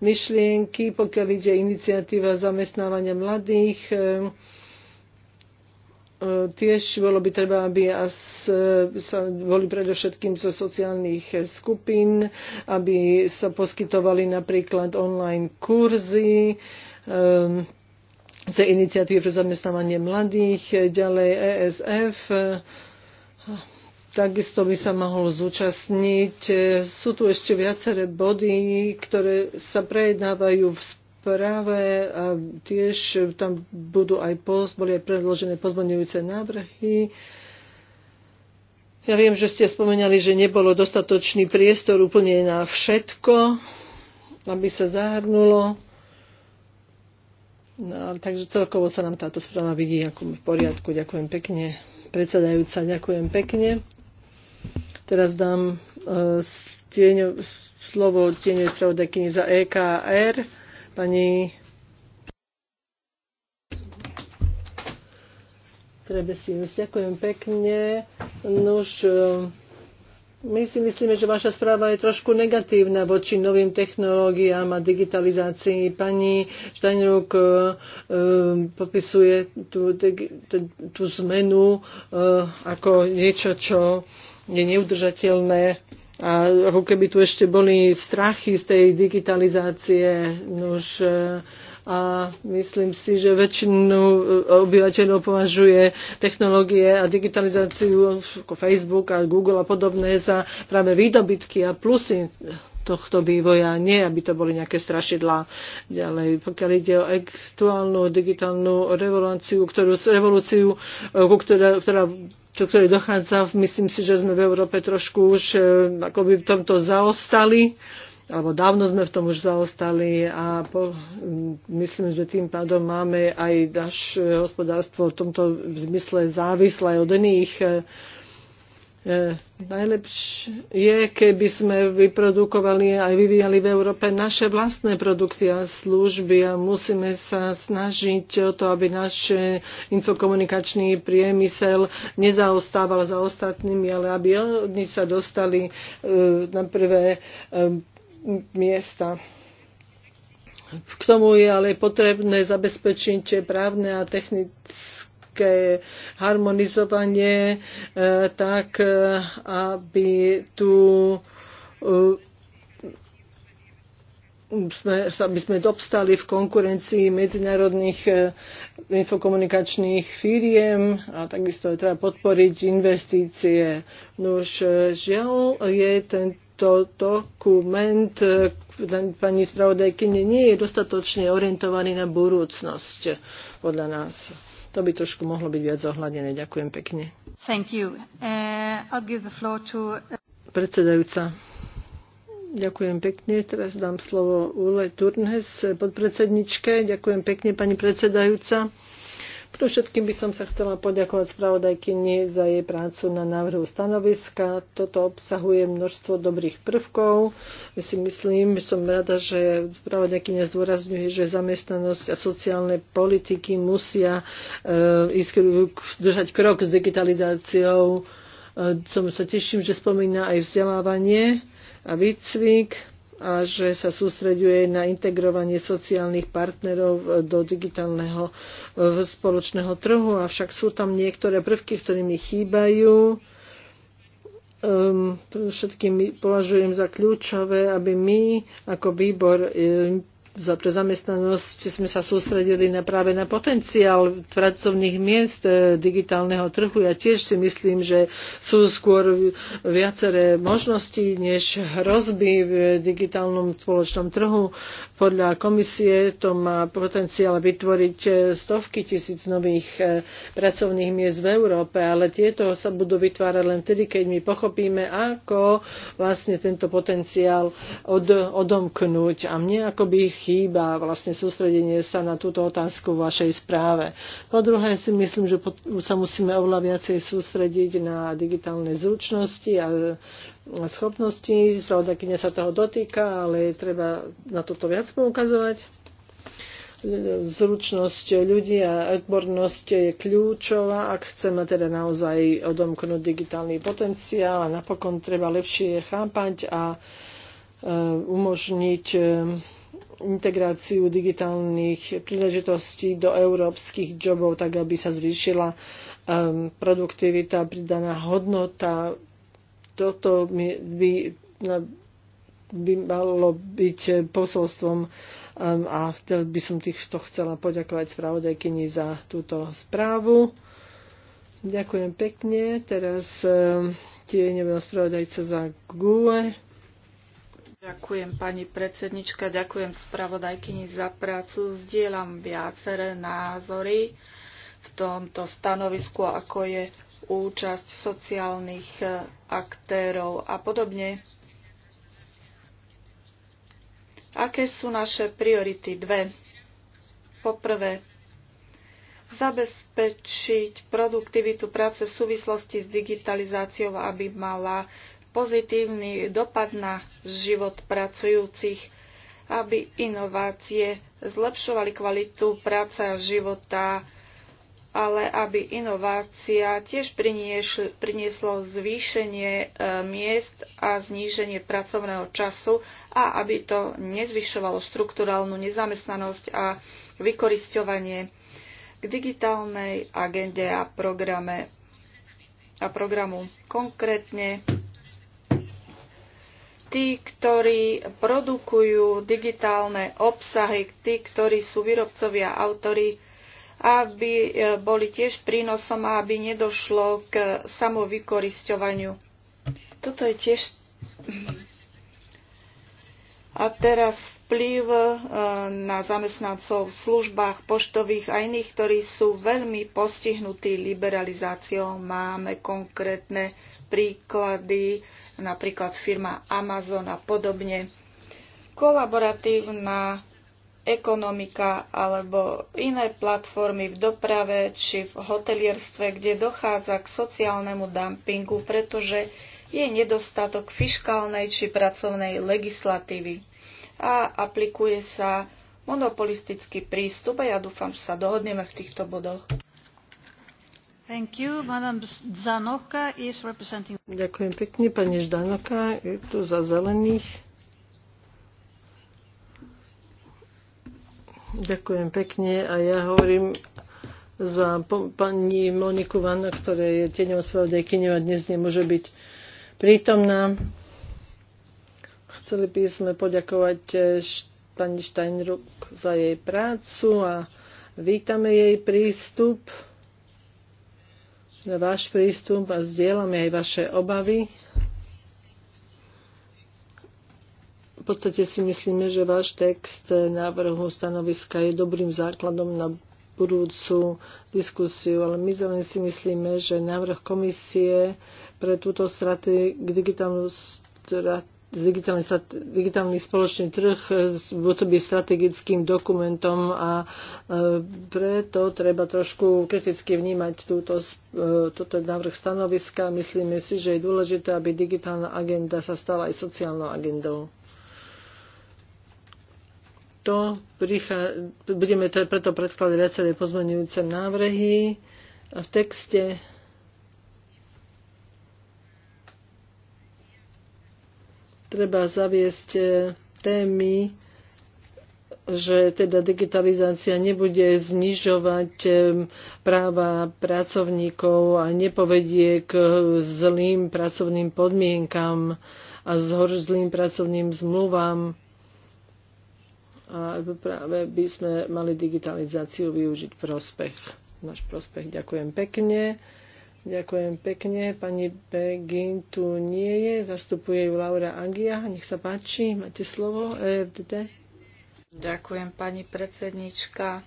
myšlienky, pokiaľ ide iniciatíva zamestnávania mladých. E, e, tiež bolo by treba, aby as, e, sa boli predovšetkým zo sociálnych skupín, aby sa poskytovali napríklad online kurzy, tej iniciatívy pre zamestnávanie mladých, ďalej ESF, takisto by sa mohol zúčastniť. Sú tu ešte viaceré body, ktoré sa prejednávajú v správe a tiež tam budú aj post, boli aj predložené pozmeňujúce návrhy. Ja viem, že ste spomenali, že nebolo dostatočný priestor úplne na všetko, aby sa zahrnulo. No, takže celkovo sa nám táto správa vidí ako v poriadku. Ďakujem pekne predsedajúca. Ďakujem pekne. Teraz dám uh, tieňo, slovo tieňovej spravodajkyni za EKR, pani Trebesius. Ďakujem pekne. Nož, uh, e, my si myslíme, že vaša správa je trošku negatívna voči novým technológiám a digitalizácii. Pani Štajnruk e, e popisuje tú, tú zmenu e, ako niečo, čo je neudržateľné a ako keby tu ešte boli strachy z tej digitalizácie. Nož, e, a myslím si, že väčšinu e, obyvateľov považuje technológie a digitalizáciu ako Facebook a Google a podobné za práve výdobytky a plusy tohto vývoja, nie aby to boli nejaké strašidlá ďalej. Pokiaľ ide o aktuálnu digitálnu revolúciu, ktorú, revolúciu, e, ktorá, ktorá čo ktoré dochádza, myslím si, že sme v Európe trošku už e, akoby v tomto zaostali alebo dávno sme v tom už zaostali a po, myslím, že tým pádom máme aj naše hospodárstvo v tomto zmysle závislé od iných. E, e, Najlepšie je, keby sme vyprodukovali aj vyvíjali v Európe naše vlastné produkty a služby a musíme sa snažiť o to, aby náš infokomunikačný priemysel nezaostával za ostatnými, ale aby oni sa dostali e, na prvé miesta. K tomu je ale potrebné zabezpečiť právne a technické harmonizovanie e, tak, e, aby tu e, sme, aby sme dobstali v konkurencii medzinárodných infokomunikačných firiem a takisto je treba podporiť investície. No už žiaľ je ten to dokument e, pani spravodajkyne nie je dostatočne orientovaný na budúcnosť podľa nás. To by trošku mohlo byť viac zohľadené. Ďakujem pekne. Thank you. Uh, I'll give the floor to... E, predsedajúca. Ďakujem pekne. Teraz dám slovo Ule Turnhes, podpredsedničke. Ďakujem pekne, pani predsedajúca. Predovšetkým by som sa chcela poďakovať spravodajkyni za jej prácu na návrhu stanoviska. Toto obsahuje množstvo dobrých prvkov. My si myslím, som rada, že spravodajkynia zdôrazňuje, že zamestnanosť a sociálne politiky musia e, držať krok s digitalizáciou. E, som sa teším, že spomína aj vzdelávanie a výcvik a že sa sústreďuje na integrovanie sociálnych partnerov e, do digitálneho e, spoločného trhu, avšak sú tam niektoré prvky, ktoré mi chýbajú. Um, všetkým považujem za kľúčové, aby my ako výbor e, pre zamestnanosť sme sa sústredili na práve na potenciál pracovných miest e, digitálneho trhu. Ja tiež si myslím, že sú skôr viaceré možnosti než hrozby v digitálnom spoločnom trhu. Podľa komisie to má potenciál vytvoriť e, stovky tisíc nových e, pracovných miest v Európe, ale tieto sa budú vytvárať len vtedy, keď my pochopíme, ako vlastne tento potenciál od, odomknúť. A mne ako by chýba vlastne sústredenie sa na túto otázku v vašej správe. Po druhé si myslím, že sa musíme oveľa viacej sústrediť na digitálne zručnosti a schopnosti. Spravodajkynia sa toho dotýka, ale treba na toto viac poukazovať zručnosť ľudí a odbornosť je kľúčová, ak chceme teda naozaj odomknúť digitálny potenciál a napokon treba lepšie chápať a e, umožniť e, integráciu digitálnych príležitostí do európskych jobov, tak aby sa zvýšila um, produktivita, pridaná hodnota. Toto by, by malo byť posolstvom um, a chcel by som týchto chcela poďakovať spravodajkyni za túto správu. Ďakujem pekne. Teraz um, tieňového spravodajca za GUE. Ďakujem pani predsednička, ďakujem spravodajkyni za prácu. Zdieľam viaceré názory v tomto stanovisku, ako je účasť sociálnych eh, aktérov a podobne. Aké sú naše priority? Dve. Poprvé, zabezpečiť produktivitu práce v súvislosti s digitalizáciou, aby mala pozitívny dopad na život pracujúcich, aby inovácie zlepšovali kvalitu práce a života, ale aby inovácia tiež priniesla prinieslo zvýšenie e, miest a zníženie pracovného času a aby to nezvyšovalo štruktúralnú nezamestnanosť a vykorisťovanie k digitálnej agende a programe a programu. Konkrétne tí, ktorí produkujú digitálne obsahy, tí, ktorí sú výrobcovia, autory, aby e, boli tiež prínosom a aby nedošlo k samovykorisťovaniu. Toto je tiež... A teraz vplyv e, na zamestnancov v službách poštových a iných, ktorí sú veľmi postihnutí liberalizáciou. Máme konkrétne príklady napríklad firma Amazon a podobne. Kolaboratívna ekonomika alebo iné platformy v doprave či v hotelierstve, kde dochádza k sociálnemu dumpingu, pretože je nedostatok fiškálnej či pracovnej legislatívy a aplikuje sa monopolistický prístup a ja dúfam, že sa dohodneme v týchto bodoch. Ďakujem pekne. Pani Ždanoka je tu za zelených. Ďakujem pekne a ja hovorím za pani Moniku Vanna, ktorá je tieňou spravodajkyňou a dnes nemôže byť prítomná. Chceli by sme poďakovať eh, pani Steinruck za jej prácu a vítame jej prístup za váš prístup a zdieľame aj vaše obavy. V podstate si myslíme, že váš text návrhu stanoviska je dobrým základom na budúcu diskusiu, ale my zároveň si myslíme, že návrh komisie pre túto strate, digitálnu strate, digitálny, digitálny spoločný trh e, byť strategickým dokumentom a e, preto treba trošku kriticky vnímať túto, e, toto návrh stanoviska. Myslíme si, že je dôležité, aby digitálna agenda sa stala aj sociálnou agendou. To budeme preto predkladať viaceré pozmenujúce návrhy v texte treba zaviesť e, témy, že teda digitalizácia nebude znižovať e, práva pracovníkov a nepovedie k zlým pracovným podmienkam a zlým pracovným zmluvám. A práve by sme mali digitalizáciu využiť prospech. Náš prospech. Ďakujem pekne. Ďakujem pekne. Pani Begin tu nie je. Zastupuje ju Laura Angia. Nech sa páči. Máte slovo. EFDD. Eh, Ďakujem, pani predsednička.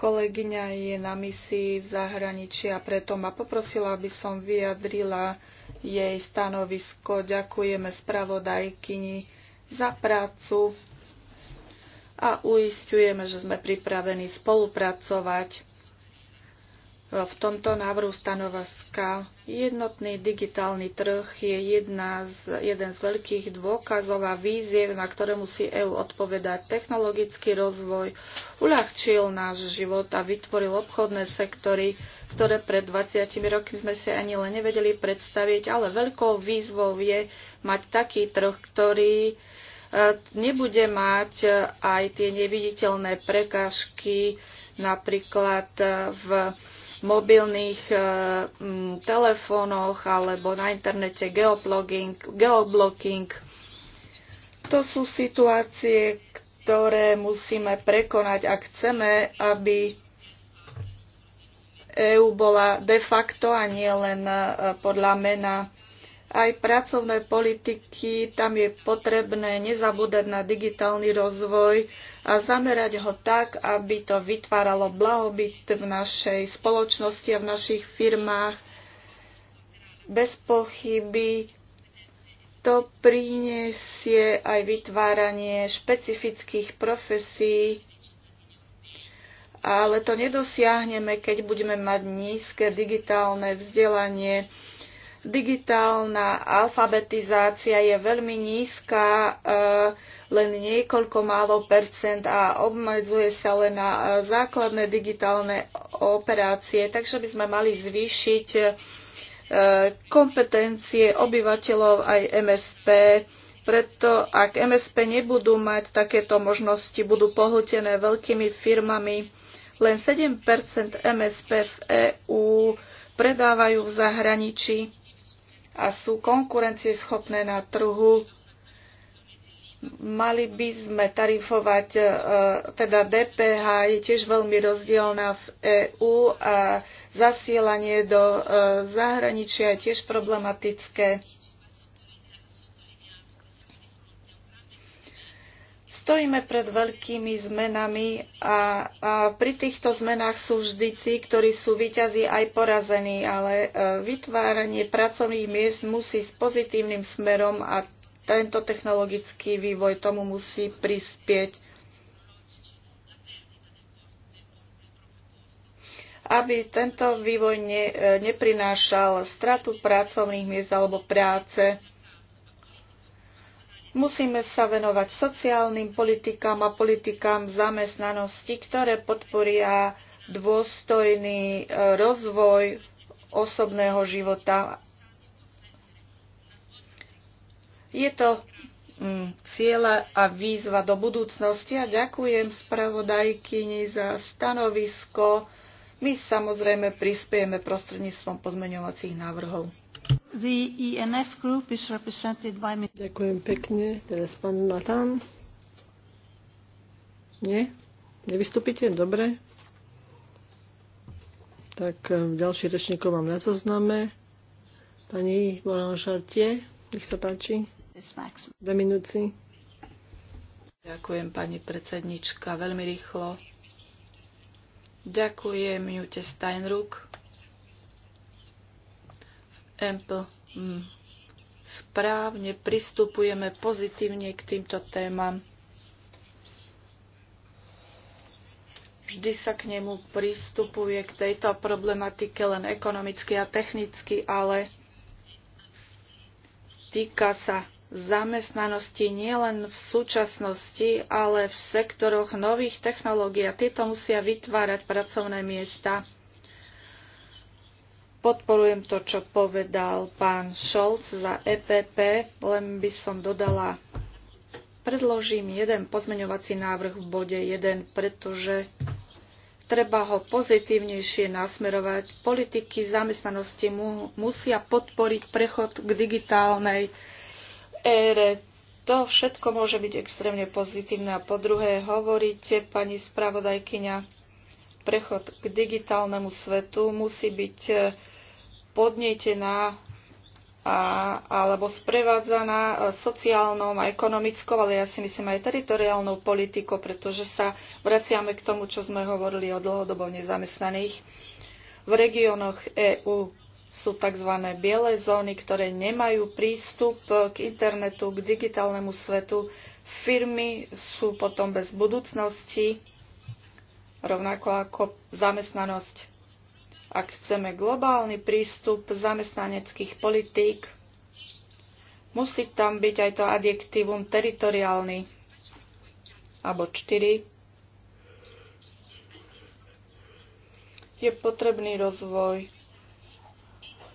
Kolegyňa je na misii v zahraničí a preto ma poprosila, aby som vyjadrila jej stanovisko. Ďakujeme spravodajkyni za prácu a uistujeme, že sme pripravení spolupracovať v tomto návrhu stanoviska. Jednotný digitálny trh je jedna z, jeden z veľkých dôkazov a víziev, na ktoré musí EÚ odpovedať. Technologický rozvoj uľahčil náš život a vytvoril obchodné sektory, ktoré pred 20 rokmi sme si ani len nevedeli predstaviť, ale veľkou výzvou je mať taký trh, ktorý e, nebude mať e, aj tie neviditeľné prekážky, napríklad e, v mobilných e, telefónoch alebo na internete geoblogging, geoblocking. To sú situácie, ktoré musíme prekonať, ak chceme, aby EÚ bola de facto a nie len eh, podľa mena aj pracovné politiky, tam je potrebné nezabúdať na digitálny rozvoj a zamerať ho tak, aby to vytváralo blahobyt v našej spoločnosti a v našich firmách. Bez pochyby to priniesie aj vytváranie špecifických profesí, ale to nedosiahneme, keď budeme mať nízke digitálne vzdelanie digitálna alfabetizácia je veľmi nízka, eh, len niekoľko málo percent a obmedzuje sa len na eh, základné digitálne operácie, takže by sme mali zvýšiť eh, kompetencie obyvateľov aj MSP. Preto ak MSP nebudú mať takéto možnosti, budú pohltené veľkými firmami. Len 7 MSP v EÚ predávajú v zahraničí a sú konkurencieschopné na trhu, mali by sme tarifovať, e, teda DPH je tiež veľmi rozdielna v EÚ a zasielanie do e, zahraničia je tiež problematické. Stojíme pred veľkými zmenami a, a pri týchto zmenách sú vždy tí, ktorí sú vyťazí aj porazení, ale e, vytváranie pracovných miest musí s pozitívnym smerom a tento technologický vývoj tomu musí prispieť. aby tento vývoj ne, e, neprinášal stratu pracovných miest alebo práce. Musíme sa venovať sociálnym politikám a politikám zamestnanosti, ktoré podporia dôstojný e, rozvoj osobného života. Je to mm, cieľa a výzva do budúcnosti a ďakujem spravodajkyni za stanovisko. My samozrejme prispiejeme prostredníctvom pozmeňovacích návrhov. E by... Ďakujem pekne. Teraz pán Natán. Nie? Nevystúpite? Dobre. Tak e, ďalší rečníkov mám na zozname. Pani Moran Šartie, nech sa páči. Dve minúci. Ďakujem, pani predsednička, veľmi rýchlo. Ďakujem Jute Steinruck EMPL hm, správne pristupujeme pozitívne k týmto témam. Vždy sa k nemu pristupuje k tejto problematike len ekonomicky a technicky, ale týka sa zamestnanosti nielen v súčasnosti, ale v sektoroch nových technológií a tieto musia vytvárať pracovné miesta. Podporujem to, čo povedal pán Šolc za EPP, len by som dodala, predložím jeden pozmeňovací návrh v bode 1, pretože treba ho pozitívnejšie nasmerovať. Politiky zamestnanosti mu, musia podporiť prechod k digitálnej ére. To všetko môže byť extrémne pozitívne. A po druhé, hovoríte, pani spravodajkyňa, prechod k digitálnemu svetu musí byť eh, podnetená a, alebo sprevádzaná sociálnou a ekonomickou, ale ja si myslím aj teritoriálnou politikou, pretože sa vraciame k tomu, čo sme hovorili o dlhodobo nezamestnaných. V regiónoch EÚ sú tzv. biele zóny, ktoré nemajú prístup k internetu, k digitálnemu svetu. Firmy sú potom bez budúcnosti, rovnako ako zamestnanosť ak chceme globálny prístup zamestnaneckých politík, musí tam byť aj to adjektívum teritoriálny. Alebo čtyri. Je potrebný rozvoj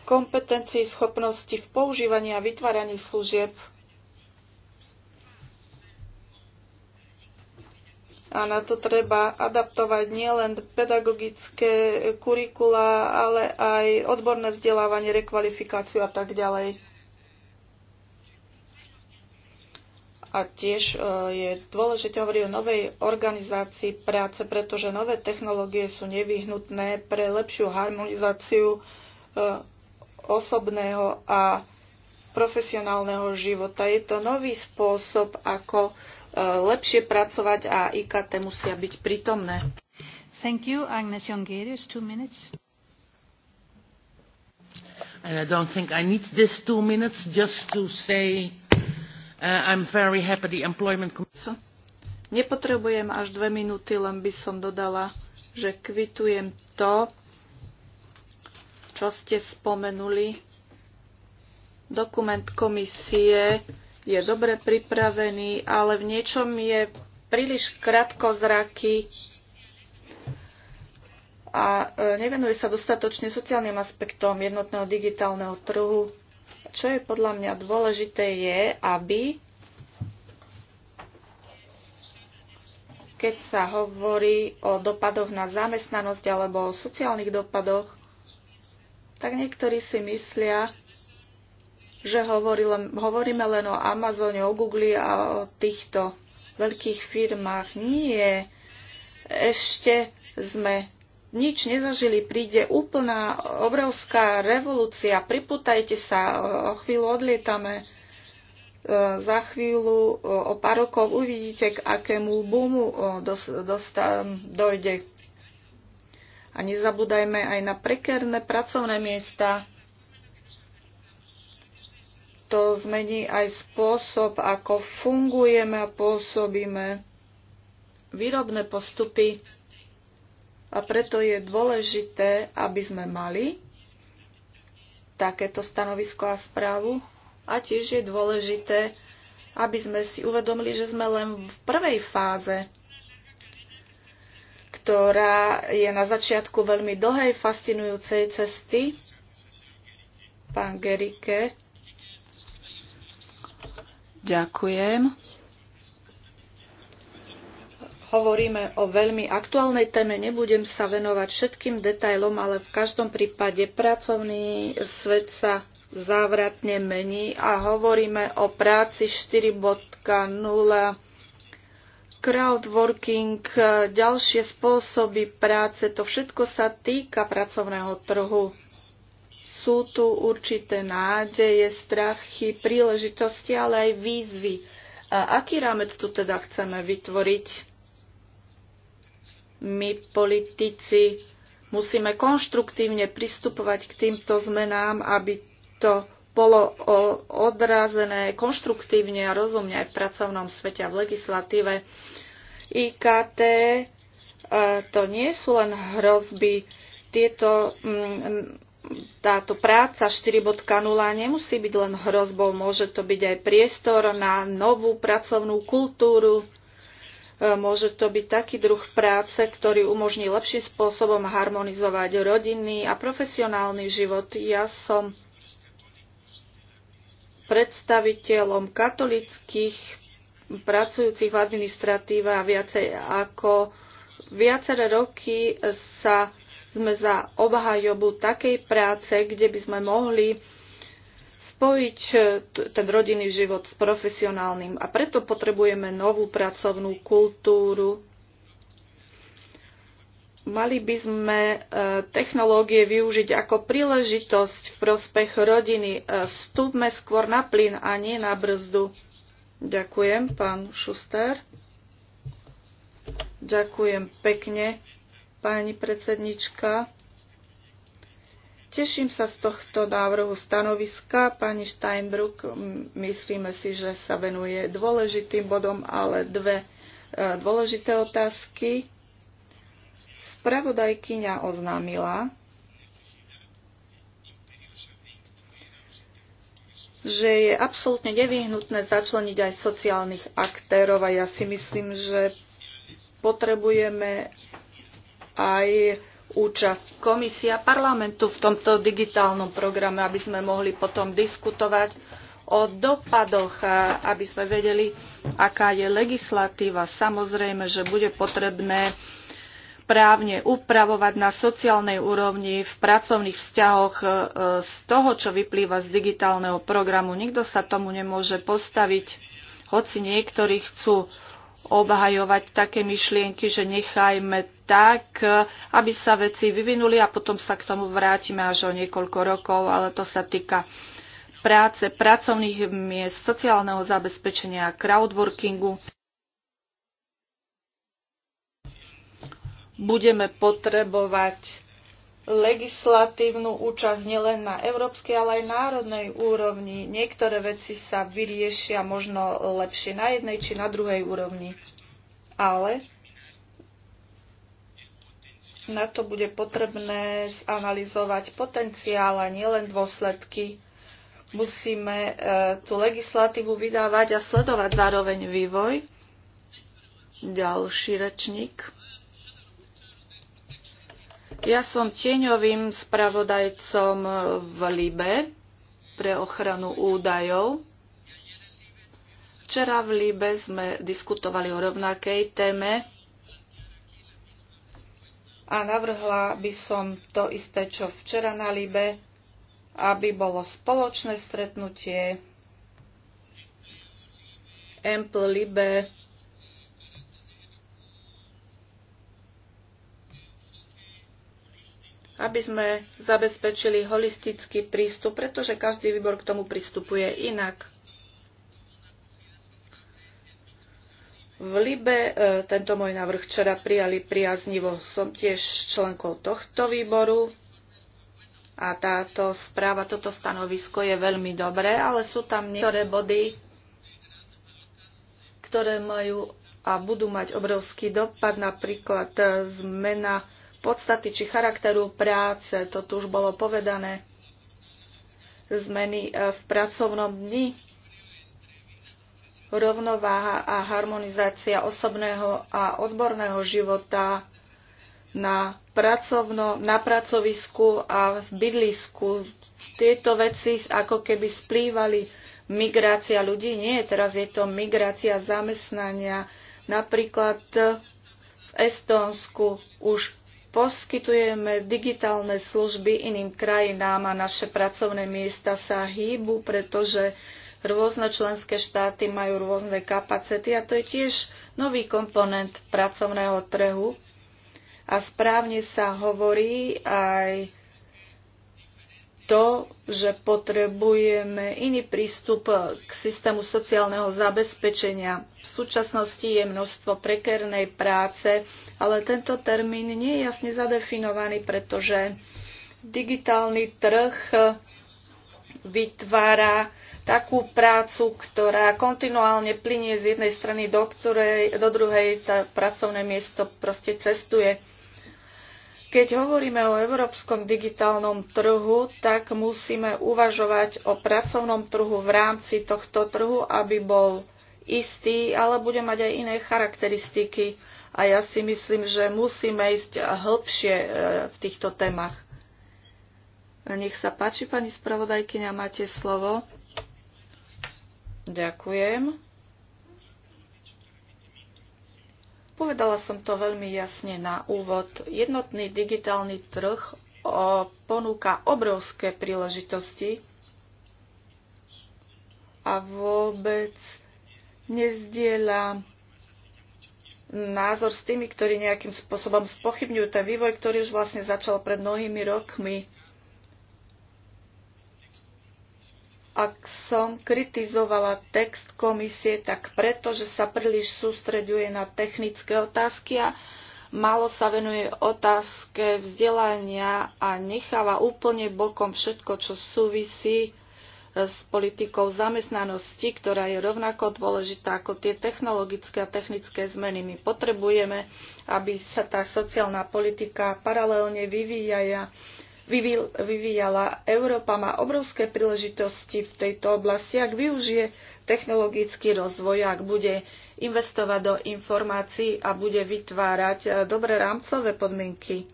kompetencií, schopnosti v používaní a vytváraní služieb a na to treba adaptovať nielen pedagogické kurikula, ale aj odborné vzdelávanie, rekvalifikáciu a tak ďalej. A tiež e, je dôležité hovoriť o novej organizácii práce, pretože nové technológie sú nevyhnutné pre lepšiu harmonizáciu e, osobného a profesionálneho života. Je to nový spôsob, ako lepšie pracovať a IKT musia byť prítomné. Thank you, Agnes Jongerius, two minutes. And I don't think I need this two minutes just to say uh, I'm very happy the employment commission. Nepotrebujem až dve minúty, len by som dodala, že kvitujem to, čo ste spomenuli. Dokument komisie je dobre pripravený, ale v niečom je príliš krátkozraky a e, nevenuje sa dostatočne sociálnym aspektom jednotného digitálneho trhu. Čo je podľa mňa dôležité je, aby keď sa hovorí o dopadoch na zamestnanosť alebo o sociálnych dopadoch, tak niektorí si myslia, že hovoril, hovoríme len o Amazone, o Google a o týchto veľkých firmách. Nie, ešte sme nič nezažili. Príde úplná obrovská revolúcia. Priputajte sa, o chvíľu odlietame. E, za chvíľu, o pár rokov uvidíte, k akému boomu dos, dosta, dojde. A nezabúdajme aj na prekérne pracovné miesta to zmení aj spôsob, ako fungujeme a pôsobíme, výrobné postupy. A preto je dôležité, aby sme mali takéto stanovisko a správu. A tiež je dôležité, aby sme si uvedomili, že sme len v prvej fáze, ktorá je na začiatku veľmi dlhej, fascinujúcej cesty. Pán Gerike, Ďakujem. Hovoríme o veľmi aktuálnej téme, nebudem sa venovať všetkým detailom, ale v každom prípade pracovný svet sa závratne mení a hovoríme o práci 4.0, crowdworking, ďalšie spôsoby práce, to všetko sa týka pracovného trhu sú tu určité nádeje, strachy, príležitosti, ale aj výzvy. A aký rámec tu teda chceme vytvoriť? My, politici, musíme konštruktívne pristupovať k týmto zmenám, aby to bolo odrazené konštruktívne a rozumne aj v pracovnom svete a v legislatíve. IKT e, to nie sú len hrozby, tieto mm, táto práca 4.0 nemusí byť len hrozbou, môže to byť aj priestor na novú pracovnú kultúru, e, môže to byť taký druh práce, ktorý umožní lepším spôsobom harmonizovať rodinný a profesionálny život. Ja som predstaviteľom katolických pracujúcich v administratíve a viacej ako viaceré roky sa sme za obhajobu takej práce, kde by sme mohli spojiť eh, ten rodinný život s profesionálnym. A preto potrebujeme novú pracovnú kultúru. Mali by sme eh, technológie využiť ako príležitosť v prospech rodiny. Eh, vstúpme skôr na plyn a nie na brzdu. Ďakujem, pán Šuster. Ďakujem pekne pani predsednička. Teším sa z tohto návrhu stanoviska. Pani Steinbrück, myslíme si, že sa venuje dôležitým bodom, ale dve e, dôležité otázky. Spravodajkyňa oznámila, že je absolútne nevyhnutné začleniť aj sociálnych aktérov a ja si myslím, že potrebujeme aj účasť komisia parlamentu v tomto digitálnom programe, aby sme mohli potom diskutovať o dopadoch, aby sme vedeli, aká je legislatíva. Samozrejme, že bude potrebné právne upravovať na sociálnej úrovni v pracovných vzťahoch e, z toho, čo vyplýva z digitálneho programu. Nikto sa tomu nemôže postaviť, hoci niektorí chcú obhajovať také myšlienky, že nechajme tak, aby sa veci vyvinuli a potom sa k tomu vrátime až o niekoľko rokov, ale to sa týka práce, pracovných miest, sociálneho zabezpečenia, a crowdworkingu. Budeme potrebovať legislatívnu účasť nielen na európskej, ale aj národnej úrovni. Niektoré veci sa vyriešia možno lepšie na jednej či na druhej úrovni. Ale na to bude potrebné zanalizovať potenciál a nielen dôsledky. Musíme e, tú legislatívu vydávať a sledovať zároveň vývoj. Ďalší rečník. Ja som tieňovým spravodajcom v Libe pre ochranu údajov. Včera v Libe sme diskutovali o rovnakej téme a navrhla by som to isté, čo včera na Libe, aby bolo spoločné stretnutie Ample Libe aby sme zabezpečili holistický prístup, pretože každý výbor k tomu pristupuje inak. V Libe e, tento môj návrh včera prijali priaznivo. Som tiež členkou tohto výboru a táto správa, toto stanovisko je veľmi dobré, ale sú tam niektoré body, ktoré majú a budú mať obrovský dopad, napríklad e, zmena podstaty či charakteru práce, to tu už bolo povedané, zmeny e, v pracovnom dni, rovnováha a harmonizácia osobného a odborného života na, pracovno, na pracovisku a v bydlisku. Tieto veci ako keby splývali migrácia ľudí. Nie, teraz je to migrácia zamestnania. Napríklad v Estónsku už Poskytujeme digitálne služby iným krajinám a naše pracovné miesta sa hýbu, pretože rôzne členské štáty majú rôzne kapacity a to je tiež nový komponent pracovného trhu. A správne sa hovorí aj to, že potrebujeme iný prístup k systému sociálneho zabezpečenia. V súčasnosti je množstvo prekernej práce, ale tento termín nie je jasne zadefinovaný, pretože digitálny trh vytvára takú prácu, ktorá kontinuálne plinie z jednej strany do, ktorej, do druhej, tá pracovné miesto proste cestuje. Keď hovoríme o európskom digitálnom trhu, tak musíme uvažovať o pracovnom trhu v rámci tohto trhu, aby bol istý, ale bude mať aj iné charakteristiky. A ja si myslím, že musíme ísť hĺbšie e, v týchto témach. Nech sa páči, pani spravodajkyňa, máte slovo. Ďakujem. Povedala som to veľmi jasne na úvod. Jednotný digitálny trh ponúka obrovské príležitosti a vôbec nezdielam názor s tými, ktorí nejakým spôsobom spochybňujú ten vývoj, ktorý už vlastne začal pred mnohými rokmi. Ak som kritizovala text komisie, tak preto, že sa príliš sústreďuje na technické otázky a málo sa venuje otázke vzdelania a necháva úplne bokom všetko, čo súvisí s politikou zamestnanosti, ktorá je rovnako dôležitá ako tie technologické a technické zmeny. My potrebujeme, aby sa tá sociálna politika paralelne vyvíjaja, vyvíjala. Európa má obrovské príležitosti v tejto oblasti, ak využije technologický rozvoj, ak bude investovať do informácií a bude vytvárať eh, dobré rámcové podmienky.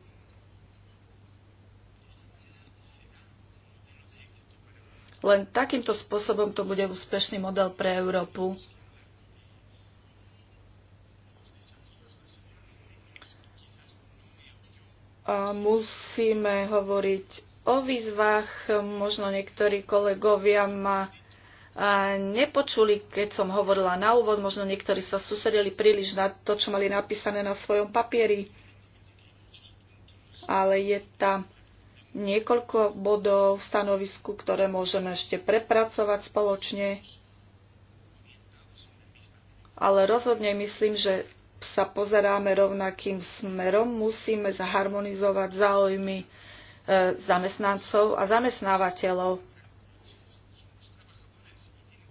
Len takýmto spôsobom to bude úspešný model pre Európu. A musíme hovoriť o výzvach. Možno niektorí kolegovia ma nepočuli, keď som hovorila na úvod. Možno niektorí sa susedili príliš na to, čo mali napísané na svojom papieri. Ale je tam niekoľko bodov v stanovisku, ktoré môžeme ešte prepracovať spoločne. Ale rozhodne myslím, že sa pozeráme rovnakým smerom. Musíme zaharmonizovať záujmy e, zamestnancov a zamestnávateľov.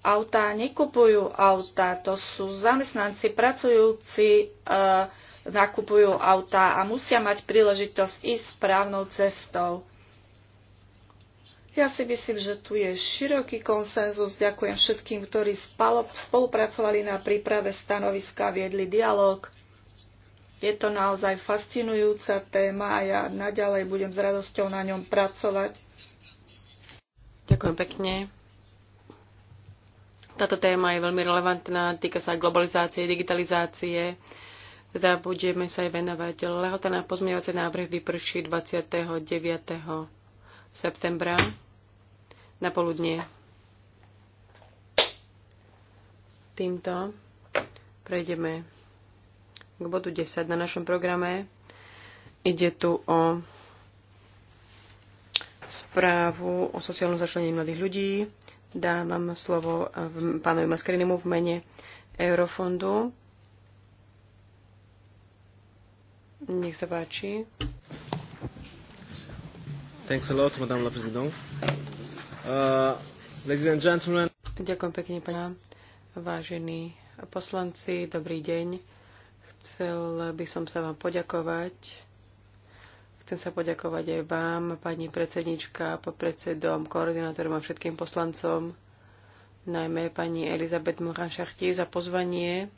Autá nekupujú autá, to sú zamestnanci pracujúci, e, nakupujú autá a musia mať príležitosť ísť správnou cestou ja si myslím, že tu je široký konsenzus. Ďakujem všetkým, ktorí spolupracovali na príprave stanoviska, viedli dialog. Je to naozaj fascinujúca téma a ja naďalej budem s radosťou na ňom pracovať. Ďakujem pekne. Táto téma je veľmi relevantná, týka sa globalizácie, digitalizácie. Teda budeme sa aj venovať. Lehota na pozmievacie návrh vyprší 29 septembra na poludnie. Týmto prejdeme k bodu 10 na našom programe. Ide tu o správu o sociálnom začlení mladých ľudí. Dávam slovo pánovi Maskarinimu v mene Eurofondu. Nech sa páči. Thanks a lot, madame la présidente. Uh, ladies and gentlemen. Ďakujem pekne, pána. Vážení poslanci, dobrý deň. Chcel by som sa vám poďakovať. Chcem sa poďakovať aj vám, pani predsednička, podpredsedom, koordinátorom a všetkým poslancom, najmä pani Elizabeth morin Šachti za pozvanie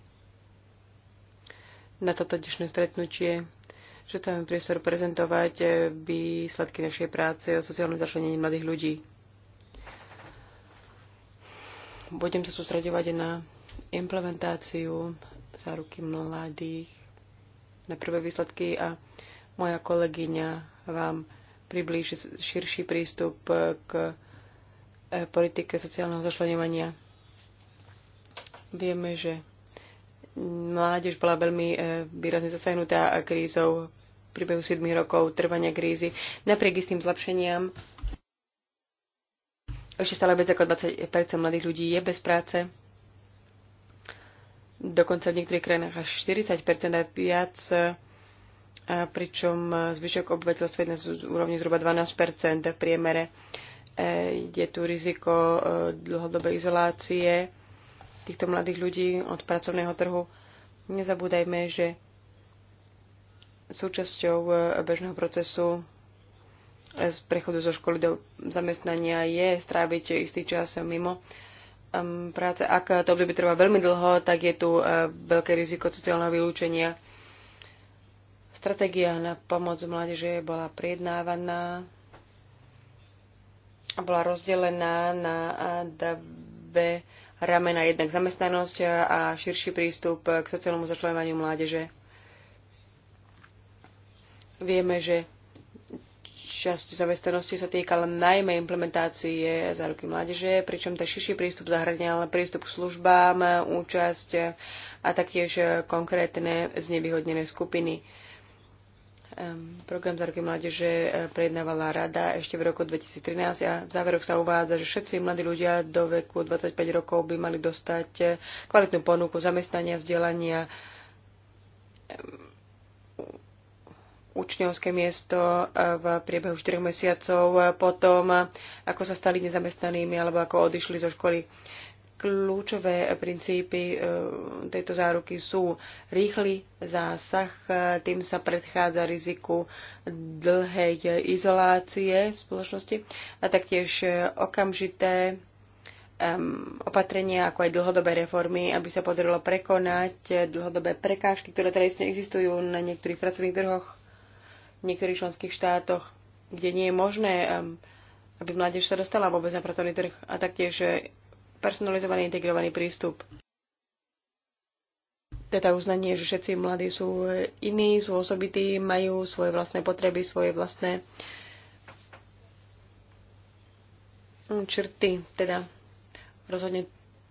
na toto dnešné stretnutie že tam priestor prezentovať eh, výsledky našej práce o sociálnom začlenení mladých ľudí budem sa sústredovať na implementáciu záruky mladých, na prvé výsledky a moja kolegyňa vám priblíži širší prístup k e, politike sociálneho zašlenovania. Vieme, že mládež bola veľmi e, výrazne zasahnutá krízou v priebehu 7 rokov trvania krízy. Napriek istým zlepšeniam ešte stále viac ako 20 mladých ľudí je bez práce. Dokonca v niektorých krajinách až 40 a viac, a pričom zvyšok obyvateľstva je na úrovni zhruba 12 v priemere. Je tu riziko e, dlhodobej izolácie týchto mladých ľudí od pracovného trhu. Nezabúdajme, že súčasťou e, bežného procesu z prechodu zo školy do zamestnania je stráviť istý čas mimo um, práce. Ak to obdobie trvá veľmi dlho, tak je tu uh, veľké riziko sociálneho vylúčenia. Stratégia na pomoc mládeže bola prijednávaná a bola rozdelená na dve ramena, jednak zamestnanosť a širší prístup k sociálnemu začlenovaniu mládeže. Vieme, že Časť zamestnanosti sa týkala najmä implementácie záruky mládeže, pričom ten širší prístup zahrňal prístup k službám, účasť a taktiež konkrétne znevýhodnené skupiny. Program záruky mládeže eh, prejednávala rada ešte v roku 2013 a v záveroch sa uvádza, že všetci mladí ľudia do veku 25 rokov by mali dostať eh, kvalitnú ponuku zamestnania, vzdelania, učňovské miesto e, v priebehu 4 mesiacov e, potom, e, ako sa stali nezamestnanými alebo ako odišli zo školy. Kľúčové princípy tejto záruky sú rýchly zásah, tým sa predchádza riziku dlhej izolácie v spoločnosti a taktiež okamžité opatrenia, ako aj dlhodobé reformy, aby sa podarilo prekonať dlhodobé prekážky, ktoré tradične existujú na niektorých pracovných trhoch v niektorých členských štátoch, kde nie je možné, aby mládež sa dostala vôbec na pracovný trh a taktiež eh, personalizovaný integrovaný prístup. Teda uznanie, že všetci mladí sú eh, iní, sú osobití, majú svoje vlastné potreby, svoje vlastné mm, črty. Teda rozhodne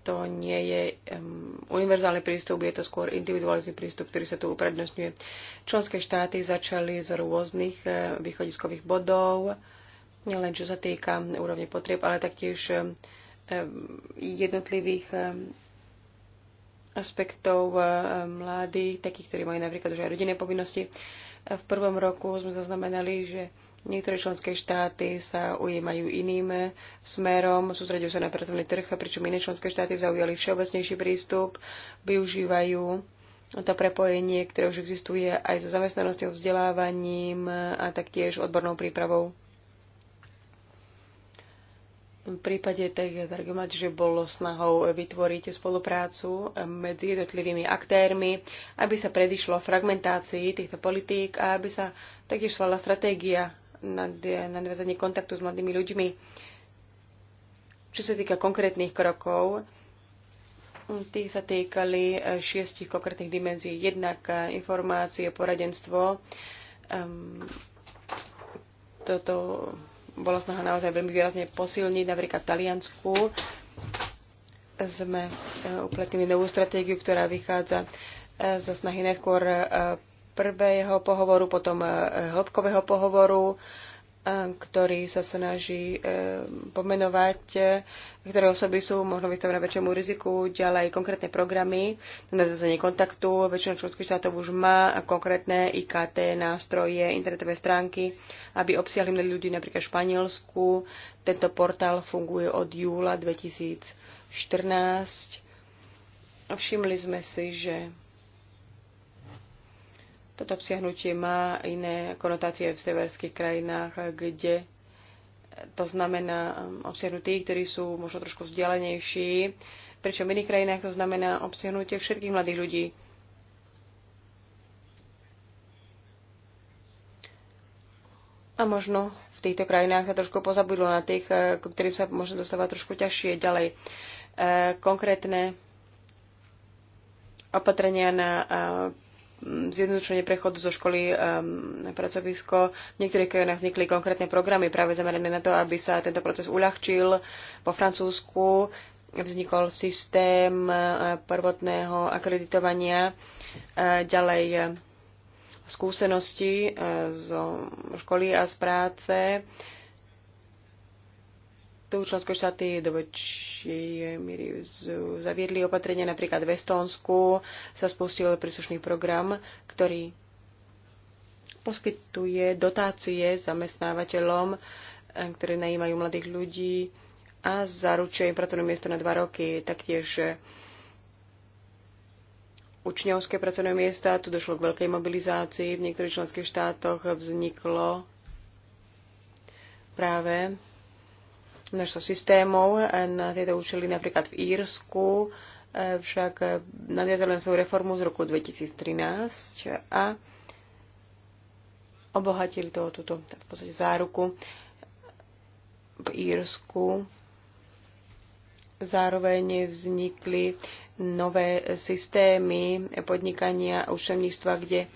to nie je um, univerzálny prístup, je to skôr individuálny prístup, ktorý sa tu uprednostňuje. Členské štáty začali z rôznych uh, východiskových bodov, nielen čo sa týka úrovne potrieb, ale taktiež um, jednotlivých um, aspektov um, eh, mladých, takých, ktorí majú napríklad už aj rodinné povinnosti. V prvom roku sme zaznamenali, že Niektoré členské štáty sa ujímajú iným smerom, sústredujú sa na pracovný trh, pričom iné členské štáty zaujali všeobecnejší prístup, využívajú to prepojenie, ktoré už existuje aj so zamestnanosťou, vzdelávaním a taktiež odbornou prípravou. V prípade tak argument, že bolo snahou vytvoriť spoluprácu medzi jednotlivými aktérmi, aby sa predišlo fragmentácii týchto politík a aby sa taktiež svala stratégia nadviazanie kontaktu s mladými ľuďmi. Čo sa týka konkrétnych krokov, tých sa týkali eh, šiestich konkrétnych dimenzií. Jednak eh, informácie, poradenstvo. Ehm, toto bola snaha naozaj veľmi výrazne posilniť, napríklad v Taliansku sme eh, uplatnili novú stratégiu, ktorá vychádza zo snahy najskôr prvého pohovoru, potom e, hĺbkového pohovoru, e, ktorý sa snaží e, pomenovať, ktoré osoby sú možno vystavené väčšiemu riziku, ďalej konkrétne programy na zazenie kontaktu. Väčšina členských štátov už má konkrétne IKT nástroje, internetové stránky, aby obsiahli mnohí ľudí napríklad v Španielsku. Tento portál funguje od júla 2014. Všimli sme si, že toto obsiahnutie má iné konotácie v severských krajinách, kde to znamená um, obsiahnutí, ktorí sú možno trošku vzdialenejší, prečo v iných krajinách to znamená obsiahnutie všetkých mladých ľudí. A možno v týchto krajinách sa trošku pozabudlo na tých, eh, ktorým sa možno dostávať trošku ťažšie ďalej. Eh, konkrétne opatrenia na eh, zjednodušenie prechodu zo školy na pracovisko. V niektorých krajinách vznikli konkrétne programy práve zamerané na to, aby sa tento proces uľahčil. Po Francúzsku vznikol systém e, prvotného akreditovania. E, ďalej e, skúsenosti zo školy a z práce tu členské štáty do väčšej miery zaviedli opatrenia. Napríklad v Estónsku sa spustil príslušný program, ktorý poskytuje dotácie zamestnávateľom, eh, ktoré najímajú mladých ľudí a zaručuje im pracovné miesto na dva roky. Taktiež eh, učňovské pracovné miesta, tu došlo k veľkej mobilizácii, v niektorých členských štátoch vzniklo práve množstvo systémov e, na tieto účely napríklad v Írsku, e, však e, nadviazali na svoju reformu z roku 2013 a obohatili to, túto v podstate záruku v Írsku. Zároveň vznikli nové systémy podnikania a učeníctva, kde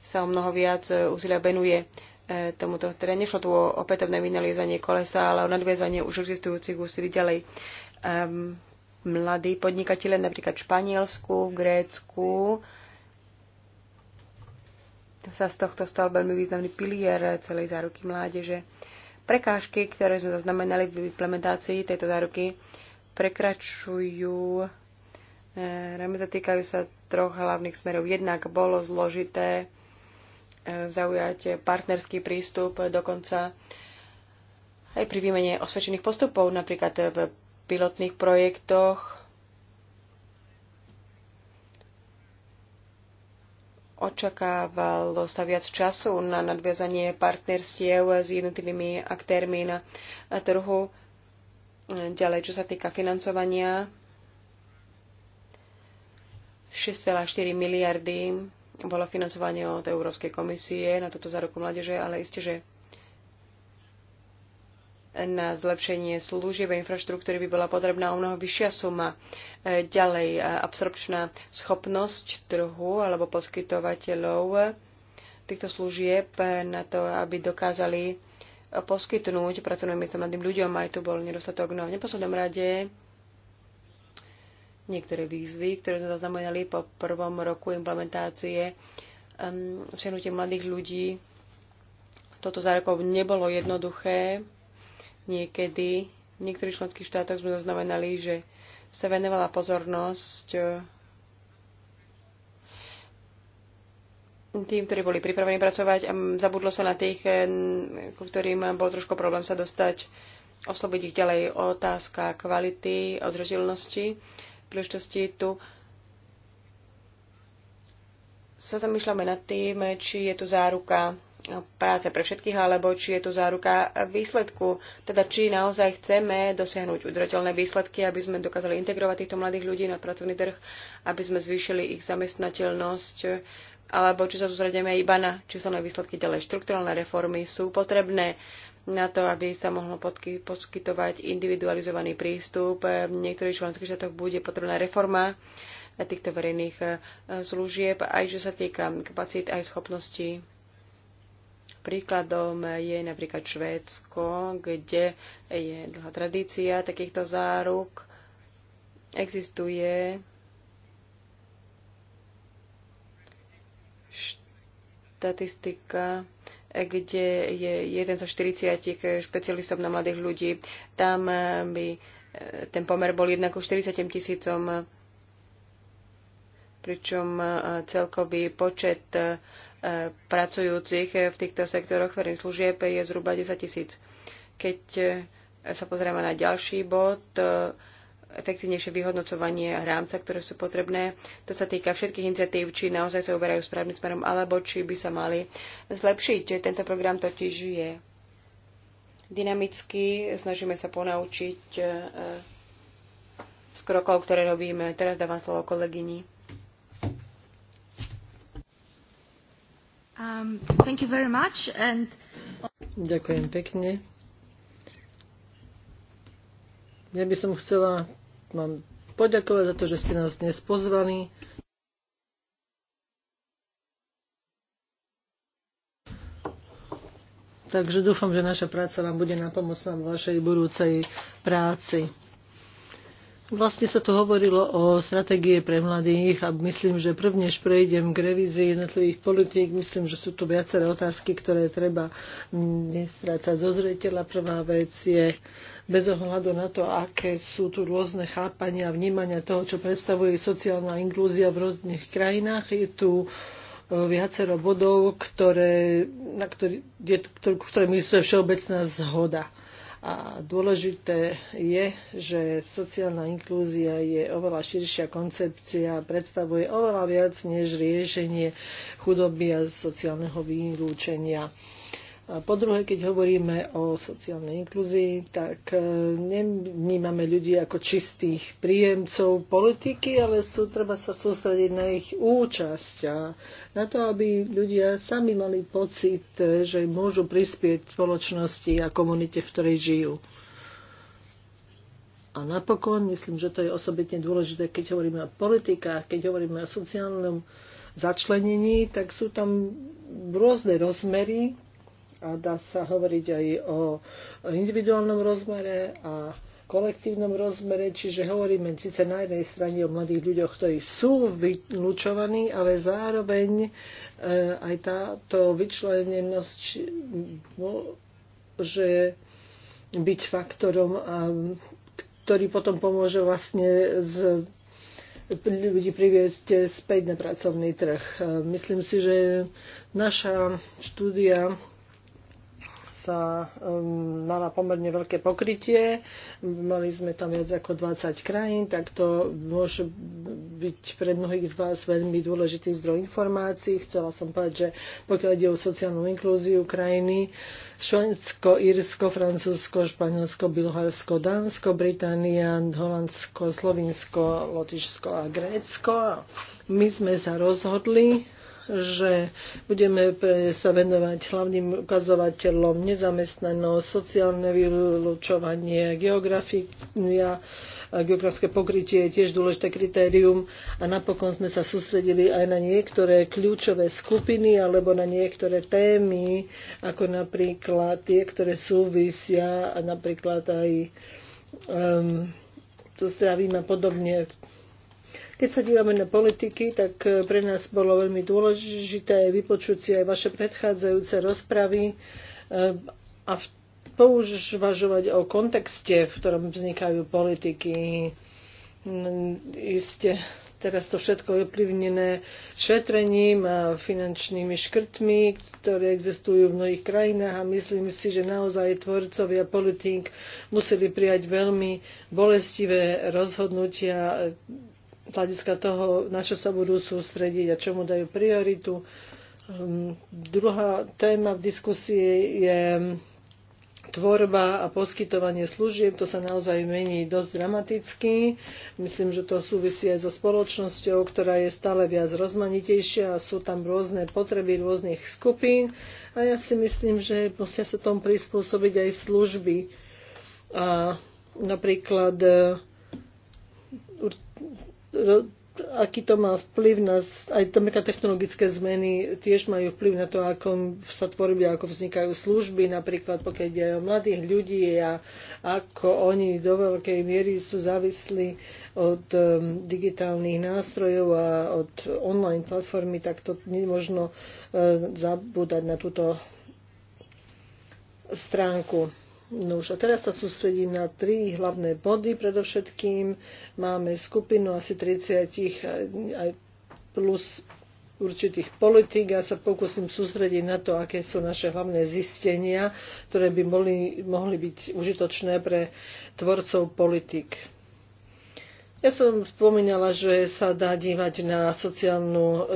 sa o mnoho viac úsilia venuje tomuto, teda nešlo tu o opätovné vynaliezanie kolesa, ale o nadviazanie už existujúcich úsilí ďalej. Um, mladí podnikatelia napríklad v Španielsku, v Grécku sa z tohto stal veľmi významný pilier celej záruky mládeže. Prekážky, ktoré sme zaznamenali v implementácii tejto záruky, prekračujú, e, eh, zatýkajú sa troch hlavných smerov. Jednak bolo zložité zaujať partnerský prístup dokonca aj pri výmene osvedčených postupov, napríklad v pilotných projektoch. Očakávalo sa viac času na nadviazanie partnerstiev s jednotlivými aktérmi na trhu. Ďalej, čo sa týka financovania, 6,4 miliardy bolo financovanie od Európskej komisie na toto záruku mládeže, ale isté, že na zlepšenie služieb a infraštruktúry by bola potrebná o mnoho vyššia suma. E, ďalej, e, absorpčná schopnosť trhu alebo poskytovateľov týchto služieb na to, aby dokázali poskytnúť pracovné miesta mladým ľuďom. Aj tu bol nedostatok. No v neposlednom rade Niektoré výzvy, ktoré sme zaznamenali po prvom roku implementácie um, všiahnutie mladých ľudí, toto zárokov nebolo jednoduché. Niekedy v niektorých členských štátoch sme zaznamenali, že sa venovala pozornosť uh, tým, ktorí boli pripravení pracovať a zabudlo sa na tých, uh, ku ktorým bol trošku problém sa dostať, osloviť ich ďalej otázka kvality, održilnosti príležitosti tu sa zamýšľame nad tým, či je to záruka práce pre všetkých, alebo či je to záruka výsledku. Teda či naozaj chceme dosiahnuť udržateľné výsledky, aby sme dokázali integrovať týchto mladých ľudí na pracovný trh, aby sme zvýšili ich zamestnateľnosť, alebo či sa sústredíme iba na číselné výsledky ďalej. Štrukturálne reformy sú potrebné na to, aby sa mohlo poskytovať individualizovaný prístup. V niektorých členských štátoch bude potrebná reforma týchto verejných e, služieb, aj čo sa týka kapacít, aj schopností. Príkladom je napríklad Švédsko, kde je dlhá tradícia takýchto záruk. Existuje štatistika kde je jeden zo 40 špecialistov na mladých ľudí. Tam eh, by eh, ten pomer bol jednak u 40 tisícom, pričom eh, celkový počet pracujúcich v týchto sektoroch verejných služieb je zhruba 10 tisíc. Keď sa pozrieme na ďalší bod, efektívnejšie vyhodnocovanie rámca, ktoré sú potrebné. To sa týka všetkých iniciatív, či naozaj sa uberajú správnym smerom, alebo či by sa mali zlepšiť. Tento program totiž je dynamický, snažíme sa ponaučiť e, z krokov, ktoré robíme. Teraz dávam slovo kolegyni. Um, thank you very much and... Ďakujem pekne. Ja by som chcela vám poďakovať za to, že ste nás dnes pozvali. Takže dúfam, že naša práca vám bude napomocná v vašej budúcej práci. Vlastne sa tu hovorilo o stratégie pre mladých a myslím, že prvnež prejdem k revízii jednotlivých politík, myslím, že sú tu viaceré otázky, ktoré treba nestrácať zo zreteľa. Prvá vec je bez ohľadu na to, aké sú tu rôzne chápania a vnímania toho, čo predstavuje sociálna inklúzia v rôznych krajinách. Je tu e, viacero bodov, ktoré, na ktorý, ktoré, ktoré všeobecná zhoda a dôležité je, že sociálna inklúzia je oveľa širšia koncepcia a predstavuje oveľa viac než riešenie chudoby a sociálneho vylúčenia. A po druhé, keď hovoríme o sociálnej inklúzii, tak e, nevnímame ľudí ako čistých príjemcov politiky, ale sú, treba sa sústrediť na ich účasť a na to, aby ľudia sami mali pocit, e, že môžu prispieť spoločnosti a komunite, v ktorej žijú. A napokon, myslím, že to je osobitne dôležité, keď hovoríme o politikách, keď hovoríme o sociálnom začlenení, tak sú tam rôzne rozmery a dá sa hovoriť aj o individuálnom rozmere a kolektívnom rozmere, čiže hovoríme síce na jednej strane o mladých ľuďoch, ktorí sú vylúčovaní, ale zároveň e, aj táto vyčlenenosť môže byť faktorom, a, ktorý potom pomôže vlastne z ľudí priviesť späť na pracovný trh. E, myslím si, že naša štúdia sa um, mala pomerne veľké pokrytie. Mali sme tam viac ako 20 krajín, tak to môže byť pre mnohých z vás veľmi dôležitý zdroj informácií. Chcela som povedať, že pokiaľ ide o sociálnu inklúziu krajiny, Švedsko, Írsko, Francúzsko, Španielsko, Bilharsko, Dánsko, Británia, Holandsko, Slovinsko, Lotyšsko a Grécko. My sme sa rozhodli, že budeme sa venovať hlavným ukazovateľom nezamestnanosť, sociálne vylúčovanie, geografia, geografické pokrytie je tiež dôležité kritérium a napokon sme sa sústredili aj na niektoré kľúčové skupiny alebo na niektoré témy, ako napríklad tie, ktoré súvisia napríklad aj um, ehm, to zdravím a podobne keď sa dívame na politiky, tak e, pre nás bolo veľmi dôležité vypočuť si aj vaše predchádzajúce rozpravy e, a použvažovať o kontexte, v ktorom vznikajú politiky. Isté, teraz to všetko je ovplyvnené šetrením a finančnými škrtmi, ktoré existujú v mnohých krajinách a myslím si, že naozaj tvorcovia politík museli prijať veľmi bolestivé rozhodnutia hľadiska toho, na čo sa budú sústrediť a čomu dajú prioritu. Um, druhá téma v diskusii je tvorba a poskytovanie služieb, to sa naozaj mení dosť dramaticky. Myslím, že to súvisí aj so spoločnosťou, ktorá je stále viac rozmanitejšia a sú tam rôzne potreby rôznych skupín. A ja si myslím, že musia sa tomu prispôsobiť aj služby. A napríklad e, aký to má vplyv na, aj to technologické zmeny tiež majú vplyv na to, ako sa tvorí, ako vznikajú služby, napríklad pokiaľ ide o mladých ľudí a ako oni do veľkej miery sú závislí od um, digitálnych nástrojov a od online platformy, tak to nemožno uh, zabúdať na túto stránku. No už a teraz sa sústredím na tri hlavné body. Predovšetkým máme skupinu asi 30 eh, aj plus určitých politík a sa pokúsim sústrediť na to, aké sú naše hlavné zistenia, ktoré by mohli, mohli byť užitočné pre tvorcov politik. Ja som spomínala, že sa dá dívať na sociálnu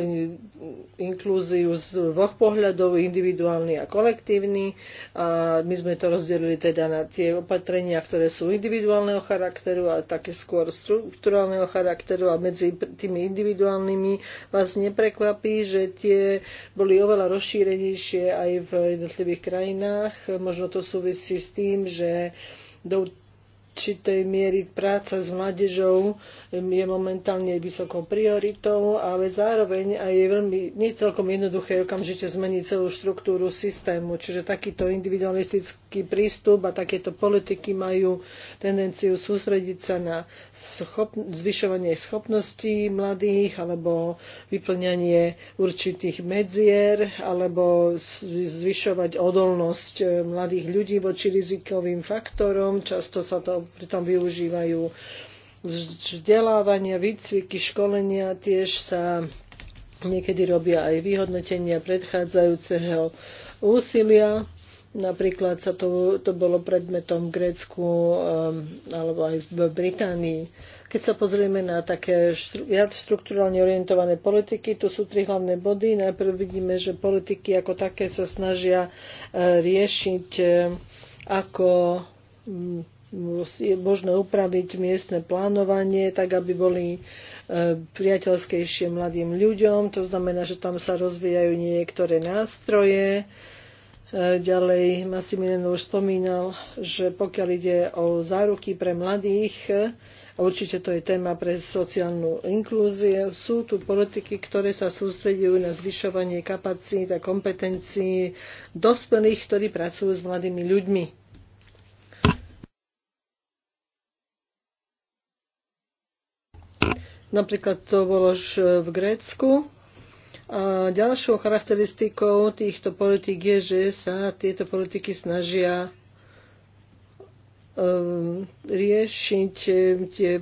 inklúziu z dvoch pohľadov, individuálny a kolektívny. A my sme to rozdelili teda na tie opatrenia, ktoré sú individuálneho charakteru a také skôr strukturálneho charakteru a medzi tými individuálnymi vás neprekvapí, že tie boli oveľa rozšírenejšie aj v jednotlivých krajinách. Možno to súvisí s tým, že do určitej miery práca s mládežou je momentálne vysokou prioritou, ale zároveň aj je veľmi nie celkom jednoduché okamžite zmeniť celú štruktúru systému. Čiže takýto individualistický prístup a takéto politiky majú tendenciu sústrediť sa na schop- zvyšovanie schopností mladých alebo vyplňanie určitých medzier alebo zvyšovať odolnosť eh, mladých ľudí voči rizikovým faktorom. Často sa to a pritom využívajú vzdelávania, výcviky, školenia, tiež sa niekedy robia aj vyhodnotenia predchádzajúceho úsilia. Napríklad sa to, to bolo predmetom v Grécku um, alebo aj v Británii. Keď sa pozrieme na také štru, viac štruktúralne orientované politiky, tu sú tri hlavné body. Najprv vidíme, že politiky ako také sa snažia uh, riešiť, uh, ako um, je možné upraviť miestne plánovanie, tak aby boli e, priateľskejšie mladým ľuďom. To znamená, že tam sa rozvíjajú niektoré nástroje. E, ďalej, Massimilian už spomínal, že pokiaľ ide o záruky pre mladých, a určite to je téma pre sociálnu inklúziu, sú tu politiky, ktoré sa sústredujú na zvyšovanie kapacít a kompetencií dospelých, ktorí pracujú s mladými ľuďmi Napríklad to bolo e, v Grécku. A ďalšou charakteristikou týchto politik je, že sa tieto politiky snažia e, riešiť e, tie,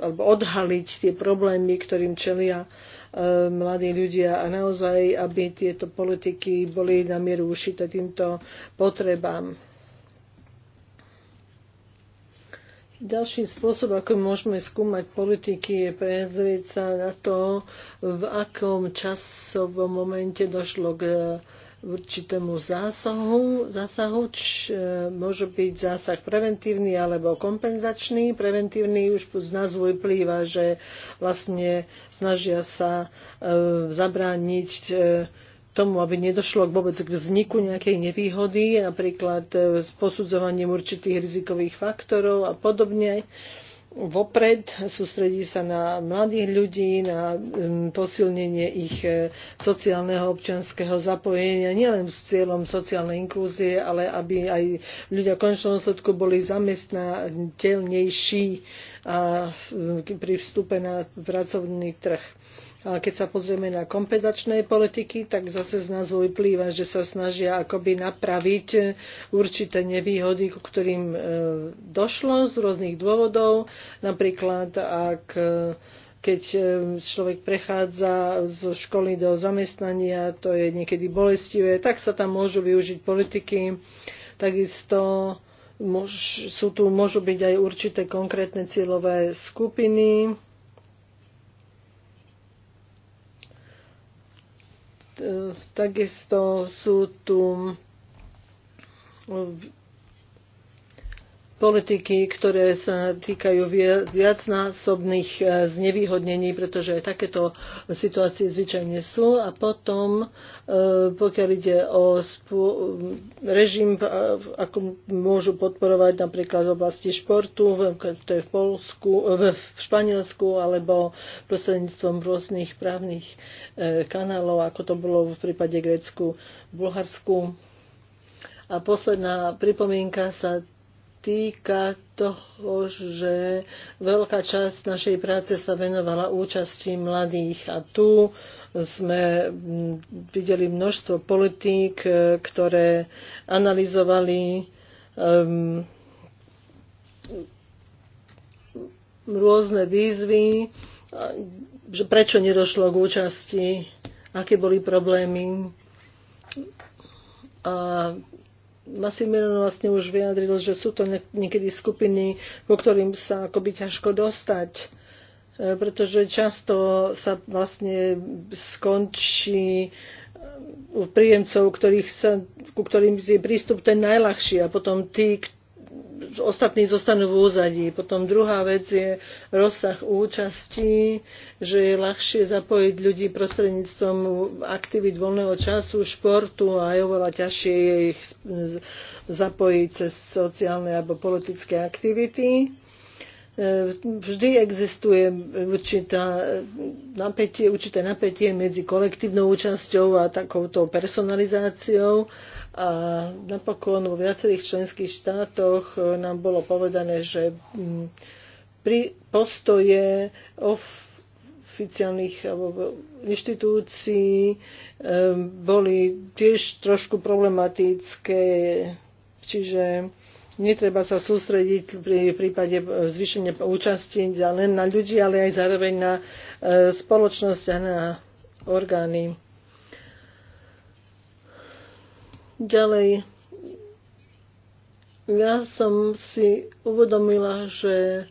alebo odhaliť tie problémy, ktorým čelia mladí ľudia a naozaj, aby tieto politiky boli na mieru ušité týmto potrebám. Ďalší spôsob, ako môžeme skúmať politiky, je prezrieť sa na to, v akom časovom momente došlo k eh, určitému zásahu. zásahu č, eh, môže byť zásah preventívny alebo kompenzačný. Preventívny už z názvu vyplýva, že vlastne snažia sa e, zabrániť e, tomu, aby nedošlo k vôbec k vzniku nejakej nevýhody, napríklad e, s posudzovaním určitých rizikových faktorov a podobne. Vopred sústredí sa na mladých ľudí, na posilnenie ich e, sociálneho občianského zapojenia, nielen s cieľom sociálnej inklúzie, ale aby aj ľudia v končnom dôsledku boli zamestnateľnejší a pri vstupe na pracovný trh. Ale keď sa pozrieme na kompenzačné politiky, tak zase z názvu vyplýva, že sa snažia akoby napraviť určité nevýhody, ku ktorým e, došlo z rôznych dôvodov. Napríklad, ak e, keď e, človek prechádza zo školy do zamestnania, to je niekedy bolestivé, tak sa tam môžu využiť politiky. Takisto sú tu, môžu byť aj určité konkrétne cieľové skupiny, Takisto sú tu politiky, ktoré sa týkajú viacnásobných e, znevýhodnení, pretože aj takéto situácie zvyčajne sú. A potom, e, pokiaľ ide o režim, e, ako môžu podporovať napríklad v oblasti športu, to je v Polsku, v Španielsku, alebo prostredníctvom rôznych právnych kanálov, ako to bolo v prípade Grécku, Bulharsku. A posledná pripomienka sa týka toho, že veľká časť našej práce sa venovala účasti mladých a tu sme videli množstvo politík, e, ktoré analyzovali um, rôzne výzvy, že prečo nedošlo k účasti, aké boli problémy. A Massimiliano vlastne už vyjadril, že sú to niekedy skupiny, po ktorým sa akoby ťažko dostať, e, pretože často sa vlastne skončí e, u príjemcov, ktorých sa, ku ktorým je prístup ten najľahší a potom tí, ostatní zostanú v úzadí. Potom druhá vec je rozsah účasti, že je ľahšie zapojiť ľudí prostredníctvom aktivít voľného času, športu a je oveľa ťažšie je ich zapojiť cez sociálne alebo politické aktivity e, vždy existuje určité e, napätie, určité napätie medzi kolektívnou účasťou a takouto personalizáciou a napokon vo viacerých členských štátoch e, nám bolo povedané, že mm, pri postoje oficiálnych inštitúcií e, boli tiež trošku problematické, čiže Netreba sa sústrediť pri prípade zvýšenia účasti len na ľudí, ale aj zároveň na e, spoločnosť a na orgány. Ďalej, ja som si uvedomila, že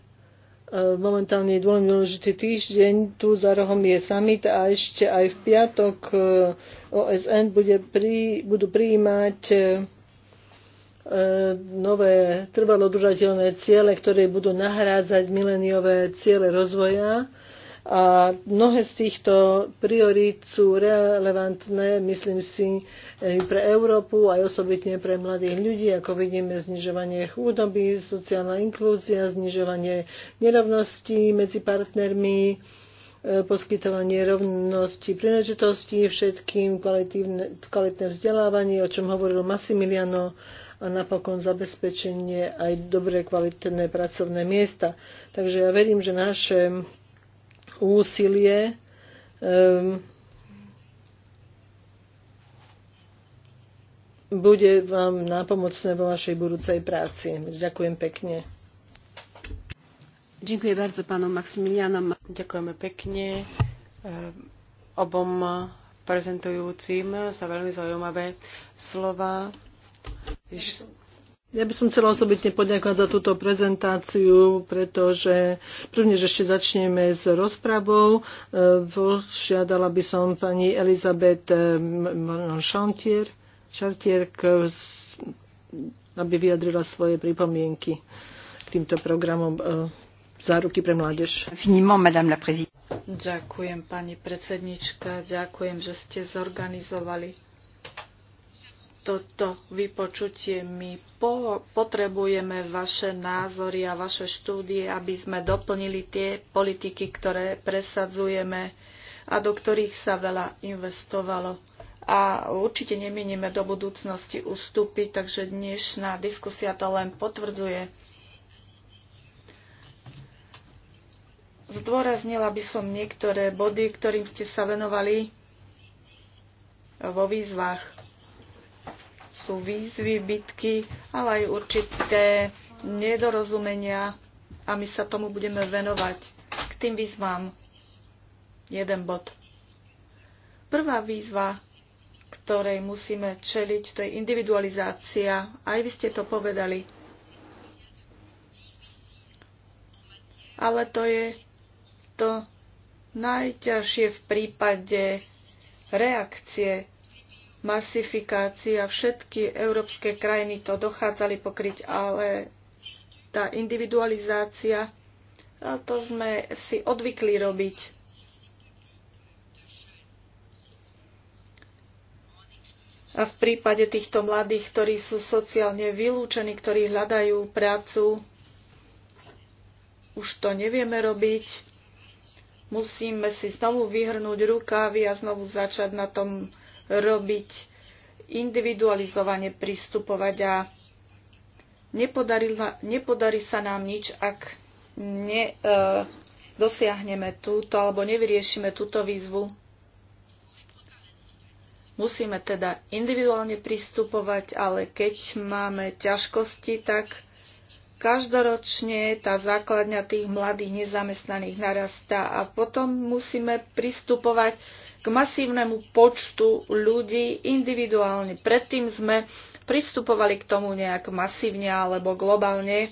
e, momentálne je veľmi dôležitý týždeň. Tu za rohom je summit a ešte aj v piatok e, OSN bude pri, budú prijímať e, nové trvalodržateľné ciele, ktoré budú nahrádzať mileniové ciele rozvoja. A mnohé z týchto priorít sú relevantné, myslím si, e, pre Európu, aj osobitne pre mladých ľudí, ako vidíme znižovanie chudoby, sociálna inklúzia, znižovanie nerovností medzi partnermi, e, poskytovanie rovnosti príležitostí všetkým, kvalitné vzdelávanie, o čom hovoril Massimiliano, a napokon zabezpečenie aj dobre kvalitné pracovné miesta. Takže ja verím, že naše úsilie um, bude vám nápomocné vo vašej budúcej práci. Ďakujem pekne. Ďakujem bardzo pánom Maximilianom. Ďakujeme pekne ehm, obom prezentujúcim sa veľmi zaujímavé slova. Jež ja by som chcela osobitne poďakovať za túto prezentáciu, pretože prvne, že ešte začneme s rozpravou, e, požiadala by som pani Elizabeth Chantier, e, Chartier, aby vyjadrila svoje pripomienky k týmto programom e, záruky pre mládež. Ďakujem, pani predsednička, ďakujem, že ste zorganizovali toto vypočutie. My po, potrebujeme vaše názory a vaše štúdie, aby sme doplnili tie politiky, ktoré presadzujeme a do ktorých sa veľa investovalo. A určite nemienime do budúcnosti ustúpiť, takže dnešná diskusia to len potvrdzuje. Zdôraznila by som niektoré body, ktorým ste sa venovali vo výzvach sú výzvy, bitky, ale aj určité nedorozumenia a my sa tomu budeme venovať. K tým výzvám jeden bod. Prvá výzva, ktorej musíme čeliť, to je individualizácia. Aj vy ste to povedali. Ale to je to najťažšie v prípade reakcie masifikácia. Všetky európske krajiny to dochádzali pokryť, ale tá individualizácia, to sme si odvykli robiť. A v prípade týchto mladých, ktorí sú sociálne vylúčení, ktorí hľadajú prácu, už to nevieme robiť. Musíme si znovu vyhrnúť rukávy a znovu začať na tom robiť individualizovane pristupovať a nepodarí sa nám nič, ak ne, e, dosiahneme túto alebo nevyriešime túto výzvu. Musíme teda individuálne pristupovať, ale keď máme ťažkosti, tak každoročne tá základňa tých mladých nezamestnaných narastá a potom musíme pristupovať k masívnemu počtu ľudí individuálne. Predtým sme pristupovali k tomu nejak masívne alebo globálne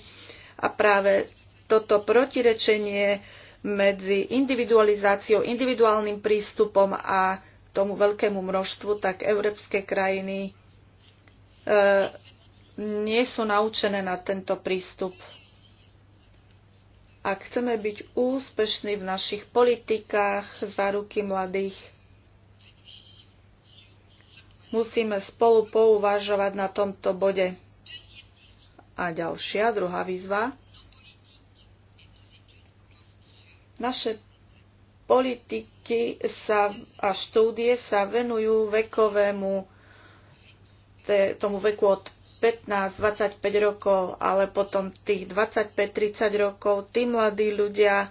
a práve toto protirečenie medzi individualizáciou, individuálnym prístupom a tomu veľkému množstvu, tak európske krajiny e, nie sú naučené na tento prístup. Ak chceme byť úspešní v našich politikách, záruky mladých, Musíme spolu pouvažovať na tomto bode. A ďalšia, druhá výzva. Naše politiky sa, a štúdie sa venujú vekovému te, tomu veku od 15-25 rokov, ale potom tých 25-30 rokov, tí mladí ľudia,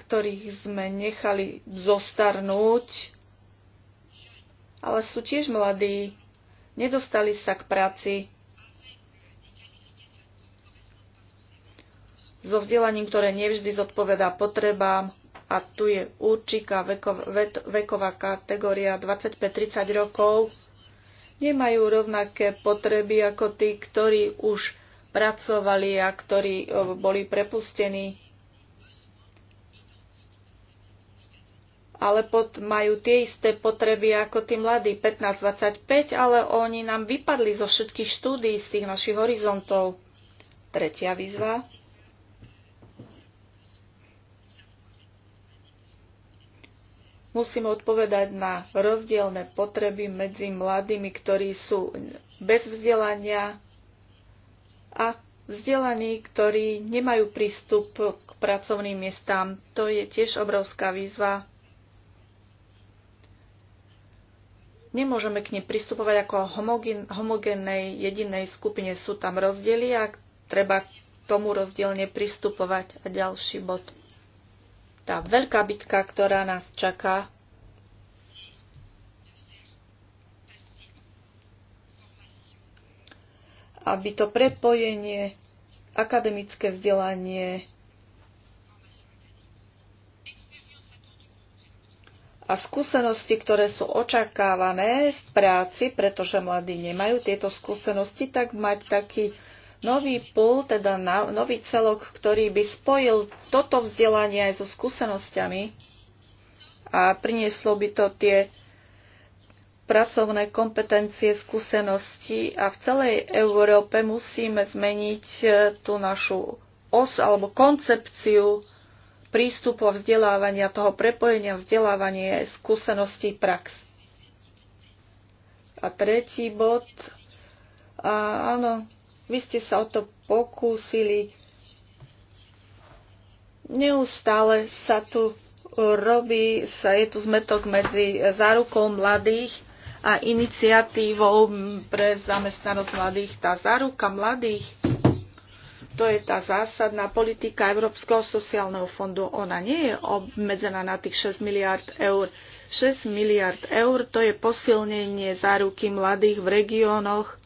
ktorých sme nechali zostarnúť, ale sú tiež mladí, nedostali sa k práci so vzdelaním, ktoré nevždy zodpovedá potrebám a tu je určitá veková kategória 25-30 rokov, nemajú rovnaké potreby ako tí, ktorí už pracovali a ktorí e, boli prepustení ale pod, majú tie isté potreby ako tí mladí 15-25, ale oni nám vypadli zo všetkých štúdí z tých našich horizontov. Tretia výzva. Musíme odpovedať na rozdielne potreby medzi mladými, ktorí sú bez vzdelania a vzdelaní, ktorí nemajú prístup k pracovným miestám. To je tiež obrovská výzva. Nemôžeme k nim pristupovať ako homogénnej jedinej skupine. Sú tam rozdiely a treba k tomu rozdielne pristupovať. A ďalší bod. Tá veľká bitka, ktorá nás čaká, aby to prepojenie, akademické vzdelanie, a skúsenosti, ktoré sú očakávané v práci, pretože mladí nemajú tieto skúsenosti, tak mať taký nový púl, teda nový celok, ktorý by spojil toto vzdelanie aj so skúsenosťami a prinieslo by to tie pracovné kompetencie, skúsenosti a v celej Európe musíme zmeniť eh, tú našu os alebo koncepciu prístupu a vzdelávania, toho prepojenia vzdelávanie, skúseností, prax. A tretí bod, a áno, vy ste sa o to pokúsili. Neustále sa tu robí, sa je tu zmetok medzi zárukou mladých a iniciatívou pre zamestnanosť mladých. Tá záruka mladých to je tá zásadná politika Európskeho sociálneho fondu. Ona nie je obmedzená na tých 6 miliard eur. 6 miliard eur to je posilnenie záruky mladých v regiónoch,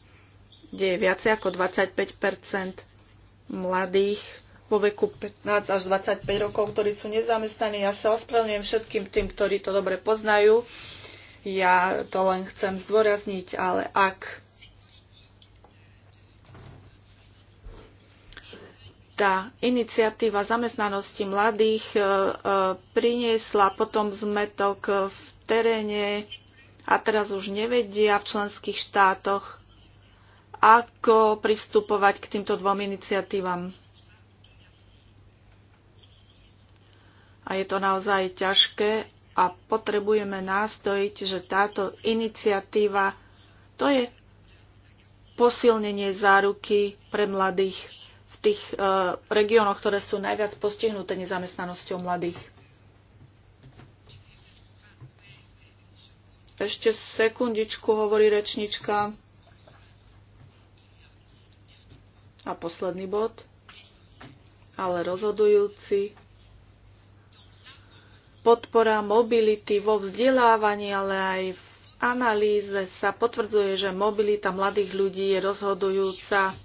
kde je viacej ako 25 mladých vo veku 15 až 25 rokov, ktorí sú nezamestnaní. Ja sa ospravedlňujem všetkým tým, ktorí to dobre poznajú. Ja to len chcem zdôrazniť, ale ak tá iniciatíva zamestnanosti mladých e, e, priniesla potom zmetok v teréne a teraz už nevedia v členských štátoch, ako pristupovať k týmto dvom iniciatívam. A je to naozaj ťažké a potrebujeme nástojiť, že táto iniciatíva to je posilnenie záruky pre mladých tých e, regiónoch, ktoré sú najviac postihnuté nezamestnanosťou mladých. Ešte sekundičku hovorí rečnička. A posledný bod, ale rozhodujúci. Podpora mobility vo vzdelávaní, ale aj v analýze sa potvrdzuje, že mobilita mladých ľudí je rozhodujúca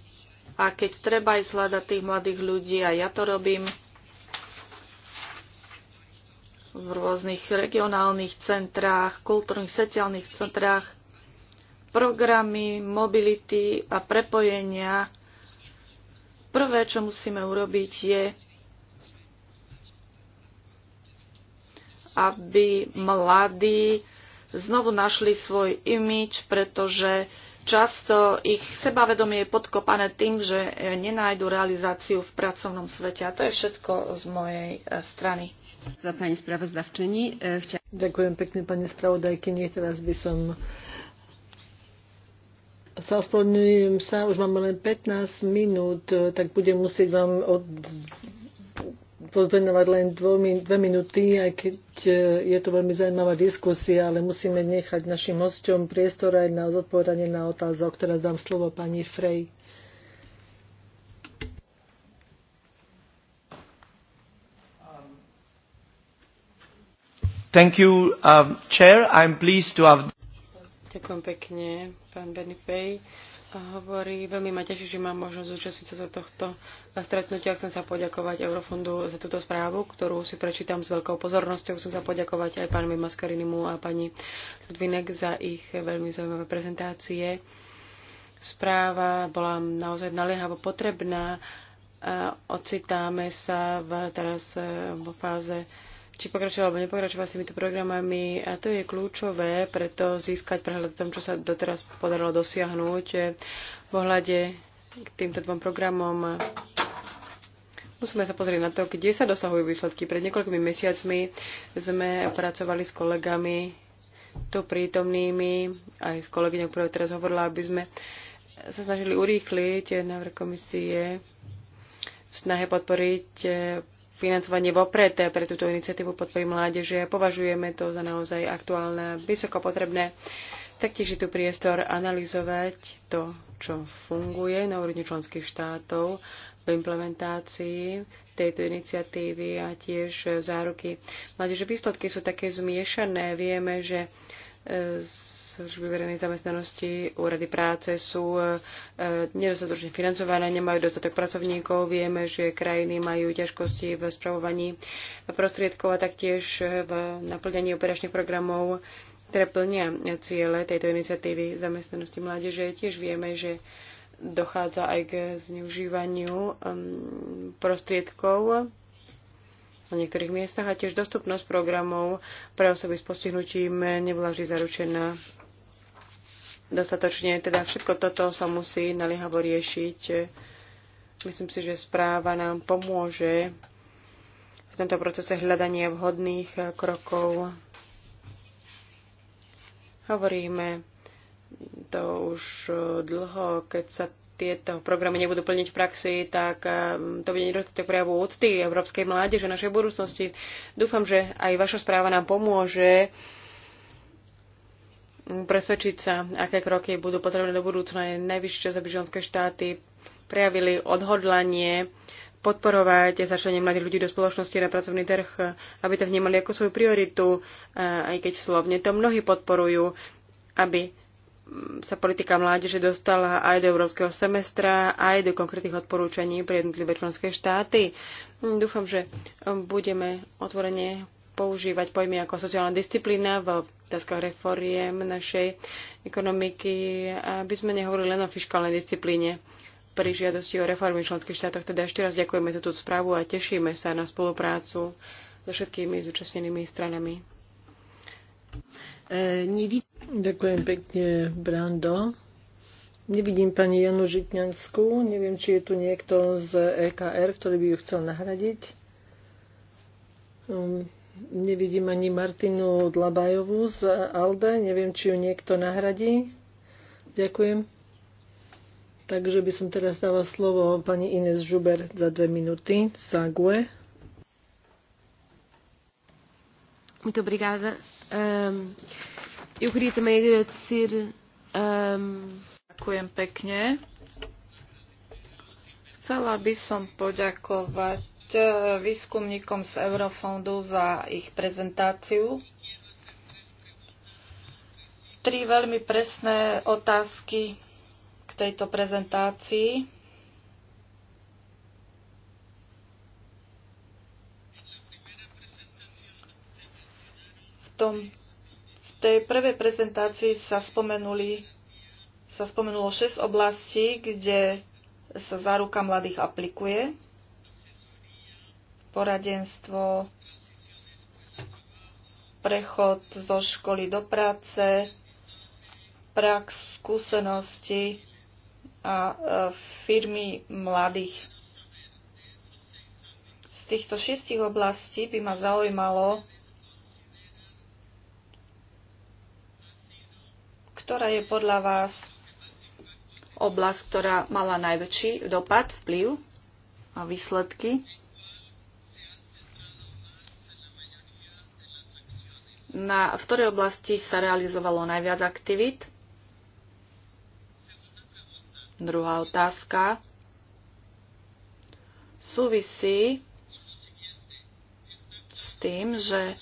a keď treba aj hľadať tých mladých ľudí, a ja to robím v rôznych regionálnych centrách, kultúrnych, sociálnych centrách, programy mobility a prepojenia. Prvé, čo musíme urobiť, je, aby mladí znovu našli svoj imič, pretože Často ich sebavedomie je podkopané tým, že eh, nenájdu realizáciu v pracovnom svete. A to je všetko z mojej eh, strany. Za pani spravozdavčení. Eh, chcia... Ďakujem pekne, pani spravodajky. Nie, Teraz by som sa ospravedlňujem sa, už mám len 15 minút, tak budem musieť vám od, venovať len dvomi, dve minúty, aj keď e, je to veľmi zaujímavá diskusia, ale musíme nechať našim hosťom priestor aj na odpovedanie na otázok. Teraz dám slovo pani Frej. Thank you, um, chair. I'm pleased to have... Ďakujem pekne, pán Benifej. Uh, hovorí. Veľmi ma teší, že mám možnosť zúčastniť sa za tohto stretnutia. Chcem sa poďakovať Eurofondu za túto správu, ktorú si prečítam s veľkou pozornosťou. Chcem sa poďakovať aj pánovi Maskarinimu a pani Ludvinek za ich veľmi zaujímavé prezentácie. Správa bola naozaj naliehavo potrebná. Ocitáme sa v, teraz eh, vo fáze či pokračovať alebo nepokračovať s týmito programami. A to je kľúčové, preto získať prehľad o tom, čo sa doteraz podarilo dosiahnuť v ohľade k týmto dvom programom. Musíme sa pozrieť na to, kde sa dosahujú výsledky. Pred niekoľkými mesiacmi sme pracovali s kolegami tu prítomnými, aj s kolegyňou, ktorá teraz hovorila, aby sme sa snažili urýchliť návrh komisie v snahe podporiť financovanie vopred pre túto iniciatívu podpory mládeže. Považujeme to za naozaj aktuálne, vysoko potrebné. Taktiež je tu priestor analyzovať to, čo funguje na úrovni členských štátov v implementácii tejto iniciatívy a tiež záruky. Mládeže výsledky sú také zmiešané. Vieme, že služby verejnej zamestnanosti, úrady práce sú e, nedostatočne financované, nemajú dostatok pracovníkov. Vieme, že krajiny majú ťažkosti v spravovaní prostriedkov a taktiež v naplňaní operačných programov ktoré plnia ciele tejto iniciatívy zamestnanosti mládeže. Tiež vieme, že dochádza aj k zneužívaniu prostriedkov na niektorých miestach a tiež dostupnosť programov pre osoby s postihnutím nebola vždy zaručená dostatočne. Teda všetko toto sa musí naliehavo riešiť. Myslím si, že správa nám pomôže v tomto procese hľadania vhodných krokov. Hovoríme to už dlho, keď sa tieto programy nebudú plniť v praxi, tak eh, to bude nedostatok prejavu úcty európskej mládeže, našej budúcnosti. Dúfam, že aj vaša správa nám pomôže mm, presvedčiť sa, aké kroky budú potrebné do budúcna. Je najvyšší čas, aby ženské štáty prejavili odhodlanie podporovať začlenie mladých ľudí do spoločnosti na pracovný trh, aby to vnímali ako svoju prioritu, eh, aj keď slovne to mnohí podporujú, aby sa politika mládeže dostala aj do európskeho semestra, aj do konkrétnych odporúčaní pre jednotlivé členské štáty. Dúfam, že budeme otvorene používať pojmy ako sociálna disciplína v otázkach reforiem našej ekonomiky, aby sme nehovorili len o fiskálnej disciplíne pri žiadosti o reformy v členských štátoch. Teda ešte raz ďakujeme za túto správu a tešíme sa na spoluprácu so všetkými zúčastnenými stranami. E, Ďakujem pekne, Brando. Nevidím pani Janu Žitňanskú. Neviem, či je tu niekto z EKR, ktorý by ju chcel nahradiť. Um, nevidím ani Martinu Dlabajovú z ALDE. Neviem, či ju niekto nahradí. Ďakujem. Takže by som teraz dala slovo pani Ines Žuber za dve minúty. Sague. Muito obrigada. Um... Eu queria também agradecer. Um, Ďakujem pekne. Chcela by som poďakovať eh, výskumníkom z Eurofondu za ich prezentáciu. Tri veľmi presné otázky k tejto prezentácii. V tom tej prvej prezentácii sa, spomenuli, sa spomenulo 6 oblastí, kde sa záruka mladých aplikuje. Poradenstvo, prechod zo školy do práce, prax, skúsenosti a e, firmy mladých. Z týchto šiestich oblastí by ma zaujímalo, ktorá je podľa vás oblasť, ktorá mala najväčší dopad, vplyv a výsledky? Na, v ktorej oblasti sa realizovalo najviac aktivít? Druhá otázka súvisí s tým, že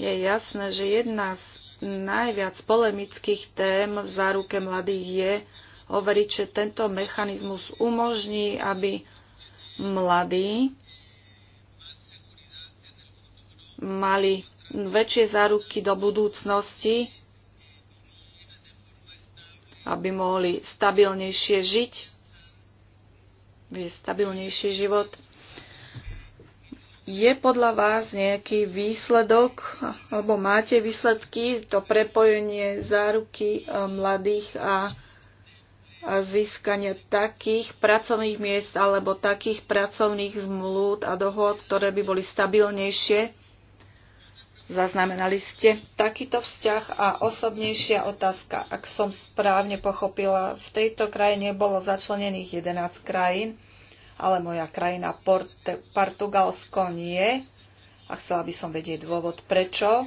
je jasné, že jedna z najviac polemických tém v záruke mladých je hovoriť, že tento mechanizmus umožní, aby mladí mali väčšie záruky do budúcnosti, aby mohli stabilnejšie žiť, stabilnejší život je podľa vás nejaký výsledok, alebo máte výsledky, to prepojenie záruky e, mladých a získania takých pracovných miest alebo takých pracovných zmluv a dohod, ktoré by boli stabilnejšie? Zaznamenali ste takýto vzťah a osobnejšia otázka. Ak som správne pochopila, v tejto krajine bolo začlenených 11 krajín ale moja krajina Port- Portugalsko nie. A chcela by som vedieť dôvod prečo.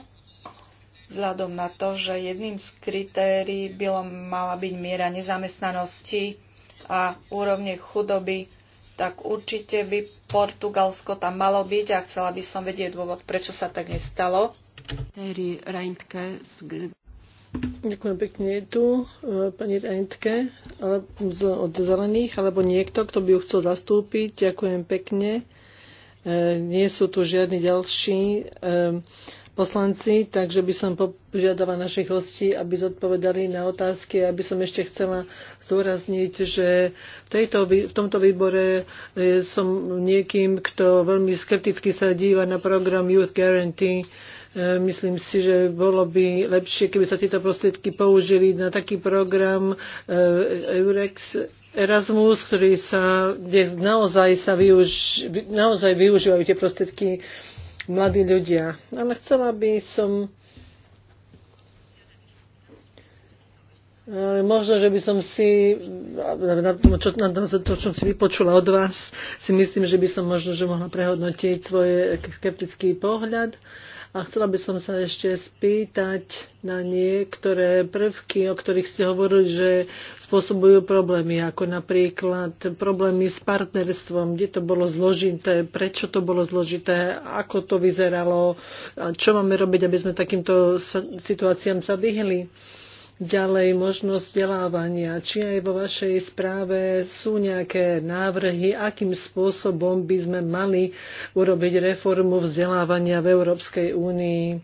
Vzhľadom na to, že jedným z kritérií bylo, mala byť miera nezamestnanosti a úrovne chudoby, tak určite by Portugalsko tam malo byť a chcela by som vedieť dôvod, prečo sa tak nestalo. Reintke z Ďakujem pekne. Je tu e, pani Rentke od Zelených, alebo niekto, kto by ju chcel zastúpiť. Ďakujem pekne. E, nie sú tu žiadni ďalší e, poslanci, takže by som požiadala našich hostí, aby zodpovedali na otázky. Aby som ešte chcela zdôrazniť, že v, tejto, v tomto výbore som niekým, kto veľmi skepticky sa díva na program Youth Guarantee E, myslím si, že bolo by lepšie, keby sa tieto prostriedky použili na taký program e, Eurex Erasmus, ktorý sa, kde naozaj, sa využ, naozaj využívajú tie prostriedky mladí ľudia. Ale chcela by som e, Možno, že by som si, na tom, čo, na tom, to, čo si vypočula od vás, si myslím, že by som možno, že mohla prehodnotiť svoj skeptický pohľad. Uh, a chcela by som sa ešte spýtať na niektoré prvky, o ktorých ste hovorili, že spôsobujú problémy, ako napríklad problémy s partnerstvom, kde to bolo zložité, prečo to bolo zložité, ako to vyzeralo, čo máme robiť, aby sme takýmto situáciám sa vyhli. Ďalej možnosť vzdelávania. Či aj vo vašej správe sú nejaké návrhy, akým spôsobom by sme mali urobiť reformu vzdelávania v Európskej únii?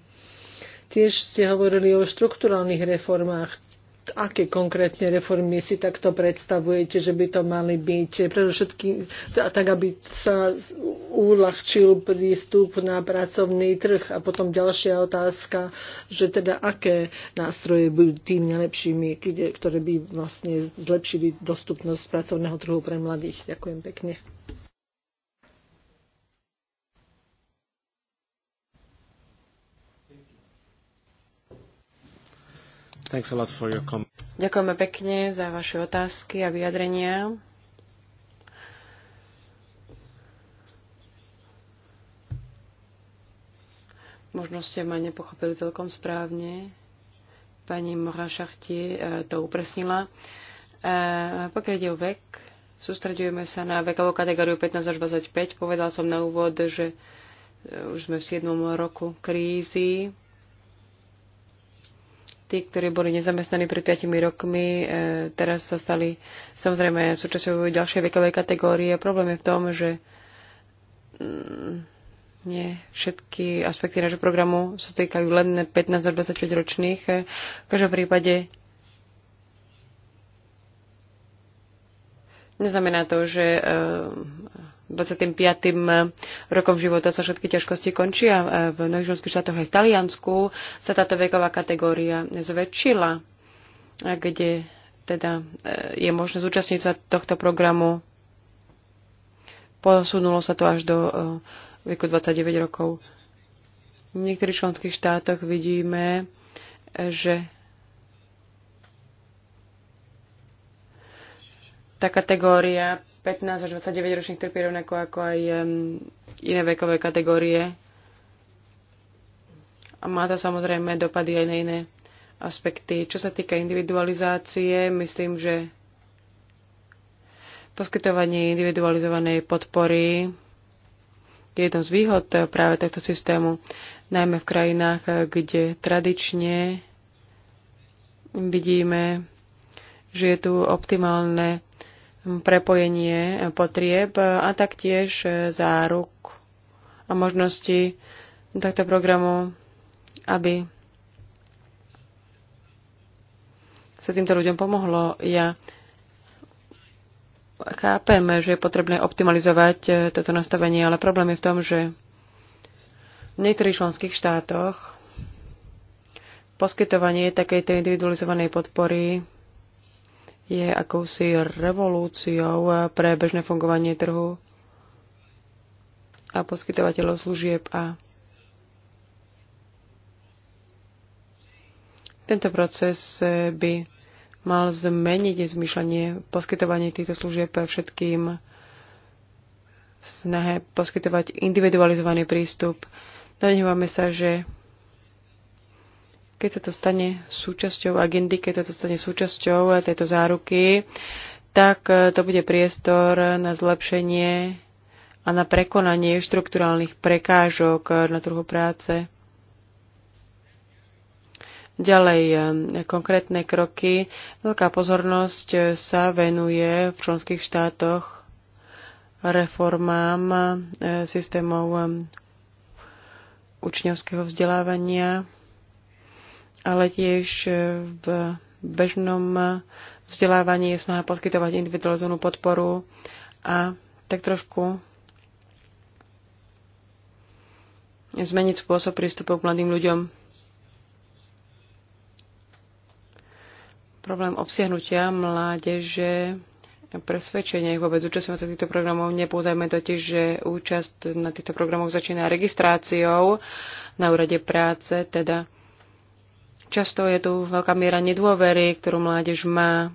Tiež ste hovorili o štrukturálnych reformách aké konkrétne reformy si takto predstavujete, že by to mali byť predovšetkým tak, aby sa uľahčil prístup na pracovný trh. A potom ďalšia otázka, že teda aké nástroje budú tým najlepšími, ktoré by vlastne zlepšili dostupnosť pracovného trhu pre mladých. Ďakujem pekne. Ďakujeme pekne za vaše otázky a vyjadrenia. Možno ste ma nepochopili celkom správne. Pani Mora Šachti eh, to upresnila. Eh, pokiaľ ide o vek, sústredujeme sa na vekovú kategóriu 15 až 25. Povedal som na úvod, že eh, už sme v 7. roku krízy Tí, ktorí boli nezamestnaní pred 5 rokmi, e, teraz sa stali samozrejme súčasťou ďalšej vekovej kategórie. Problém je v tom, že mm, nie všetky aspekty nášho programu sa týkajú len 15 až 25 ročných. E, v každom prípade neznamená to, že e, 25. Eh, rokom života sa všetky ťažkosti končia. Eh, v mnohých členských štátoch aj v Taliansku sa táto veková kategória zväčšila, kde teda eh, je možné zúčastniť sa tohto programu. Posunulo sa to až do veku 29 rokov. V niektorých členských štátoch vidíme, že tá kategória 15 až 29 ročných trpí rovnako ako aj iné vekové kategórie. A má to samozrejme dopady aj na iné aspekty. Čo sa týka individualizácie, myslím, že poskytovanie individualizovanej podpory je jednou z výhod práve tohto systému, najmä v krajinách, kde tradične vidíme, že je tu optimálne prepojenie potrieb a taktiež záruk a možnosti takto programu, aby sa týmto ľuďom pomohlo. Ja chápem, že je potrebné optimalizovať toto nastavenie, ale problém je v tom, že v niektorých členských štátoch poskytovanie takejto individualizovanej podpory je akousi revolúciou eh, pre bežné fungovanie trhu a poskytovateľov služieb a tento proces eh, by mal zmeniť zmyšľanie poskytovanie týchto služieb všetkým v snahe poskytovať individualizovaný prístup. Domnievame sa, že keď sa to stane súčasťou agendy, keď sa to stane súčasťou eh, tejto záruky, tak eh, to bude priestor na zlepšenie a na prekonanie štrukturálnych prekážok eh, na trhu práce. Ďalej, konkrétne kroky. Veľká pozornosť sa venuje v členských štátoch reformám systémov učňovského vzdelávania ale tiež v bežnom vzdelávaní je snaha poskytovať individualizovanú podporu a tak trošku zmeniť spôsob prístupu k mladým ľuďom. Problém obsiahnutia mládeže presvedčenia ich vôbec účastňovať sa týchto programov. Nepúzajme totiž, že účasť na týchto programoch začína registráciou na úrade práce, teda Často je tu veľká miera nedôvery, ktorú mládež má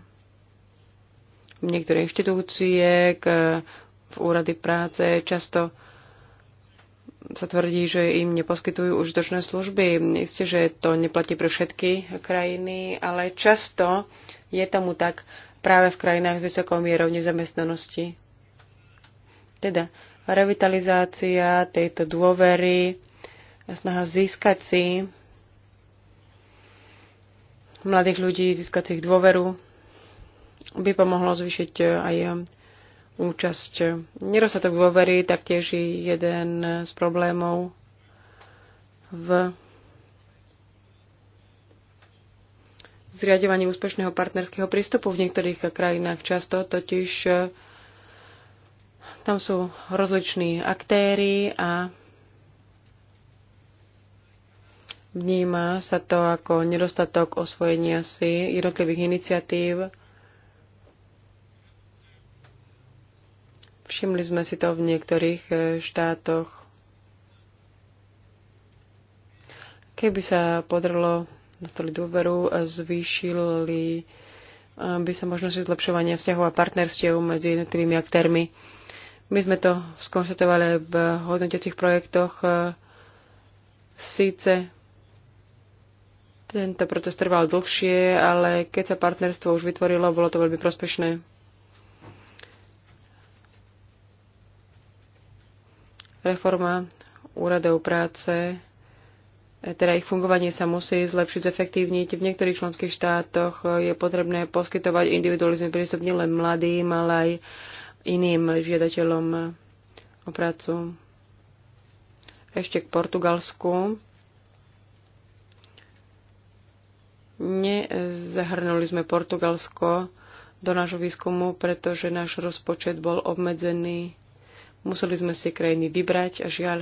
v niektoré inštitúcie, k, v úrady práce. Často sa tvrdí, že im neposkytujú užitočné služby. Isté, že to neplatí pre všetky krajiny, ale často je tomu tak práve v krajinách s vysokou mierou nezamestnanosti. Teda revitalizácia tejto dôvery, snaha získať si mladých ľudí, získať ich dôveru, by pomohlo zvýšiť eh, aj eh, účasť. Nedostatok dôvery taktiež je jeden eh, z problémov v zriadovaní úspešného partnerského prístupu v niektorých krajinách často, totiž tam sú rozliční aktéry a Vníma sa to ako nedostatok osvojenia si jednotlivých iniciatív. Všimli sme si to v niektorých e, štátoch. Keby sa podarilo nastoliť dôveru, zvýšili by sa možnosti zlepšovania vzťahov a partnerstiev medzi jednotlivými aktérmi. My sme to skonštatovali v hodnotiacich projektoch. E, síce tento proces trval dlhšie, ale keď sa partnerstvo už vytvorilo, bolo to veľmi prospešné. Reforma úradov práce, e, teda ich fungovanie sa musí zlepšiť, zefektívniť. V niektorých členských štátoch e, je potrebné poskytovať individualizmu prístup nielen mladým, ale aj iným žiadateľom o prácu. Ešte k Portugalsku Nezahrnuli sme Portugalsko do nášho výskumu, pretože náš rozpočet bol obmedzený. Museli sme si krajiny vybrať a žiaľ,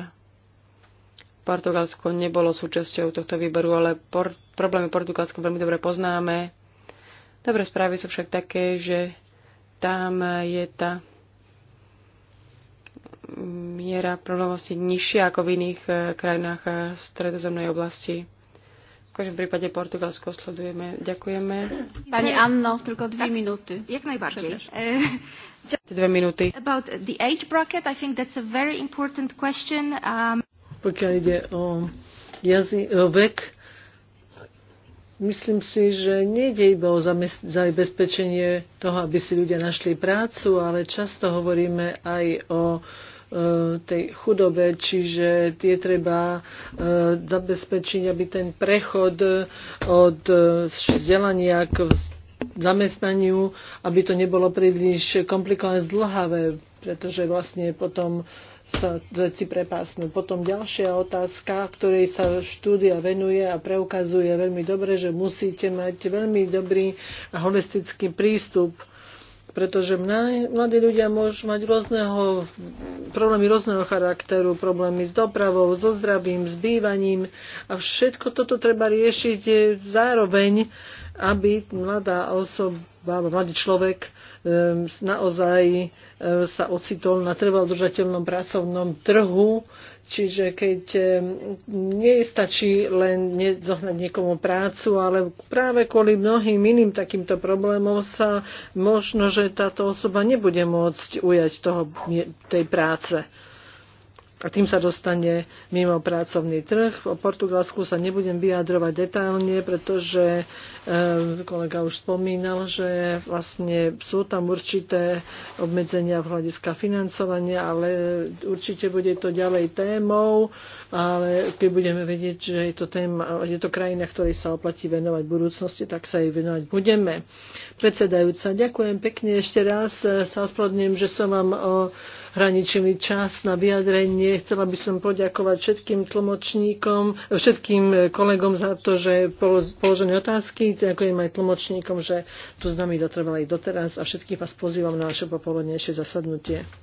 Portugalsko nebolo súčasťou tohto výboru, ale por- problémy Portugalska veľmi dobre poznáme. Dobré správy sú však také, že tam je tá miera problémovosti nižšia ako v iných eh, krajinách eh, stredozemnej oblasti. V každom prípade Portugalsko sledujeme. Ďakujeme. Pani Anno, tylko dve minúty. Jak najbardziej. E, dve minúty. About the age bracket, I think that's a very important question. Um... Pokiaľ ide o, jazy, o vek, myslím si, že nejde iba o zabezpečenie toho, aby si ľudia našli prácu, ale často hovoríme aj o E, tej chudobe, čiže tie treba e, zabezpečiť, aby ten prechod e, od vzdelania k zamestnaniu, aby to nebolo príliš komplikované, zdlhavé, pretože vlastne potom sa veci prepásnú. Potom ďalšia otázka, ktorej sa štúdia venuje a preukazuje veľmi dobre, že musíte mať veľmi dobrý a holistický prístup pretože mladí ľudia môžu mať rôzneho, problémy rôzneho charakteru, problémy s dopravou, so zdravím, s bývaním a všetko toto treba riešiť e, zároveň, aby mladá osoba, alebo mladý človek e, naozaj e, sa ocitol na trvalodržateľnom pracovnom trhu Čiže keď nestačí len zohnať niekomu prácu, ale práve kvôli mnohým iným takýmto problémom sa možno, že táto osoba nebude môcť ujať toho, tej práce a tým sa dostane mimo pracovný trh. O Portugalsku sa nebudem vyjadrovať detailne, pretože eh, kolega už spomínal, že vlastne sú tam určité obmedzenia v hľadiska financovania, ale určite bude to ďalej témou, ale keď budeme vedieť, že je to, téma, je to krajina, ktorej sa oplatí venovať v budúcnosti, tak sa jej venovať budeme. Predsedajúca, ďakujem pekne ešte raz. Eh, sa ospravedlňujem, že som vám o hraničí mi čas na vyjadrenie. Chcela by som poďakovať všetkým tlmočníkom, všetkým e, kolegom za to, že položené otázky, ďakujem aj tlmočníkom, že tu s nami dotrvali doteraz a všetkých vás pozývam na naše popoludnejšie zasadnutie.